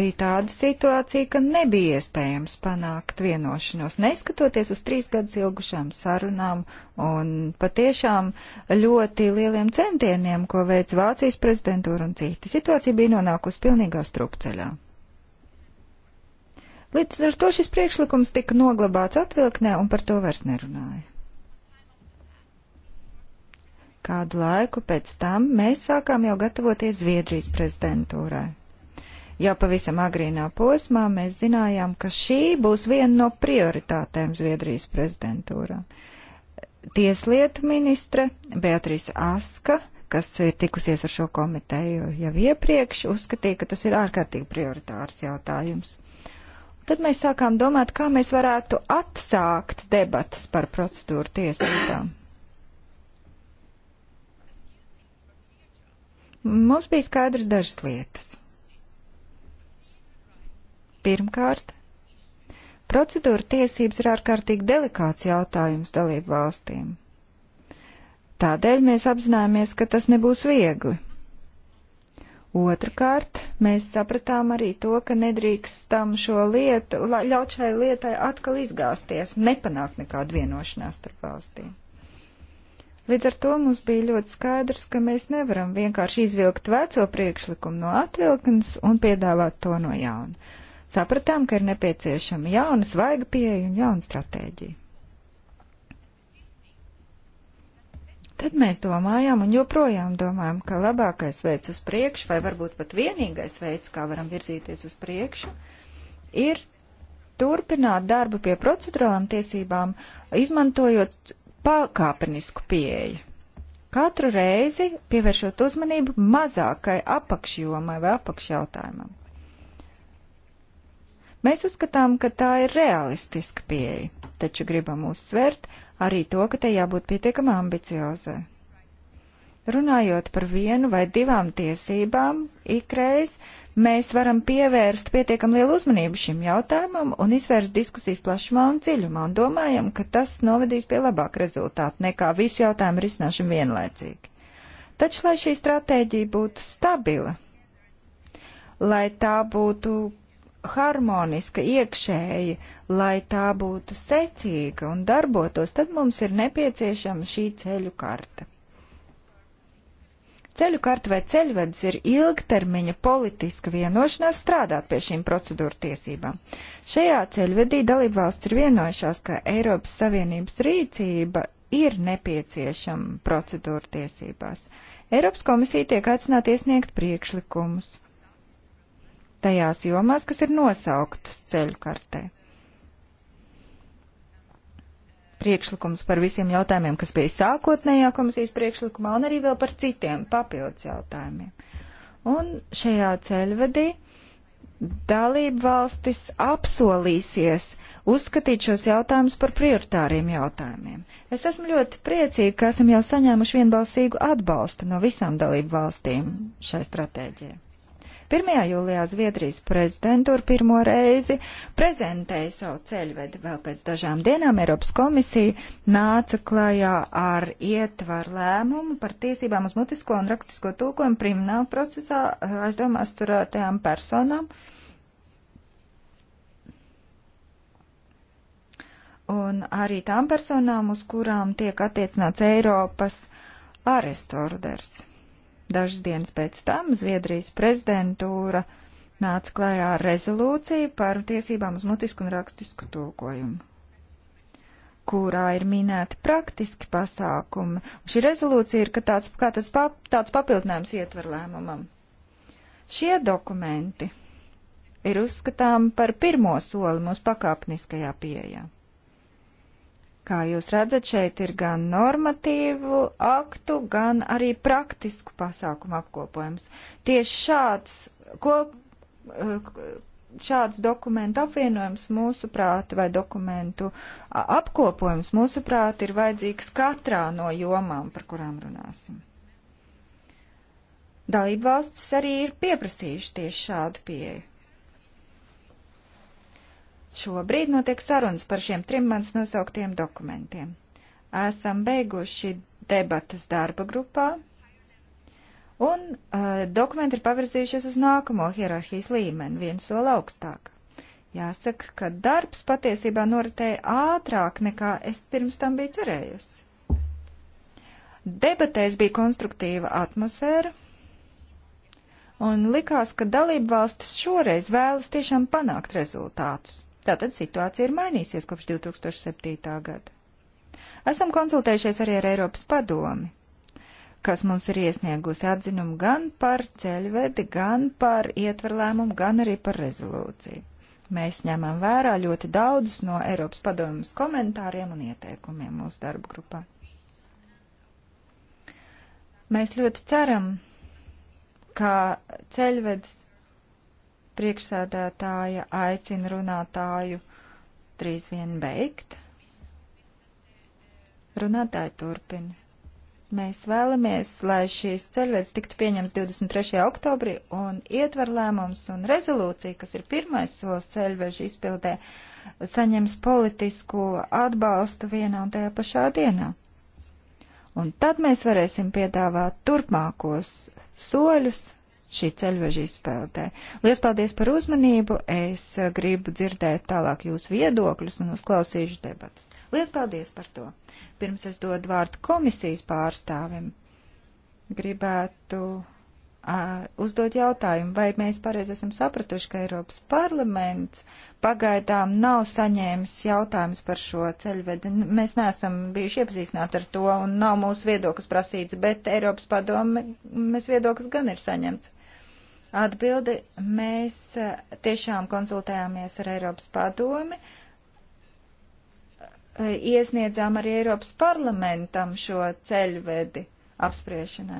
bija tāda situācija, ka nebija iespējams panākt vienošanos, neskatoties uz trīs gadus ilgušām sarunām un patiešām ļoti lieliem centieniem, ko veids Vācijas prezidentūra un citi. Situācija bija nonākusi pilnīgā strupceļā. Līdz ar to šis priekšlikums tika noglabāts atvilknē un par to vairs nerunāja. Kādu laiku pēc tam mēs sākām jau gatavoties Zviedrijas prezidentūrai. Jau pavisam agrīnā posmā mēs zinājām, ka šī būs viena no prioritātēm Zviedrijas prezidentūrā. Tieslietu ministre Beatrisa Aska kas ir tikusies ar šo komiteju jau iepriekš, uzskatīja, ka tas ir ārkārtīgi prioritārs jautājums. Tad mēs sākām domāt, kā mēs varētu atsākt debatas par procedūru tiesībām. Mums bija skaidrs dažas lietas. Pirmkārt, procedūra tiesības ir ārkārtīgi delikāts jautājums dalību valstīm. Tādēļ mēs apzināmies, ka tas nebūs viegli. Otrakārt, mēs sapratām arī to, ka nedrīkstam šo lietu, ļaut šai lietai atkal izgāzties un nepanākt nekādu vienošanās starp valstīm. Līdz ar to mums bija ļoti skaidrs, ka mēs nevaram vienkārši izvilkt veco priekšlikumu no atvilknes un piedāvāt to no jauna. Sapratām, ka ir nepieciešama jauna svaiga pieeja un jauna stratēģija. Tad mēs domājām un joprojām domājam, ka labākais veids uz priekšu, vai varbūt pat vienīgais veids, kā varam virzīties uz priekšu, ir turpināt darbu pie procedurālām tiesībām, izmantojot pakāpenisku pieeju. Katru reizi pievēršot uzmanību mazākai apakšjomai vai apakšjautājumam. Mēs uzskatām, ka tā ir realistiska pieeja, taču gribam uzsvērt, arī to, ka tai jābūt pietiekami ambiciozai. Runājot par vienu vai divām tiesībām ikreiz, mēs varam pievērst pietiekam lielu uzmanību šim jautājumam un izvērst diskusijas plašumā un dziļumā, un domājam, ka tas novedīs pie labāka rezultāta nekā visu jautājumu risināšanu vienlaicīgi. Taču, lai šī stratēģija būtu stabila, lai tā būtu harmoniska iekšēji, lai tā būtu secīga un darbotos, tad mums ir nepieciešama šī ceļu karta. Ceļu karta vai ceļvedis ir ilgtermiņa politiska vienošanās strādāt pie šīm procedūru tiesībām. Šajā ceļvedī dalībvalsts ir vienojušās, ka Eiropas Savienības rīcība ir nepieciešama procedūru tiesībās. Eiropas komisija tiek aicināta iesniegt priekšlikumus tajās jomās, kas ir nosauktas ceļu kartē priekšlikums par visiem jautājumiem, kas bija sākotnējā komisijas priekšlikumā, un arī vēl par citiem papildus jautājumiem. Un šajā ceļvedī dalību valstis apsolīsies uzskatīt šos jautājumus par prioritāriem jautājumiem. Es esmu ļoti priecīga, ka esam jau saņēmuši vienbalsīgu atbalstu no visām dalību valstīm šai stratēģijai. 1. jūlijā Zviedrijas prezidentūra pirmo reizi prezentēja savu ceļvedi. Vēl pēc dažām dienām Eiropas komisija nāca klajā ar ietvaru lēmumu par tiesībām uz mutisko un rakstisko tulkojumu krimināla procesā eh, aizdomās turētajām personām. un arī tām personām, uz kurām tiek attiecināts Eiropas arestorders. Dažas dienas pēc tam Zviedrijas prezidentūra nāca klajā ar rezolūciju par tiesībām uz mutisku un rakstisku tulkojumu, kurā ir minēti praktiski pasākumi. Šī rezolūcija ir tāds, kā tāds, pap, tāds papildinājums ietver lēmumam. Šie dokumenti ir uzskatām par pirmo soli mūsu pakāpeniskajā pieejā. Kā jūs redzat, šeit ir gan normatīvu aktu, gan arī praktisku pasākumu apkopojums. Tieši šāds, kop, eh, šāds dokumentu apvienojums mūsuprāt vai dokumentu apkopojums mūsuprāt ir vajadzīgs katrā no jomām, par kurām runāsim. Dalībvalstis arī ir pieprasījuši tieši šādu pieeju. Šobrīd notiek sarunas par šiem trim manas nosauktiem dokumentiem. Esam beiguši debatas darba grupā, un uh, dokumenti ir pavirzījušies uz nākamo hierarhijas līmeni, viens soli augstāk. Jāsaka, ka darbs patiesībā noritēja ātrāk, nekā es pirms tam biju cerējusi. Debatēs bija konstruktīva atmosfēra, un likās, ka dalību valstis šoreiz vēlas tiešām panākt rezultātus. Tātad situācija ir mainīsies kopš 2007. gada. Esam konsultējušies arī ar Eiropas padomi, kas mums ir iesniegusi atzinumu gan par ceļvedi, gan par ietverlēmumu, gan arī par rezolūciju. Mēs ņemam vērā ļoti daudz no Eiropas padomas komentāriem un ieteikumiem mūsu darba grupā. Mēs ļoti ceram, ka ceļvedis Priekšsēdētāja aicina runātāju drīz vien beigt. Runātāji turpina. Mēs vēlamies, lai šīs ceļvedes tiktu pieņemts 23. oktobrī un ietver lēmums un rezolūcija, kas ir pirmais solis ceļveža izpildē, saņems politisko atbalstu vienā un tajā pašā dienā. Un tad mēs varēsim piedāvāt turpmākos soļus šī ceļveža izpildē. Lielas paldies par uzmanību. Es eh, gribu dzirdēt tālāk jūsu viedokļus un uzklausīšu debatas. Lielas paldies par to. Pirms es dodu vārdu komisijas pārstāvim, gribētu uh, uzdot jautājumu, vai mēs pareizi esam sapratuši, ka Eiropas parlaments pagaidām nav saņēmis jautājumus par šo ceļvedi. Mēs neesam bijuši iepazīstināti ar to un nav mūsu viedoklis prasīts, bet Eiropas padome mēs viedoklis gan ir saņemts. Atbildi mēs e, tiešām konsultējāmies ar Eiropas padomi, e, iesniedzām arī Eiropas parlamentam šo ceļvedi apspriešanai.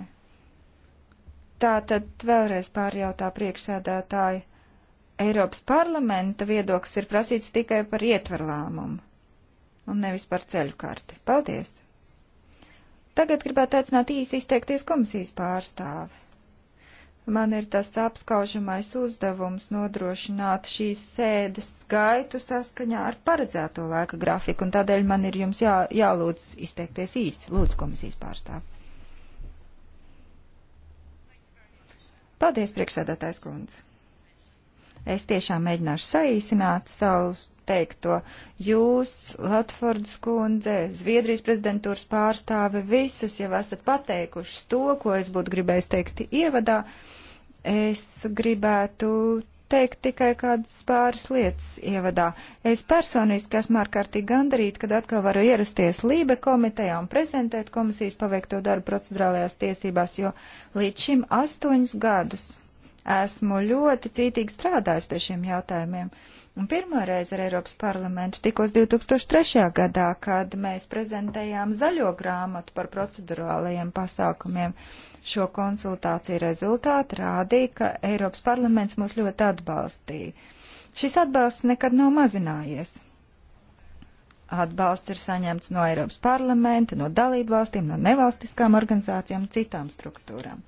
Tā tad vēlreiz pārjautā priekšsēdētāji. Eiropas parlamenta viedoklis ir prasīts tikai par ietverlēmumu un nevis par ceļu karti. Paldies! Tagad gribētu aicināt īsi izteikties komisijas pārstāvi. Man ir tas apskaužamais uzdevums nodrošināt šīs sēdes gaitu saskaņā ar paredzēto laika grafiku, un tādēļ man ir jums jā, jālūdz izteikties īsi. Lūdzu, komisijas pārstāv. Paldies, priekšsēdētājs kundze. Es tiešām mēģināšu saīsināt savu teikto. Jūs, Latfords kundze, Zviedrijas prezidentūras pārstāve, visas jau esat pateikušas to, ko es būtu gribējis teikt ievadā. Uh, Es gribētu teikt tikai kādas pāris lietas ievadā. Es personīgi esmu ārkārtīgi gandarīta, kad atkal varu ierasties Lībe komitejā un prezentēt komisijas paveikto darbu procedurālajās tiesībās, jo līdz šim astoņus gadus esmu ļoti cītīgi strādājis pie šiem jautājumiem. Un pirmā reize ar Eiropas parlamentu tikos 2003. gadā, kad mēs prezentējām zaļo grāmatu par procedurālajiem pasākumiem. Šo konsultāciju rezultāti rādīja, ka Eiropas parlaments mūs ļoti atbalstīja. Šis atbalsts nekad nav mazinājies. Atbalsts ir saņemts no Eiropas parlamenta, no dalību valstīm, no nevalstiskām organizācijām, citām struktūrām.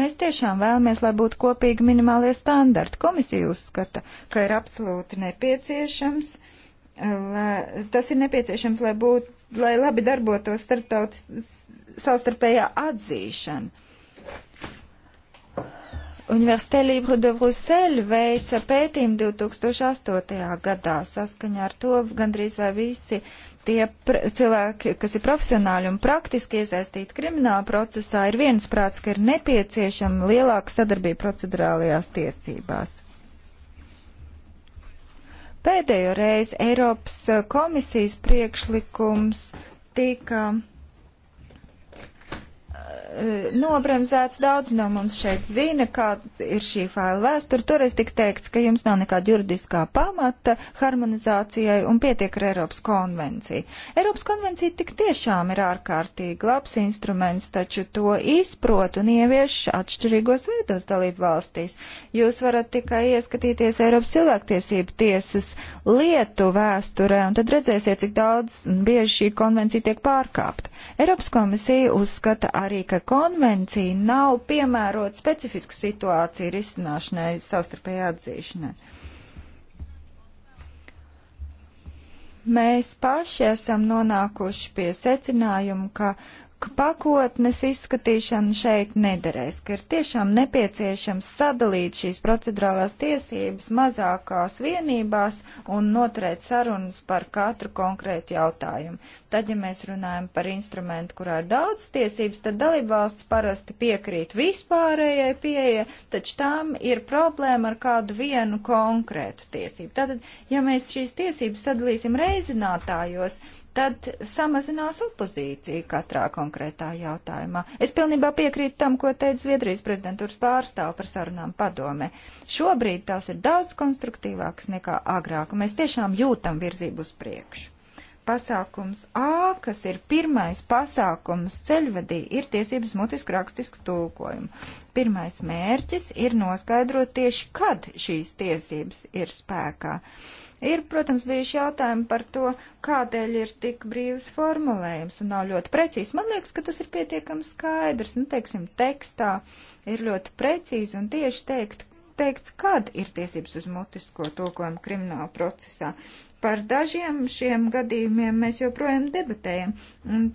Mēs tiešām vēlamies, lai būtu kopīgi minimālie standarti. Komisija uzskata, ka ir absolūti nepieciešams, eh, lai, tas ir nepieciešams, lai būtu, lai labi darbotos starptautis savstarpējā atzīšana. Universitāte Libre de Bruxelles veica pētījumu 2008. gadā. Saskaņā ar to gandrīz vai visi tie cilvēki, kas ir profesionāļi un praktiski iesaistīti krimināla procesā, ir viensprāts, ka ir nepieciešama lielāka sadarbība procedurālajās tiesībās. Pēdējo reizi Eiropas eh, komisijas priekšlikums tika Eh, nobremzēts. Daudz no mums šeit zina, kāda ir šī faila vēsture. Toreiz tika teikts, ka jums nav nekāda juridiskā pamata harmonizācijai un pietiek ar Eiropas konvenciju. Eiropas konvencija tik tiešām ir ārkārtīgi labs instruments, taču to izprot un ievieš atšķirīgos veidos dalību valstīs. Jūs varat tikai ieskatīties Eiropas cilvēktiesību tiesas lietu vēsturē un tad redzēsiet, cik daudz bieži šī konvencija tiek pārkāpta. Eiropas komisija uzskata arī arī, ka konvencija nav piemērota specifiska situācija risināšanai savstarpēji atzīšanai. Mēs paši esam nonākuši pie secinājuma, ka uh, ka pakotnes izskatīšana šeit nederēs, ka ir tiešām nepieciešams sadalīt šīs procedurālās tiesības mazākās vienībās un noturēt sarunas par katru konkrētu jautājumu. Tad, ja mēs runājam par instrumentu, kurā ir daudz tiesības, tad dalībvalsts parasti piekrīt vispārējai pieeja, taču tām ir problēma ar kādu vienu konkrētu tiesību. Tātad, ja mēs šīs tiesības sadalīsim reizinātājos, tad samazinās opozīcija katrā konkrētā jautājumā. Es pilnībā piekrītu tam, ko teica Zviedrijas prezidentūras pārstāv par sarunām padome. Šobrīd tās ir daudz konstruktīvākas nekā agrāk, un mēs tiešām jūtam virzību uz priekšu pasākums A, kas ir pirmais pasākums ceļvadī, ir tiesības mutisku rakstisku tulkojumu. Pirmais mērķis ir noskaidrot tieši, kad šīs tiesības ir spēkā. Ir, protams, bijuši jautājumi par to, kādēļ ir tik brīvs formulējums un nav ļoti precīzs. Man liekas, ka tas ir pietiekami skaidrs. Nu, teiksim, tekstā ir ļoti precīzi un tieši teikt, teikts, kad ir tiesības uz mutisko tulkojumu krimināla procesā. Par dažiem šiem gadījumiem mēs joprojām debatējam,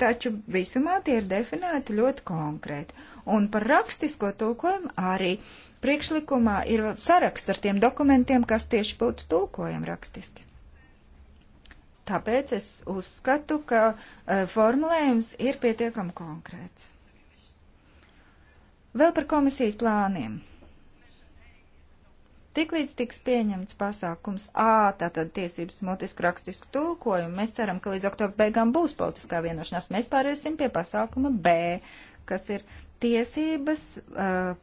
taču visumā tie ir definēti ļoti konkrēti. Un par rakstisko tulkojumu arī priekšlikumā ir saraksts ar tiem dokumentiem, kas tieši būtu tulkojami rakstiski. Tāpēc es uzskatu, ka uh, formulējums ir pietiekami konkrēts. Vēl par komisijas plāniem. Tiklīdz tiks pieņemts pasākums ā, tātad tiesības mutisku rakstisku tulkojumu, mēs ceram, ka līdz oktobra beigām būs politiskā vienošanās. Mēs pāriesim pie pasākuma B, kas ir tiesības uh,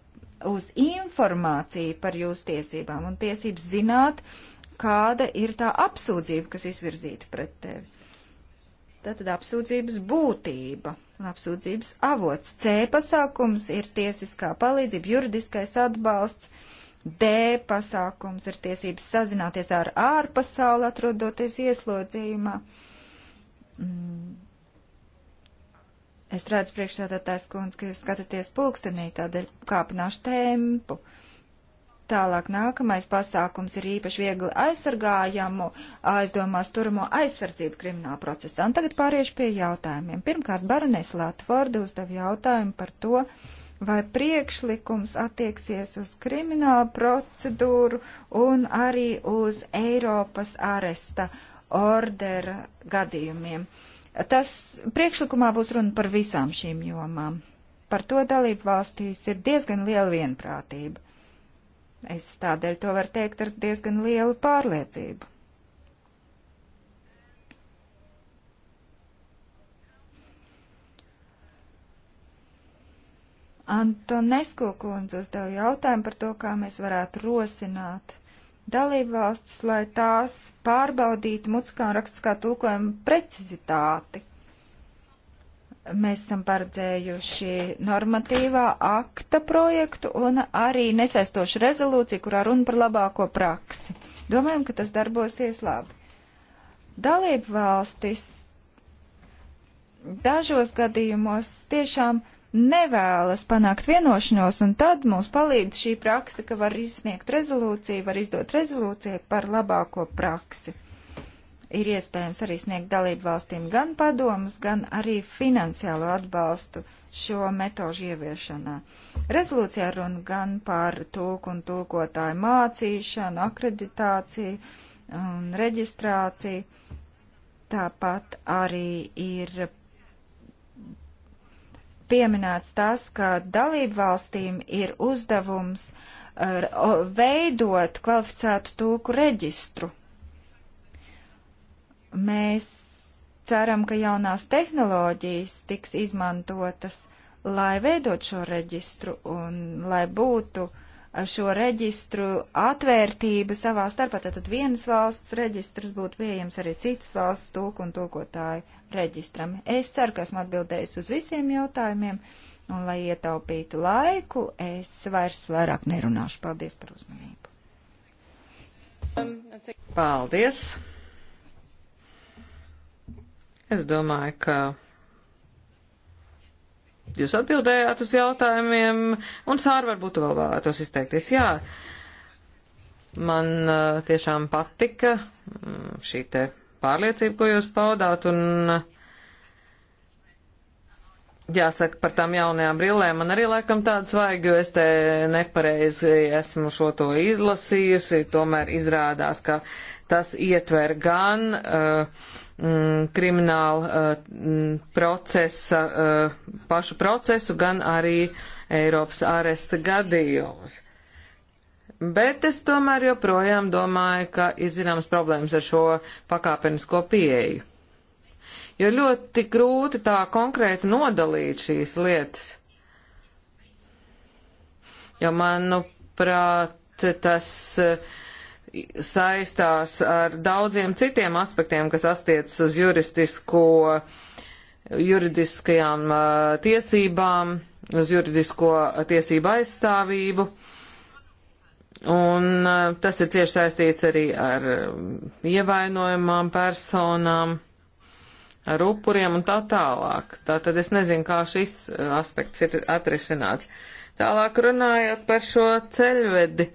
uz informāciju par jūsu tiesībām un tiesības zināt, kāda ir tā apsūdzība, kas izvirzīta pret tevi. Tātad apsūdzības būtība un apsūdzības avots. C pasākums ir tiesiskā palīdzība, juridiskais atbalsts. Uh, D pasākums ir tiesības sazināties ar ārpasauli, atrodoties ieslodzījumā. Mm. Es redzu priekšsēdētājs kundze, ka jūs skatāties pulkstenī, tādēļ kāpināšu tempu. Tālāk nākamais pasākums ir īpaši viegli aizsargājamu aizdomās turamo aizsardzību krimināla procesā. Un tagad pāriešu pie jautājumiem. Pirmkārt, Baronēs Latvorda uzdev jautājumu par to, uh, vai priekšlikums attieksies uz kriminālu procedūru un arī uz Eiropas aresta ordera gadījumiem. Tas priekšlikumā būs runa par visām šīm jomām. Par to dalību valstīs ir diezgan liela vienprātība. Es tādēļ to varu teikt ar diezgan lielu pārliecību. Antonesko kundze uzdeva jautājumu par to, kā mēs varētu rosināt dalībvalstis, lai tās pārbaudītu mutiskā un rakstiskā tulkojuma precizitāti. Mēs esam paredzējuši normatīvā akta projektu un arī nesaistošu rezolūciju, kurā runa par labāko praksi. Domājam, ka tas darbosies labi. Dalību valstis dažos gadījumos tiešām nevēlas panākt vienošanos, un tad mums palīdz šī praksa, ka var izsniegt rezolūciju, var izdot rezolūciju par labāko praksi. Ir iespējams arī sniegt dalību valstīm gan padomus, gan arī finansiālo atbalstu šo metožu ieviešanā. Rezolūcijā runa gan par tulku un tulkotāju mācīšanu, akreditāciju un reģistrāciju. Tāpat arī ir pieminēts tas, ka dalību valstīm ir uzdevums eh, veidot kvalificētu tulku reģistru. Mēs ceram, ka jaunās tehnoloģijas tiks izmantotas, lai veidot šo reģistru un lai būtu eh, šo reģistru atvērtība savā starpā. Tātad vienas valsts reģistrs būtu pieejams arī citas valsts tulku un tulkotāju reģistram. Es ceru, ka esmu atbildējis uz visiem jautājumiem, un lai ietaupītu laiku, es vairs vairāk nerunāšu. Paldies par uzmanību. Paldies. Es domāju, ka jūs atbildējāt uz jautājumiem, un Sāra varbūt vēl vēlētos izteikties. Jā, man uh, tiešām patika mm, šī te pārliecību, ko jūs paudāt, un uh, jāsaka par tām jaunajām brillēm. Man arī laikam tāds vajag, jo es te nepareizi esmu šo to izlasījusi, tomēr izrādās, ka tas ietver gan uh, m, mm, kriminālu uh, mm, procesa, uh, pašu procesu, gan arī Eiropas aresta gadījumus. Bet es tomēr joprojām domāju, ka ir zināmas problēmas ar šo pakāpenisko pieeju. Jo ļoti grūti tā konkrēti nodalīt šīs lietas. Jo manuprāt, tas eh, saistās ar daudziem citiem aspektiem, kas astiecas uz juristisko, juridiskajām eh, tiesībām, uz juridisko eh, tiesību aizstāvību. Un eh, tas ir cieši saistīts arī ar um, ievainojumām personām, ar upuriem un tā tālāk. Tātad es nezinu, kā šis eh, aspekts ir atrisināts. Tālāk runājot par šo ceļvedi,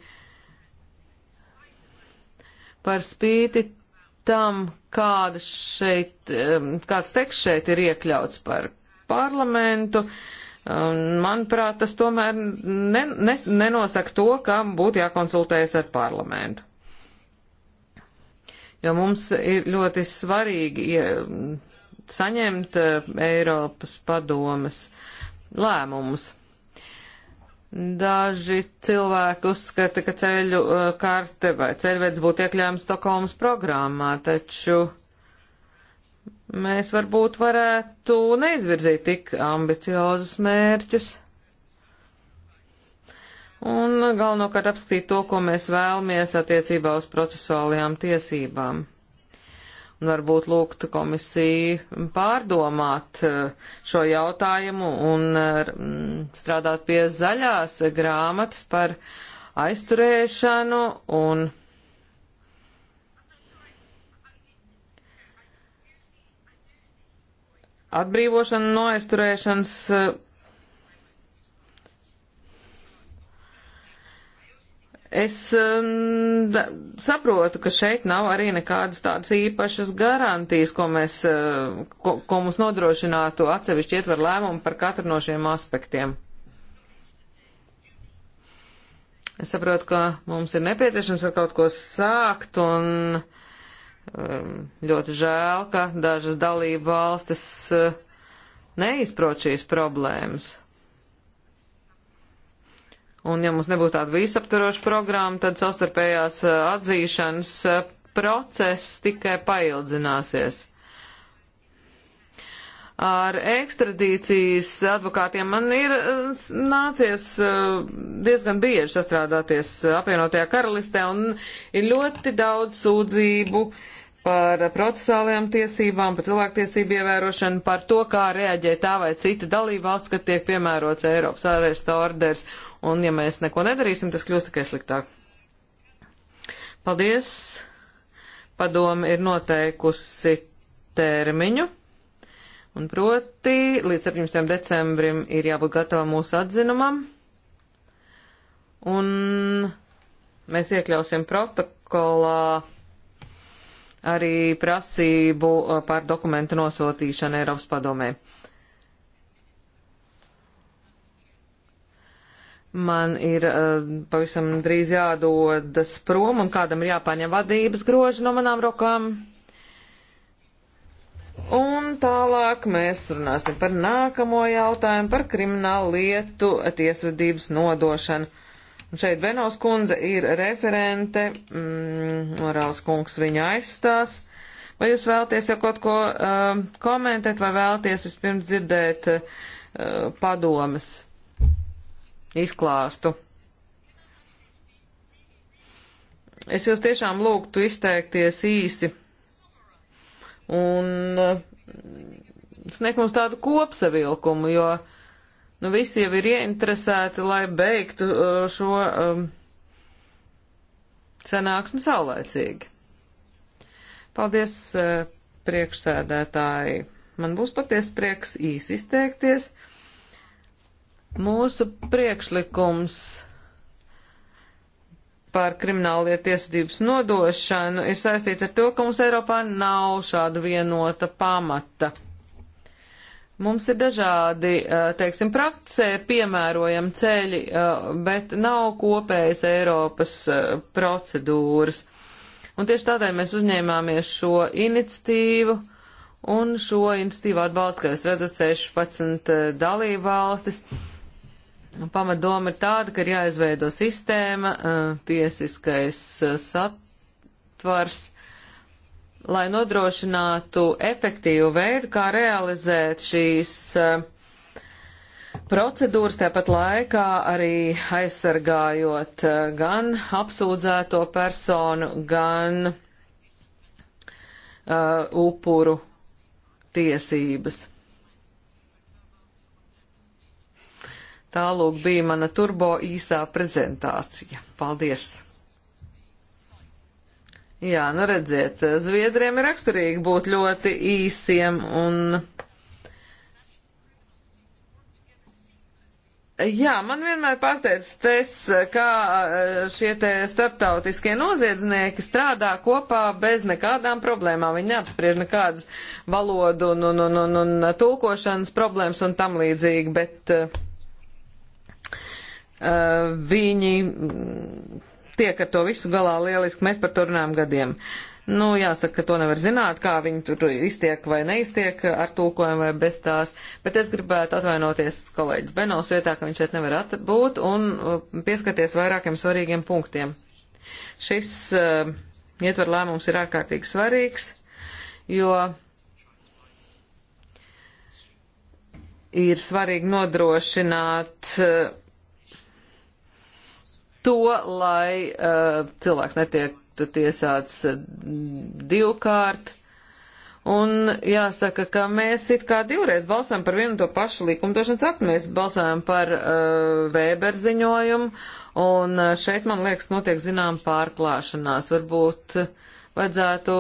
par spīti tam, kāda šeit, eh, kāds teksts šeit ir iekļauts par parlamentu, uh, Manuprāt, tas tomēr ne, ne, nenosaka to, kam būtu jākonsultējas ar parlamentu. Jo mums ir ļoti svarīgi saņemt eh, Eiropas padomas lēmumus. Daži cilvēki uzskata, ka ceļu eh, karte vai ceļveds būtu iekļāms Stokholmas programmā, taču uh, mēs varbūt varētu neizvirzīt tik ambiciozus mērķus. Un galvenokārt apskatīt to, ko mēs vēlamies attiecībā uz procesuālajām tiesībām un varbūt lūgt komisiju pārdomāt eh, šo jautājumu un eh, mm, strādāt pie zaļās grāmatas par aizturēšanu un atbrīvošana no aizturēšanas. Eh, es eh, da, saprotu, ka šeit nav arī nekādas tādas īpašas garantijas, ko, mēs, eh, ko, ko mums nodrošinātu atsevišķi ietver lēmumu par katru no šiem aspektiem. Es saprotu, ka mums ir nepieciešams ar kaut ko sākt un uh, Um, ļoti žēl, ka dažas dalība valstis uh, neizprot šīs problēmas. Un ja mums nebūs tāda visaptvaroša programma, tad savstarpējās uh, atzīšanas uh, process tikai paildzināsies. Ar ekstradīcijas advokātiem man ir nācies diezgan bieži sastrādāties apvienotajā karalistē un ir ļoti daudz sūdzību uh, par procesālajām tiesībām, par cilvēktiesību ievērošanu, par to, kā reaģē tā vai cita dalībvalsts, kad tiek piemērots Eiropas ārēsta orders, un ja mēs neko nedarīsim, tas kļūst tikai sliktāk. Paldies! Padome ir noteikusi termiņu, un proti līdz 17. decembrim ir jābūt gatavam mūsu atzinumam, un mēs iekļausim protokolā arī prasību uh, par dokumentu nosūtīšanu Eiropas padomē. Man ir uh, pavisam drīz jādodas prom un kādam ir jāpaņem vadības groži no manām rokām. Un tālāk mēs runāsim par nākamo jautājumu, par kriminālu lietu tiesvedības nodošanu. Un šeit Benos kundze ir referente, mm, Morāls kungs viņu aizstās. Vai jūs vēlties jau kaut ko uh, komentēt, vai vēlties vispirms dzirdēt uh, padomas izklāstu? Es jūs tiešām lūgtu izteikties īsi un uh, sniegt mums tādu kopsavilkumu, jo uh, nu visi jau ir ieinteresēti, lai beigtu uh, šo um, sanāksmi saulēcīgi. Paldies, uh, priekšsēdētāji. Man būs paties prieks īsi izteikties. Mūsu priekšlikums par kriminālietu tiesvedības nodošanu ir saistīts ar to, ka mums Eiropā nav šāda vienota pamata. Mums ir dažādi, eh, teiksim, praktē piemērojami ceļi, eh, bet nav kopējas Eiropas eh, procedūras. Un tieši tādēļ mēs uzņēmāmies šo iniciatīvu, un šo iniciatīvu atbalsta, kā jūs redzat, 16 dalību valstis. Pamatdoma ir tāda, ka ir jāizveido sistēma, tiesiskais satvars lai nodrošinātu efektīvu veidu, kā realizēt šīs eh, procedūras, tāpat laikā arī aizsargājot eh, gan apsūdzēto personu, gan uh, upuru tiesības. Tālūk bija mana turbo īsā prezentācija. Paldies! Jā, nu redziet, Zviedriem ir raksturīgi būt ļoti īsiem un. Jā, man vienmēr pārsteidz tas, kā eh, šie te starptautiskie noziedznieki strādā kopā bez nekādām problēmām. Viņi neapspriež nekādas valodu un, un, un, un, un tulkošanas problēmas un tam līdzīgi, bet uh, viņi tiek ar to visu galā lieliski, mēs par to runājam gadiem. Nu, jāsaka, ka to nevar zināt, kā viņi tur iztiek vai neiztiek ar tulkojumu vai bez tās, bet es gribētu atvainoties kolēģis Benovs vietā, ka viņš šeit nevar atbūt un uh, pieskaties vairākiem svarīgiem punktiem. Šis uh, ietver lēmums ir ārkārtīgi svarīgs, jo ir svarīgi nodrošināt uh, to, lai uh, cilvēks netiektu tiesāts uh, divkārt. Un jāsaka, ka mēs it kā divreiz balsojam par vienu to pašu likumdošanas aktu. Mēs balsojam par uh, Weber ziņojumu, un uh, šeit, man liekas, notiek zinām pārklāšanās. Varbūt uh, vajadzētu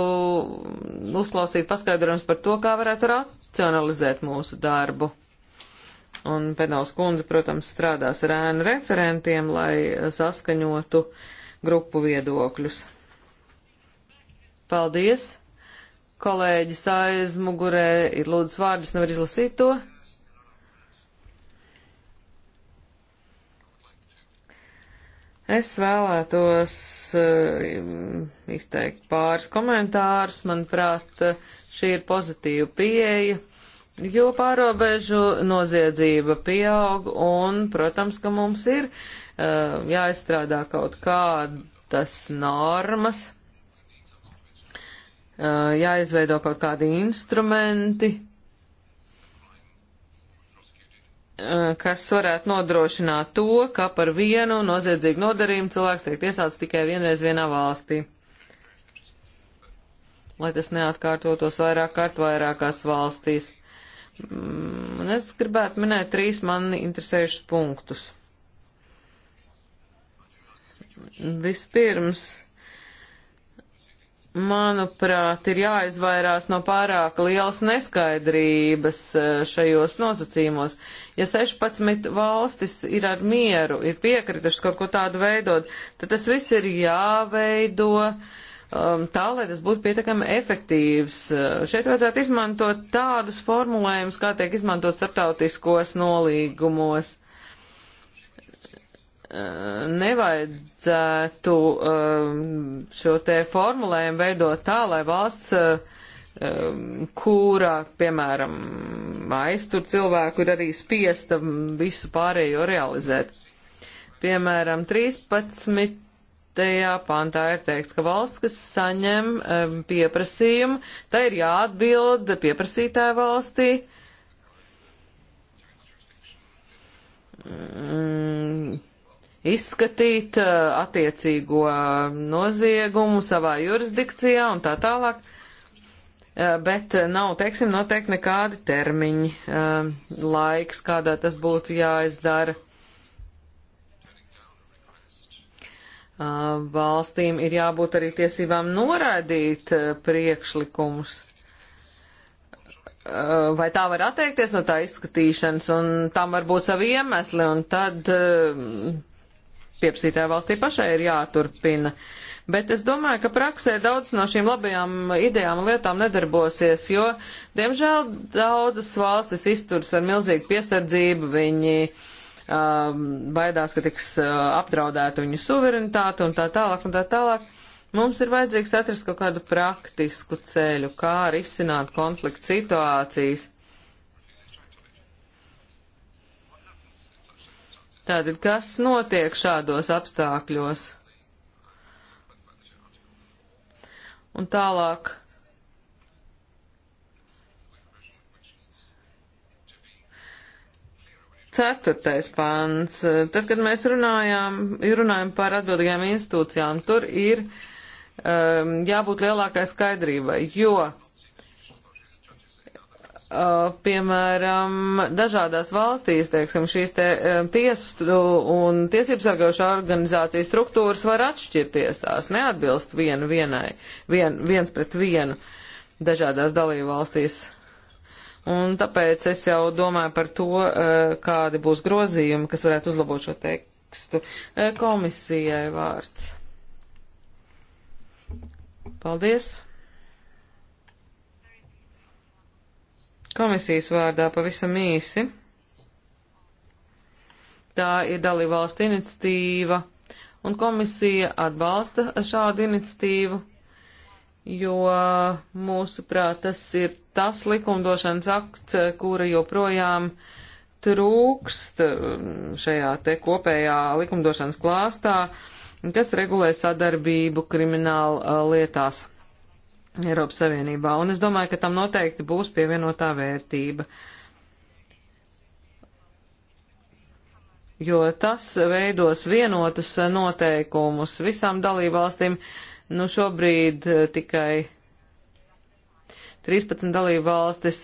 uzklausīt paskaidrojums par to, kā varētu racionalizēt mūsu darbu un Penels kundze, protams, strādās ar ēnu referentiem, lai saskaņotu grupu viedokļus. Paldies! Kolēģis aiz mugurē ir lūdzu vārdus, nevar izlasīt to. Es vēlētos eh, izteikt pāris komentārus. Manuprāt, eh, šī ir pozitīva pieeja jo pārobežu noziedzība pieaug un, protams, ka mums ir uh, jāizstrādā kaut kādas normas, uh, jāizveido kaut kādi instrumenti, uh, kas varētu nodrošināt to, ka par vienu noziedzīgu nodarījumu cilvēks tiek tiesāts tikai vienreiz vienā valstī lai tas neatkārtotos vairāk kārt vairākās valstīs. Mm, un es gribētu minēt trīs mani interesējušus punktus. Vispirms, manuprāt, ir jāizvairās no pārāk lielas neskaidrības e, šajos nosacījumos. Ja 16 valstis ir ar mieru, ir piekritušas kaut ko tādu veidot, tad tas viss ir jāveido. Uh, Um, tā, lai tas būtu pietiekami efektīvs. Uh, šeit vajadzētu izmantot tādus formulējumus, kā tiek izmantot starptautiskos nolīgumos. Uh, nevajadzētu um, šo te formulējumu veidot tā, lai valsts, uh, um, kura, piemēram, aiztur cilvēku, ir arī spiesta visu pārējo realizēt. Piemēram, 13 pantā ir teikts, ka valsts, kas saņem um, pieprasījumu, tai ir jāatbild pieprasītāja valstī. Mm, izskatīt uh, attiecīgo noziegumu savā jurisdikcijā un tā tālāk eh, bet nav, teiksim, noteikti nekādi termiņi, eh, laiks, kādā tas būtu jāizdara. valstīm ir jābūt arī tiesībām noraidīt priekšlikumus. Vai tā var atteikties no tā izskatīšanas, un tam var būt savi iemesli, un tad pieprasītāja valstī pašai ir jāturpina. Bet es domāju, ka praksē daudz no šīm labajām idejām un lietām nedarbosies, jo, diemžēl, daudzas valstis izturas ar milzīgu piesardzību, viņi uh, Um, baidās, ka tiks uh, apdraudēta viņu suverenitāte un tā tālāk un tā tālāk. Mums ir vajadzīgs atrast kaut kādu praktisku ceļu, kā risināt konfliktu situācijas. Tātad, kas notiek šādos apstākļos? Un tālāk Ceturtais pants. Tad, kad mēs runājām, runājam par atbildīgām institūcijām, tur ir um, jābūt lielākai skaidrībai, jo, uh, piemēram, dažādās valstīs, teiksim, šīs te um, tiesu un tiesības sargājušā organizācija struktūras var atšķirties, tās neatbilst vienu vienai, vien, viens pret vienu dažādās dalību valstīs. Un tāpēc es jau domāju par to, eh, kādi būs grozījumi, kas varētu uzlabot šo tekstu. Eh, komisijai vārds. Paldies. Komisijas vārdā pavisam īsi. Tā ir dalībvalstu iniciatīva, un komisija atbalsta šādu iniciatīvu, jo mūsuprāt tas ir tas likumdošanas akts, eh, kura joprojām trūkst mm, šajā te kopējā likumdošanas klāstā, kas regulē sadarbību krimināla eh, lietās Eiropas Savienībā. Un es domāju, ka tam noteikti būs pievienotā vērtība. Jo tas veidos vienotus noteikumus visām dalībvalstīm, nu šobrīd eh, tikai 13 dalību valstis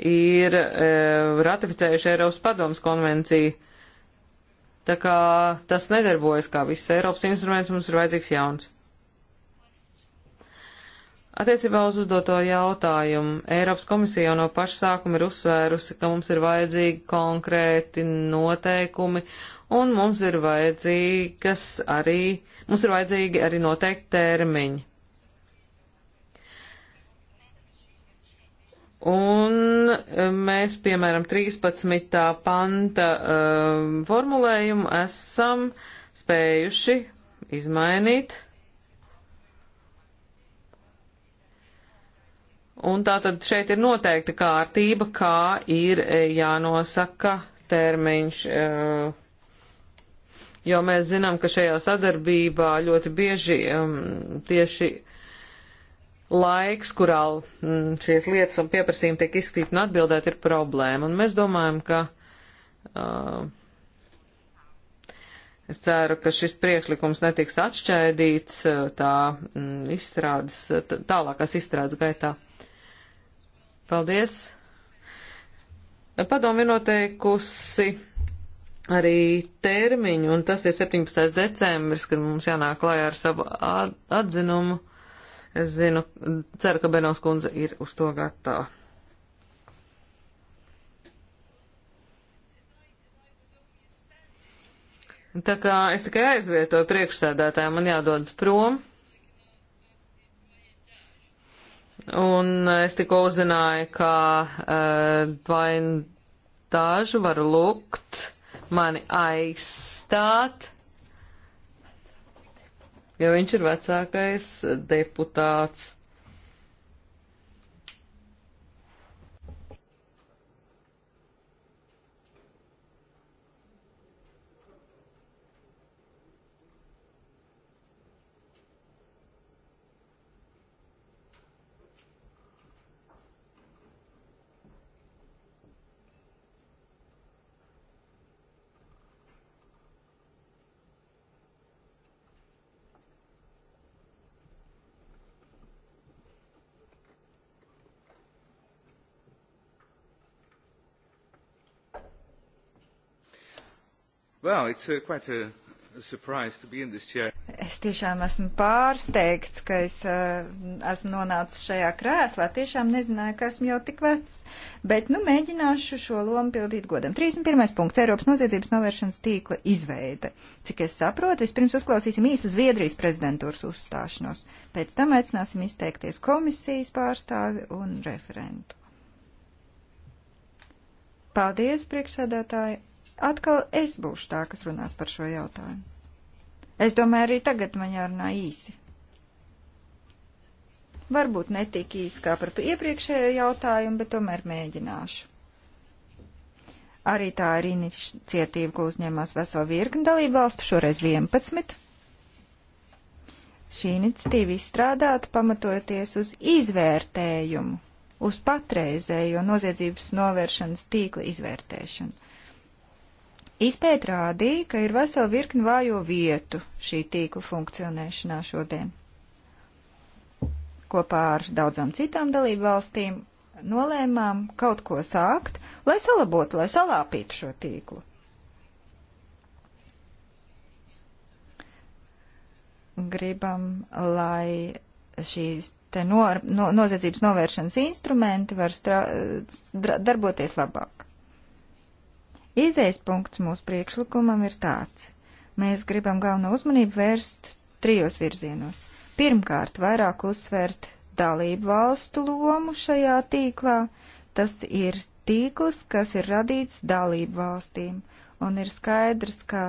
ir e, ratificējuši Eiropas padomas konvenciju. Tā kā tas nedarbojas kā viss Eiropas instruments, mums ir vajadzīgs jauns. Attiecībā uz uzdoto jautājumu Eiropas komisija jau no paša sākuma ir uzsvērusi, ka mums ir vajadzīgi konkrēti noteikumi un mums ir vajadzīgas arī, mums ir vajadzīgi arī noteikti termiņi. Un e, mēs, piemēram, 13. panta um, formulējumu esam spējuši izmainīt. Un tā tad šeit ir noteikta kārtība, kā ir e, jānosaka termiņš. Um, jo mēs zinām, ka šajā sadarbībā ļoti bieži um, tieši laiks, kurā mm, šīs lietas un pieprasījumi tiek izskatīti un atbildēt, ir problēma. Un mēs domājam, ka uh, es ceru, ka šis priekšlikums netiks atšķaidīts uh, tā mm, izstrādes, uh, tālākās izstrādes gaitā. Paldies! Padomu ir noteikusi arī termiņu, un tas ir 17. decembris, kad mums jānāk klājā ar savu atzinumu. Es zinu, ceru, ka Benos kundze ir uz to gatava. Tā kā es tikai aizvietoju priekšsēdētāju, man jādodas prom. Un es tikko uzzināju, ka uh, eh, vain dažu var lūgt mani aizstāt jo viņš ir vecākais deputāts. Well, it's uh, quite a Es tiešām esmu pārsteigts, ka es uh, esmu nonācis šajā krēslā. Tiešām nezināju, ka esmu jau tik vecs. Bet, nu, mēģināšu šo lomu pildīt godam. 31. punkts - Eiropas noziedzības novēršanas tīkla izveide. Cik es saprotu, vispirms uzklausīsim īsu Zviedrijas prezidentūras uzstāšanos. Pēc tam aicināsim izteikties komisijas pārstāvi un referentu. Paldies, priekšsēdētāji! atkal es būšu tā, kas runās par šo jautājumu. Es domāju, arī tagad man jārunā īsi. Varbūt netik īsi kā par iepriekšējo jautājumu, bet tomēr mēģināšu. Arī tā ir iniciatīva, ko uzņēmās vesela virkni dalībvalstu, šoreiz 11. Šī iniciatīva izstrādāta pamatoties uz izvērtējumu, uz patreizējo noziedzības novēršanas tīkla izvērtēšanu. Izpēt rādīja, ka ir vesela virkni vājo vietu šī tīkla funkcionēšanā šodien. Kopā ar daudzām citām dalību valstīm nolēmām kaut ko sākt, lai salabotu, lai salāpītu šo tīklu. Gribam, lai šīs te no, no, noziedzības novēršanas instrumenti var strā, darboties labāk. Izējas punkts mūsu priekšlikumam ir tāds. Mēs gribam galveno uzmanību vērst trijos virzienos. Pirmkārt, vairāk uzsvērt dalību valstu lomu šajā tīklā. Tas ir tīkls, kas ir radīts dalību valstīm, un ir skaidrs, ka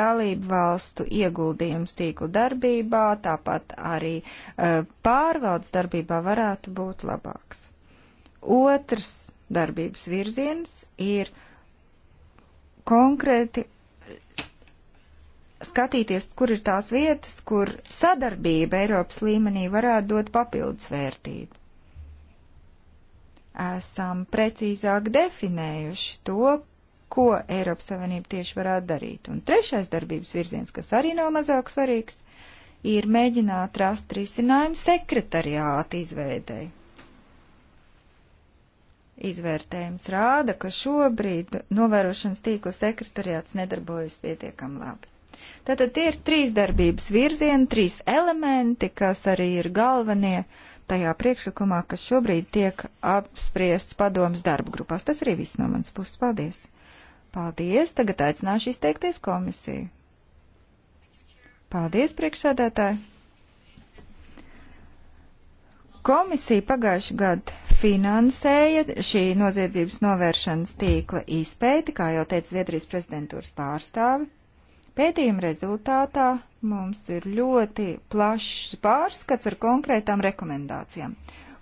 dalību valstu ieguldījums tīkla darbībā, tāpat arī uh, pārvaldes darbībā varētu būt labāks. Otrs darbības virziens ir konkrēti skatīties, kur ir tās vietas, kur sadarbība Eiropas līmenī varētu dot papildus vērtību. Esam precīzāk definējuši to, ko Eiropas Savienība tieši varētu darīt. Un trešais darbības virziens, kas arī nav mazāk svarīgs, ir mēģināt rast risinājumu sekretariāta izveidēji. Izvērtējums rāda, ka šobrīd novērošanas tīkla sekretariāts nedarbojas pietiekam labi. Tātad tie ir trīs darbības virzieni, trīs elementi, kas arī ir galvenie tajā priekšlikumā, kas šobrīd tiek apspriests padomas darba grupās. Tas arī viss no manas puses. Paldies! Paldies! Tagad aicināšu izteikties komisiju. Paldies, priekšsēdētāji! Komisija pagājuši gadu finansēja šī noziedzības novēršanas tīkla izpēti, kā jau teica Zviedrijas prezidentūras pārstāvi. Pētījuma rezultātā mums ir ļoti plašs pārskats ar konkrētām rekomendācijām.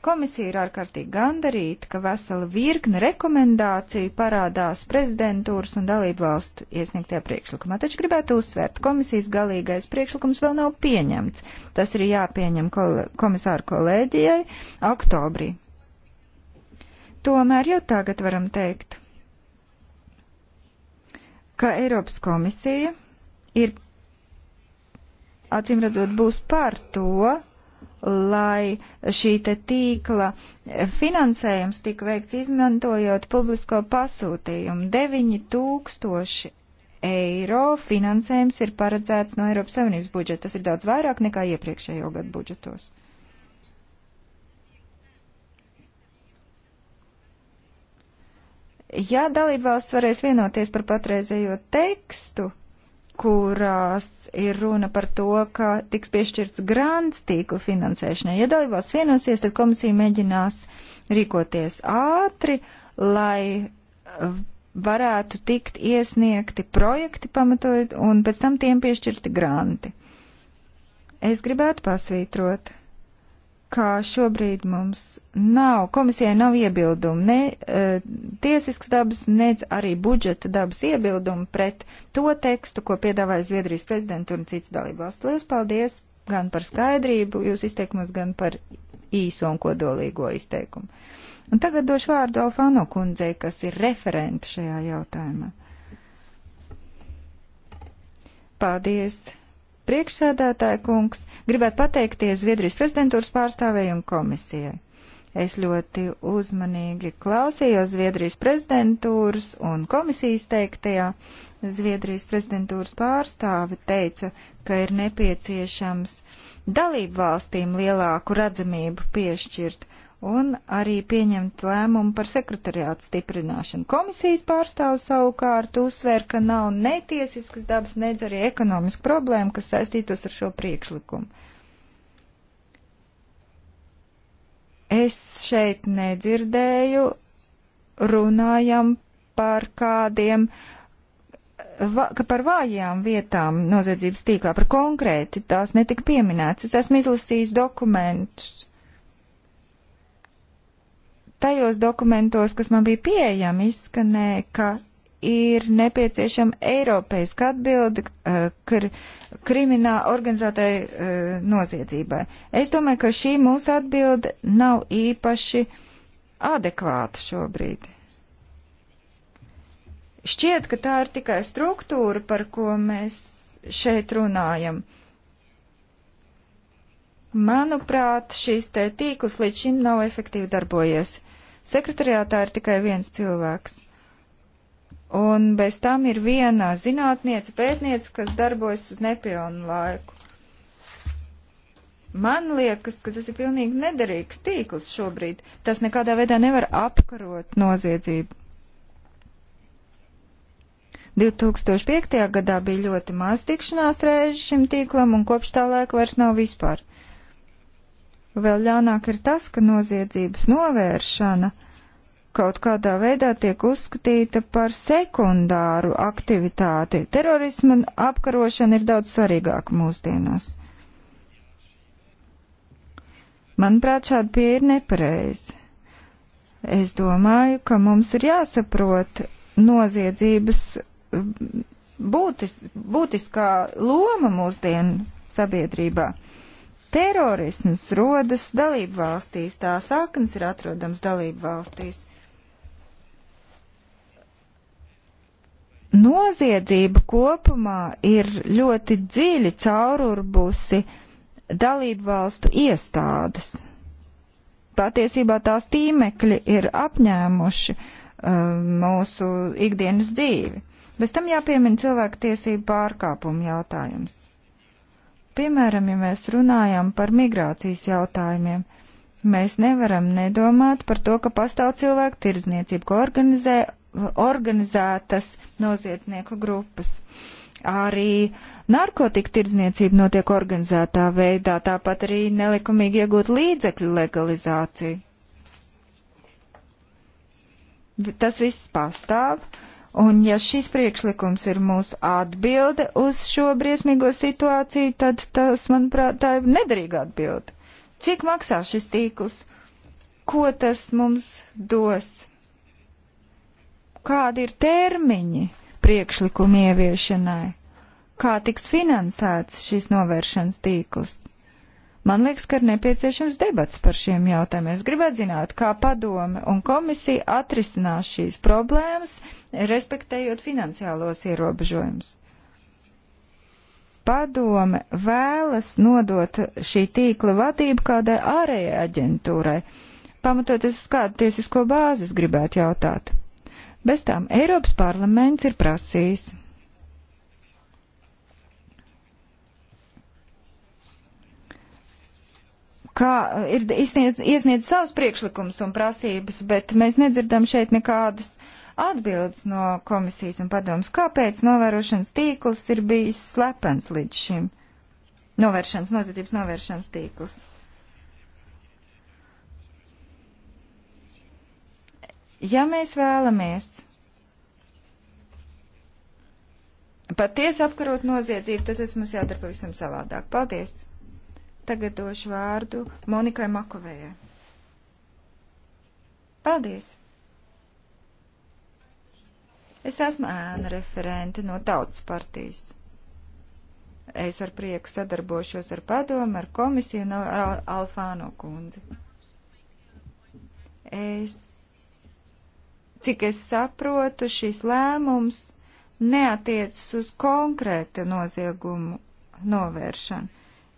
Komisija ir ārkārtīgi gandarīta, ka vesela virkne rekomendāciju parādās prezidentūras un dalību valstu iesniegtajā priekšlikumā. Taču gribētu uzsvērt, komisijas galīgais priekšlikums vēl nav pieņemts. Tas ir jāpieņem kol komisāru kolēģijai oktobrī. Tomēr jau tagad varam teikt, ka Eiropas komisija ir acīmredzot būs par to, lai šī te tīkla finansējums tika veikts izmantojot publisko pasūtījumu. 9000 eiro finansējums ir paredzēts no Eiropas Savienības budžeta. Tas ir daudz vairāk nekā iepriekšējo gadu budžetos. Ja dalībvalsts varēs vienoties par patreizējo tekstu, kurās ir runa par to, ka tiks piešķirts grants tīkla finansēšanai, ja dalībvalsts vienosies, tad komisija mēģinās rīkoties ātri, lai uh, varētu tikt iesniegti projekti pamatojot un pēc tam tiem piešķirti granti. Es gribētu pasvītrot, ka šobrīd mums nav, komisijai nav iebildumu, ne uh, tiesisks dabas, ne arī budžeta dabas iebildumu pret to tekstu, ko piedāvāja Zviedrijas prezidentūra un citas dalībvalsts. Lielas paldies gan par skaidrību, jūs izteikumus, gan par īso un kodolīgo izteikumu. Un tagad došu vārdu Alfāno kundzei, kas ir referenta šajā jautājumā. Paldies! Priekšsēdētāja kungs, gribētu pateikties Zviedrijas prezidentūras pārstāvējumu komisijai. Es ļoti uzmanīgi klausījos Zviedrijas prezidentūras un komisijas teiktajā. Zviedrijas prezidentūras pārstāve teica, ka ir nepieciešams dalību valstīm lielāku redzamību piešķirt un arī pieņemt lēmumu par sekretariātu stiprināšanu. Komisijas pārstāvs savukārt uzsver, ka nav netiesiskas dabas, nedz arī ekonomiska problēma, kas saistītos ar šo priekšlikumu. Es šeit nedzirdēju, runājam par kādiem uh, va, ka par vājām vietām noziedzības tīklā, par konkrēti tās netika pieminēts. Es esmu izlasījis dokumentus, tajos dokumentos, kas man bija pieejami, izskanēja, ka ir nepieciešama Eiropeiska atbilde eh, kr kriminā organizētai uh, noziedzībai. Es domāju, ka šī mūsu atbilde nav īpaši adekvāta šobrīd. Šķiet, ka tā ir tikai struktūra, par ko mēs šeit runājam. Manuprāt, šis te tīkls līdz šim nav efektīvi darbojies. Sekretariātā ir tikai viens cilvēks. Un bez tam ir viena zinātniece, pētniece, kas darbojas uz nepilnu laiku. Man liekas, ka tas ir pilnīgi nederīgs tīkls šobrīd. Tas nekādā veidā nevar apkarot noziedzību. 2005. gadā bija ļoti maz tikšanās reizi šim tīklam, un kopš tā laika vairs nav vispār. Vēl ļaunāk ir tas, ka noziedzības novēršana kaut kādā veidā tiek uzskatīta par sekundāru aktivitāti. Terorisma apkarošana ir daudz svarīgāka mūsdienās. Manuprāt, šāda pieeja ir nepareiza. Es domāju, ka mums ir jāsaprot noziedzības būtis, būtiskā loma mūsdienu sabiedrībā. Terorisms rodas dalību valstīs, tā saknes ir atrodams dalību valstīs. Noziedzība kopumā ir ļoti dziļi caururbusi dalību valstu iestādes. Patiesībā tās tīmekļi ir apņēmuši uh, mūsu ikdienas dzīvi. Bez tam jāpiemina cilvēku tiesību pārkāpumu jautājums. Piemēram, ja mēs runājam par migrācijas jautājumiem, mēs nevaram nedomāt par to, ka pastāv cilvēku tirdzniecība, ko organizē organizētas noziedznieku grupas. Arī narkotika tirdzniecība notiek organizētā veidā, tāpat arī nelikumīgi iegūt līdzekļu legalizācija. Tas viss pastāv, Un ja šis priekšlikums ir mūsu atbilde uz šo briesmīgo situāciju, tad tas, manuprāt, tā ir nederīga atbilde. Cik maksā šis tīkls? Ko tas mums dos? Kādi ir termiņi priekšlikumu ieviešanai? Kā tiks finansēts šis novēršanas tīkls? Man liekas, ka ir nepieciešams debats par šiem jautājumiem. Es gribētu zināt, kā padome un komisija atrisinās šīs problēmas, respektējot finansiālos ierobežojumus. Padome vēlas nodot šī tīkla vadību kādai ārējai aģentūrai. Pamatoties uz kādu tiesisko bāzi, es gribētu jautāt. Bez tām Eiropas parlaments ir prasījis ka eh, ir izsniedz, iesniedz savus priekšlikumus un prasības, bet mēs nedzirdam šeit nekādas atbildes no komisijas un padomas. Kāpēc novērošanas tīkls ir bijis slepens līdz šim? Novēršanas, noziedzības novēršanas tīkls. ja mēs vēlamies patiesi apkarot noziedzību, tas mums jādara pavisam savādāk. Paldies! Tagad došu vārdu Monikai Makovējai. Paldies! Es esmu ēna referente no tautas partijas. Es ar prieku sadarbošos ar padomu, ar komisiju un ar Al Alfāno kundzi. Es, cik es saprotu, šis lēmums neatiecas uz konkrēta noziegumu novēršanu.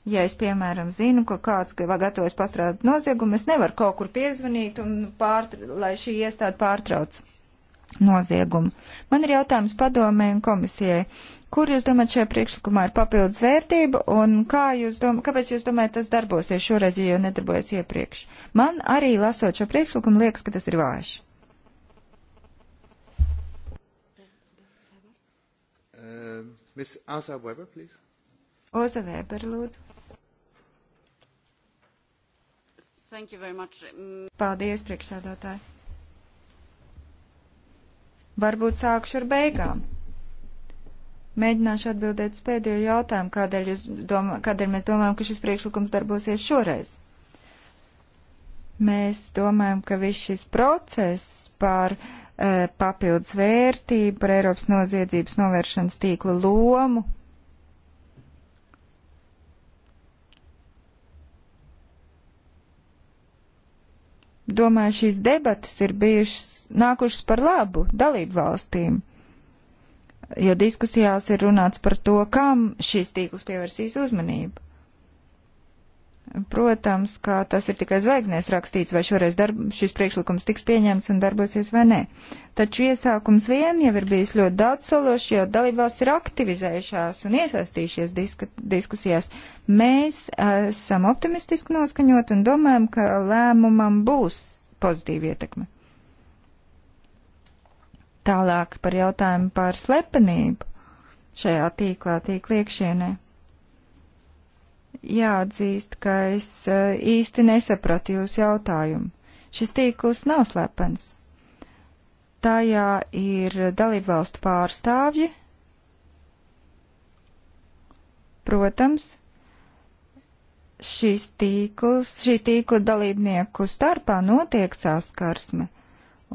Ja es, piemēram, zinu, ka kāds gatavojas pastrādāt noziegumu, es nevaru kaut kur piezvanīt, un pārtr, lai šī iestāde pārtrauc noziegumu. Man ir jautājums padomē un komisijai. Kur jūs domājat šajā priekšlikumā ir papildus vērtība un kā jūs domājat, kāpēc jūs domājat tas darbosies šoreiz, ja jau nedarbojas iepriekš? Man arī lasot šo priekšlikumu liekas, ka tas ir vājš. Uh, Ms. Asa Weber, please. Oza Vēber, lūdzu. Thank you very much. Paldies, priekšsēdētāji. Varbūt sākšu ar beigām. Mēģināšu atbildēt uz pēdējo jautājumu, kādēļ, domā, kādēļ mēs domājam, ka šis priekšlikums darbosies šoreiz. Mēs domājam, ka viss šis process par e, papildus vērtību, par Eiropas noziedzības novēršanas tīkla lomu domāju, šīs debatas ir bijušas nākušas par labu dalību valstīm, jo diskusijās ir runāts par to, kam šīs tīkls pievērsīs uzmanību. Protams, kā tas ir tikai zvaigznēs rakstīts, vai šoreiz darb, šis priekšlikums tiks pieņemts un darbosies vai nē. Taču iesākums vien jau ir bijis ļoti daudz sološi, jo dalībvalsts ir aktivizējušās un iesaistījušies diska, diskusijās. Mēs esam optimistiski noskaņot un domājam, ka lēmumam būs pozitīva ietekme. Tālāk par jautājumu par slepenību šajā tīklā, tīkla iekšienē jāatzīst, ka es eh, īsti nesapratu jūsu jautājumu. Šis tīkls nav slepens. Tajā ir dalībvalstu pārstāvji. Protams, šīs tīkls, šī tīkla dalībnieku starpā notiek saskarsme.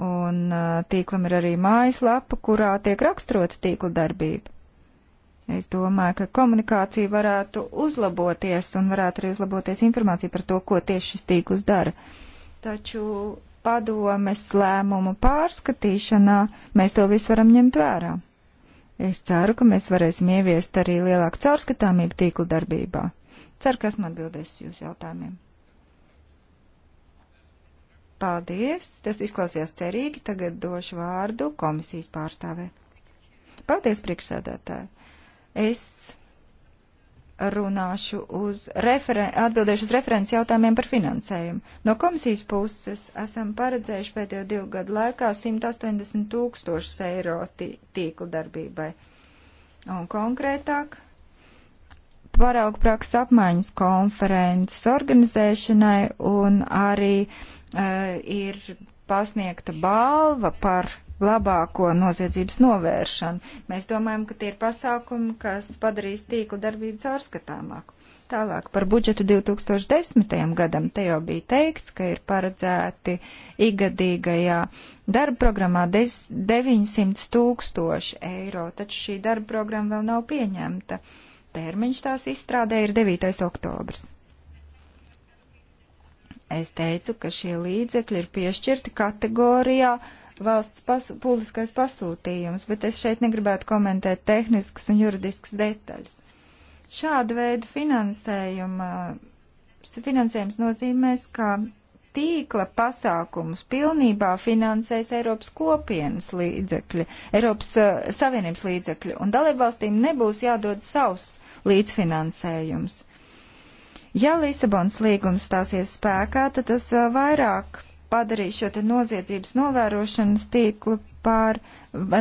Un eh, tīklam ir arī mājaslapa, kurā tiek raksturota tīkla darbība. Es domāju, ka komunikācija varētu uzlaboties un varētu arī uzlaboties informācija par to, ko tieši šis tīkls dara. Taču padomes lēmumu pārskatīšanā mēs to visu varam ņemt vērā. Es ceru, ka mēs varēsim ieviest arī lielāku caurskatāmību tīkla darbībā. Ceru, ka esmu atbildējis uz jūsu jautājumiem. Paldies! Tas izklausījās cerīgi. Tagad došu vārdu komisijas pārstāvē. Paldies, priekšsēdētāji! Es runāšu uz referen, atbildēšu uz referents jautājumiem par finansējumu. No komisijas puses esam paredzējuši pēdējo divu gadu laikā 180 tūkstošus eiro tīkla darbībai. Un konkrētāk paraugu prakses apmaiņas konferences organizēšanai un arī uh, ir pasniegta balva par labāko noziedzības novēršanu. Mēs domājam, ka tie ir pasākumi, kas padarīs tīkla darbību caurskatāmāku. Tālāk par budžetu 2010. gadam te jau bija teikts, ka ir paredzēti igadīgajā darba programmā 900 tūkstoši eiro, taču šī darba programma vēl nav pieņemta. Termiņš tās izstrādē ir 9. oktobrs. Es teicu, ka šie līdzekļi ir piešķirti kategorijā valsts pas publiskais pasūtījums, bet es šeit negribētu komentēt tehniskas un juridiskas detaļas. Šāda veida finansējuma, finansējums nozīmēs, ka tīkla pasākumus pilnībā finansēs Eiropas kopienas līdzekļi, Eiropas uh, Savienības līdzekļi, un dalībvalstīm nebūs jādod savs līdzfinansējums. Ja Lisabons līgums stāsies spēkā, tad tas vēl vairāk padarīs šo te noziedzības novērošanas tīklu par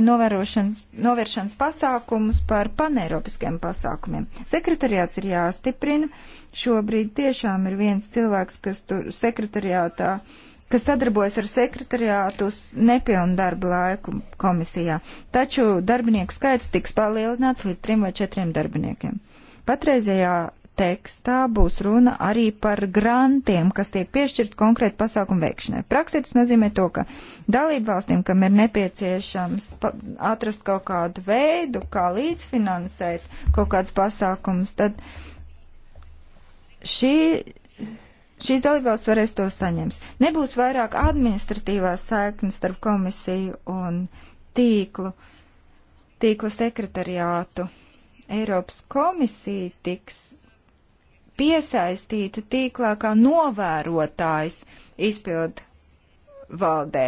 novērošanas, novēršanas pasākumus par paneiropiskiem pasākumiem. Sekretariāts ir jāstiprina. Šobrīd tiešām ir viens cilvēks, kas tur sekretariātā kas sadarbojas ar sekretariātu uz nepilnu darba laiku komisijā. Taču darbinieku skaits tiks palielināts līdz trim vai četriem darbiniekiem. Patreizējā tekstā būs runa arī par grantiem, kas tiek piešķirt konkrēti pasākumu veikšanai. Praksē tas nozīmē to, ka dalību valstīm, kam ir nepieciešams atrast kaut kādu veidu, kā līdzfinansēt kaut kādus pasākumus, tad šī šīs dalībvalsts varēs to saņemt. Nebūs vairāk administratīvās saiknes starp komisiju un tīklu, tīkla sekretariātu. Eiropas komisija tiks piesaistītu tīklā kā novērotājs izpildu valdē.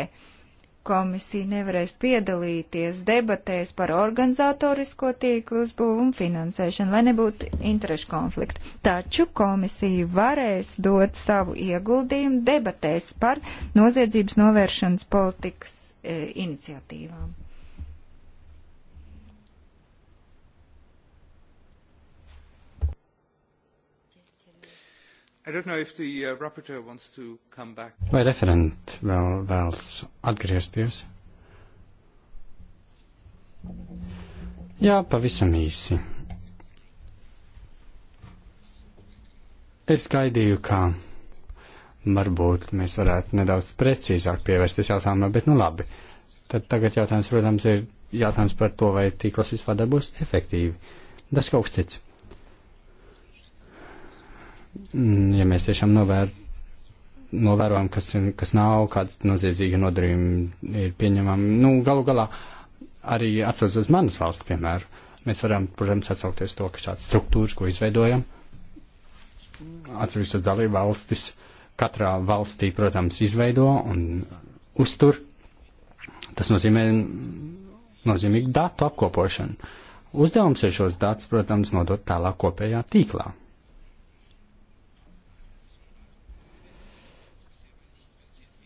Komisija nevarēs piedalīties debatēs par organizatorisko tīklu uzbūvu un finansēšanu, lai nebūtu interešu konflikta. Taču komisija varēs dot savu ieguldījumu debatēs par noziedzības novēršanas politikas e, iniciatīvām. The, uh, Vai referenti vēl vēlas atgriezties? Jā, pavisam īsi. Es gaidīju, ka varbūt mēs varētu nedaudz precīzāk pievērsties jautājumam, bet nu labi. Tad tagad jautājums, protams, ir jautājums par to, vai tīkls vispār darbos efektīvi. Tas kaut kas cits. Mm, ja mēs tiešām novēr, novērojam, kas, ir, kas nav, kāds noziedzīgi nodarījumi ir pieņemami, nu, galu galā arī atsaucot uz manas valsts piemēru, mēs varam, protams, atsaukties to, ka šāds struktūras, ko izveidojam, atsevišķas dalība valstis, katrā valstī, protams, izveido un uztur. Tas nozīmē nozīmīgu datu apkopošanu. Uzdevums ir šos datus, protams, nodot tālāk kopējā tīklā.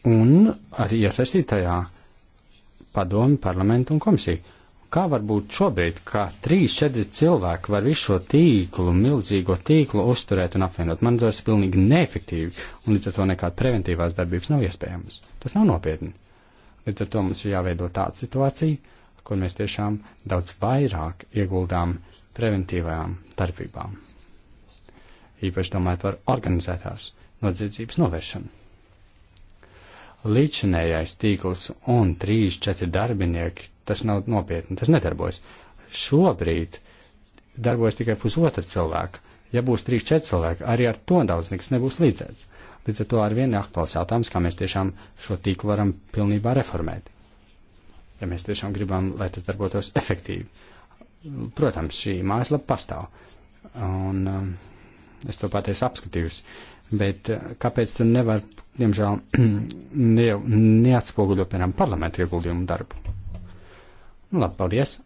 un arī iesaistītajā padomu parlamentu un komisiju. Kā var būt šobrīd, ka 3-4 cilvēki var visu šo tīklu, milzīgo tīklu uzturēt un apvienot? Man tas ir pilnīgi neefektīvi, un līdz ar to nekāda preventīvās darbības nav iespējams. Tas nav nopietni. Līdz ar to mums ir jāveido tāda situācija, kur mēs tiešām daudz vairāk ieguldām preventīvajām darbībām. Īpaši domājot par organizētās nodziedzības novēršanu līdšanējais tīkls un 3-4 darbinieki, tas nav nopietni, tas nedarbojas. Šobrīd darbojas tikai pusotra cilvēka. Ja būs 3-4 cilvēki, arī ar to daudz nekas nebūs līdzēts. Līdz ar to ar vienu aktuāls jautājums, kā mēs tiešām šo tīklu varam pilnībā reformēt. Ja mēs tiešām gribam, lai tas darbotos efektīvi. Protams, šī mājaslapa pastāv. Un um, es to patiesi apskatījusi. Bet eh, kāpēc tu nevar, diemžēl, ne, neatspoguļot, piemēram, parlamentu ieguldījumu darbu? Nu, labi, paldies.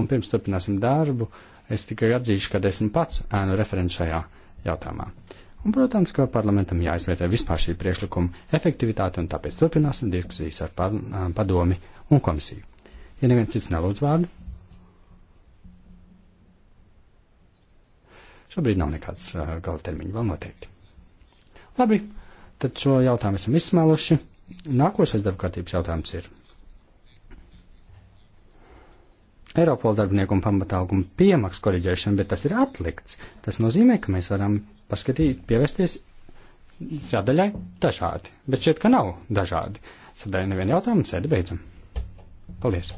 Un pirms turpināsim darbu, es tikai atzīšu, ka esmu pats ēnu referents šajā jautājumā. Un, protams, ka parlamentam jāizvērtē vispār šī priekšlikuma efektivitāte, un tāpēc turpināsim diskusijas ar par, eh, padomi un komisiju. Ja neviens cits nelūdz vārdu, šobrīd nav nekāds eh, gala termiņš vēl noteikti. Labi, tad šo jautājumu esam izsmēluši. Nākošais darbkārtības jautājums ir. Eiropola darbinieku un pamatālgumu piemaksu koriģēšana, bet tas ir atlikts. Tas nozīmē, ka mēs varam paskatīt, pievērsties sadaļai dažādi. Bet šķiet, ka nav dažādi. Sadaļa nevienu jautājumu, sēdi beidzam. Paldies!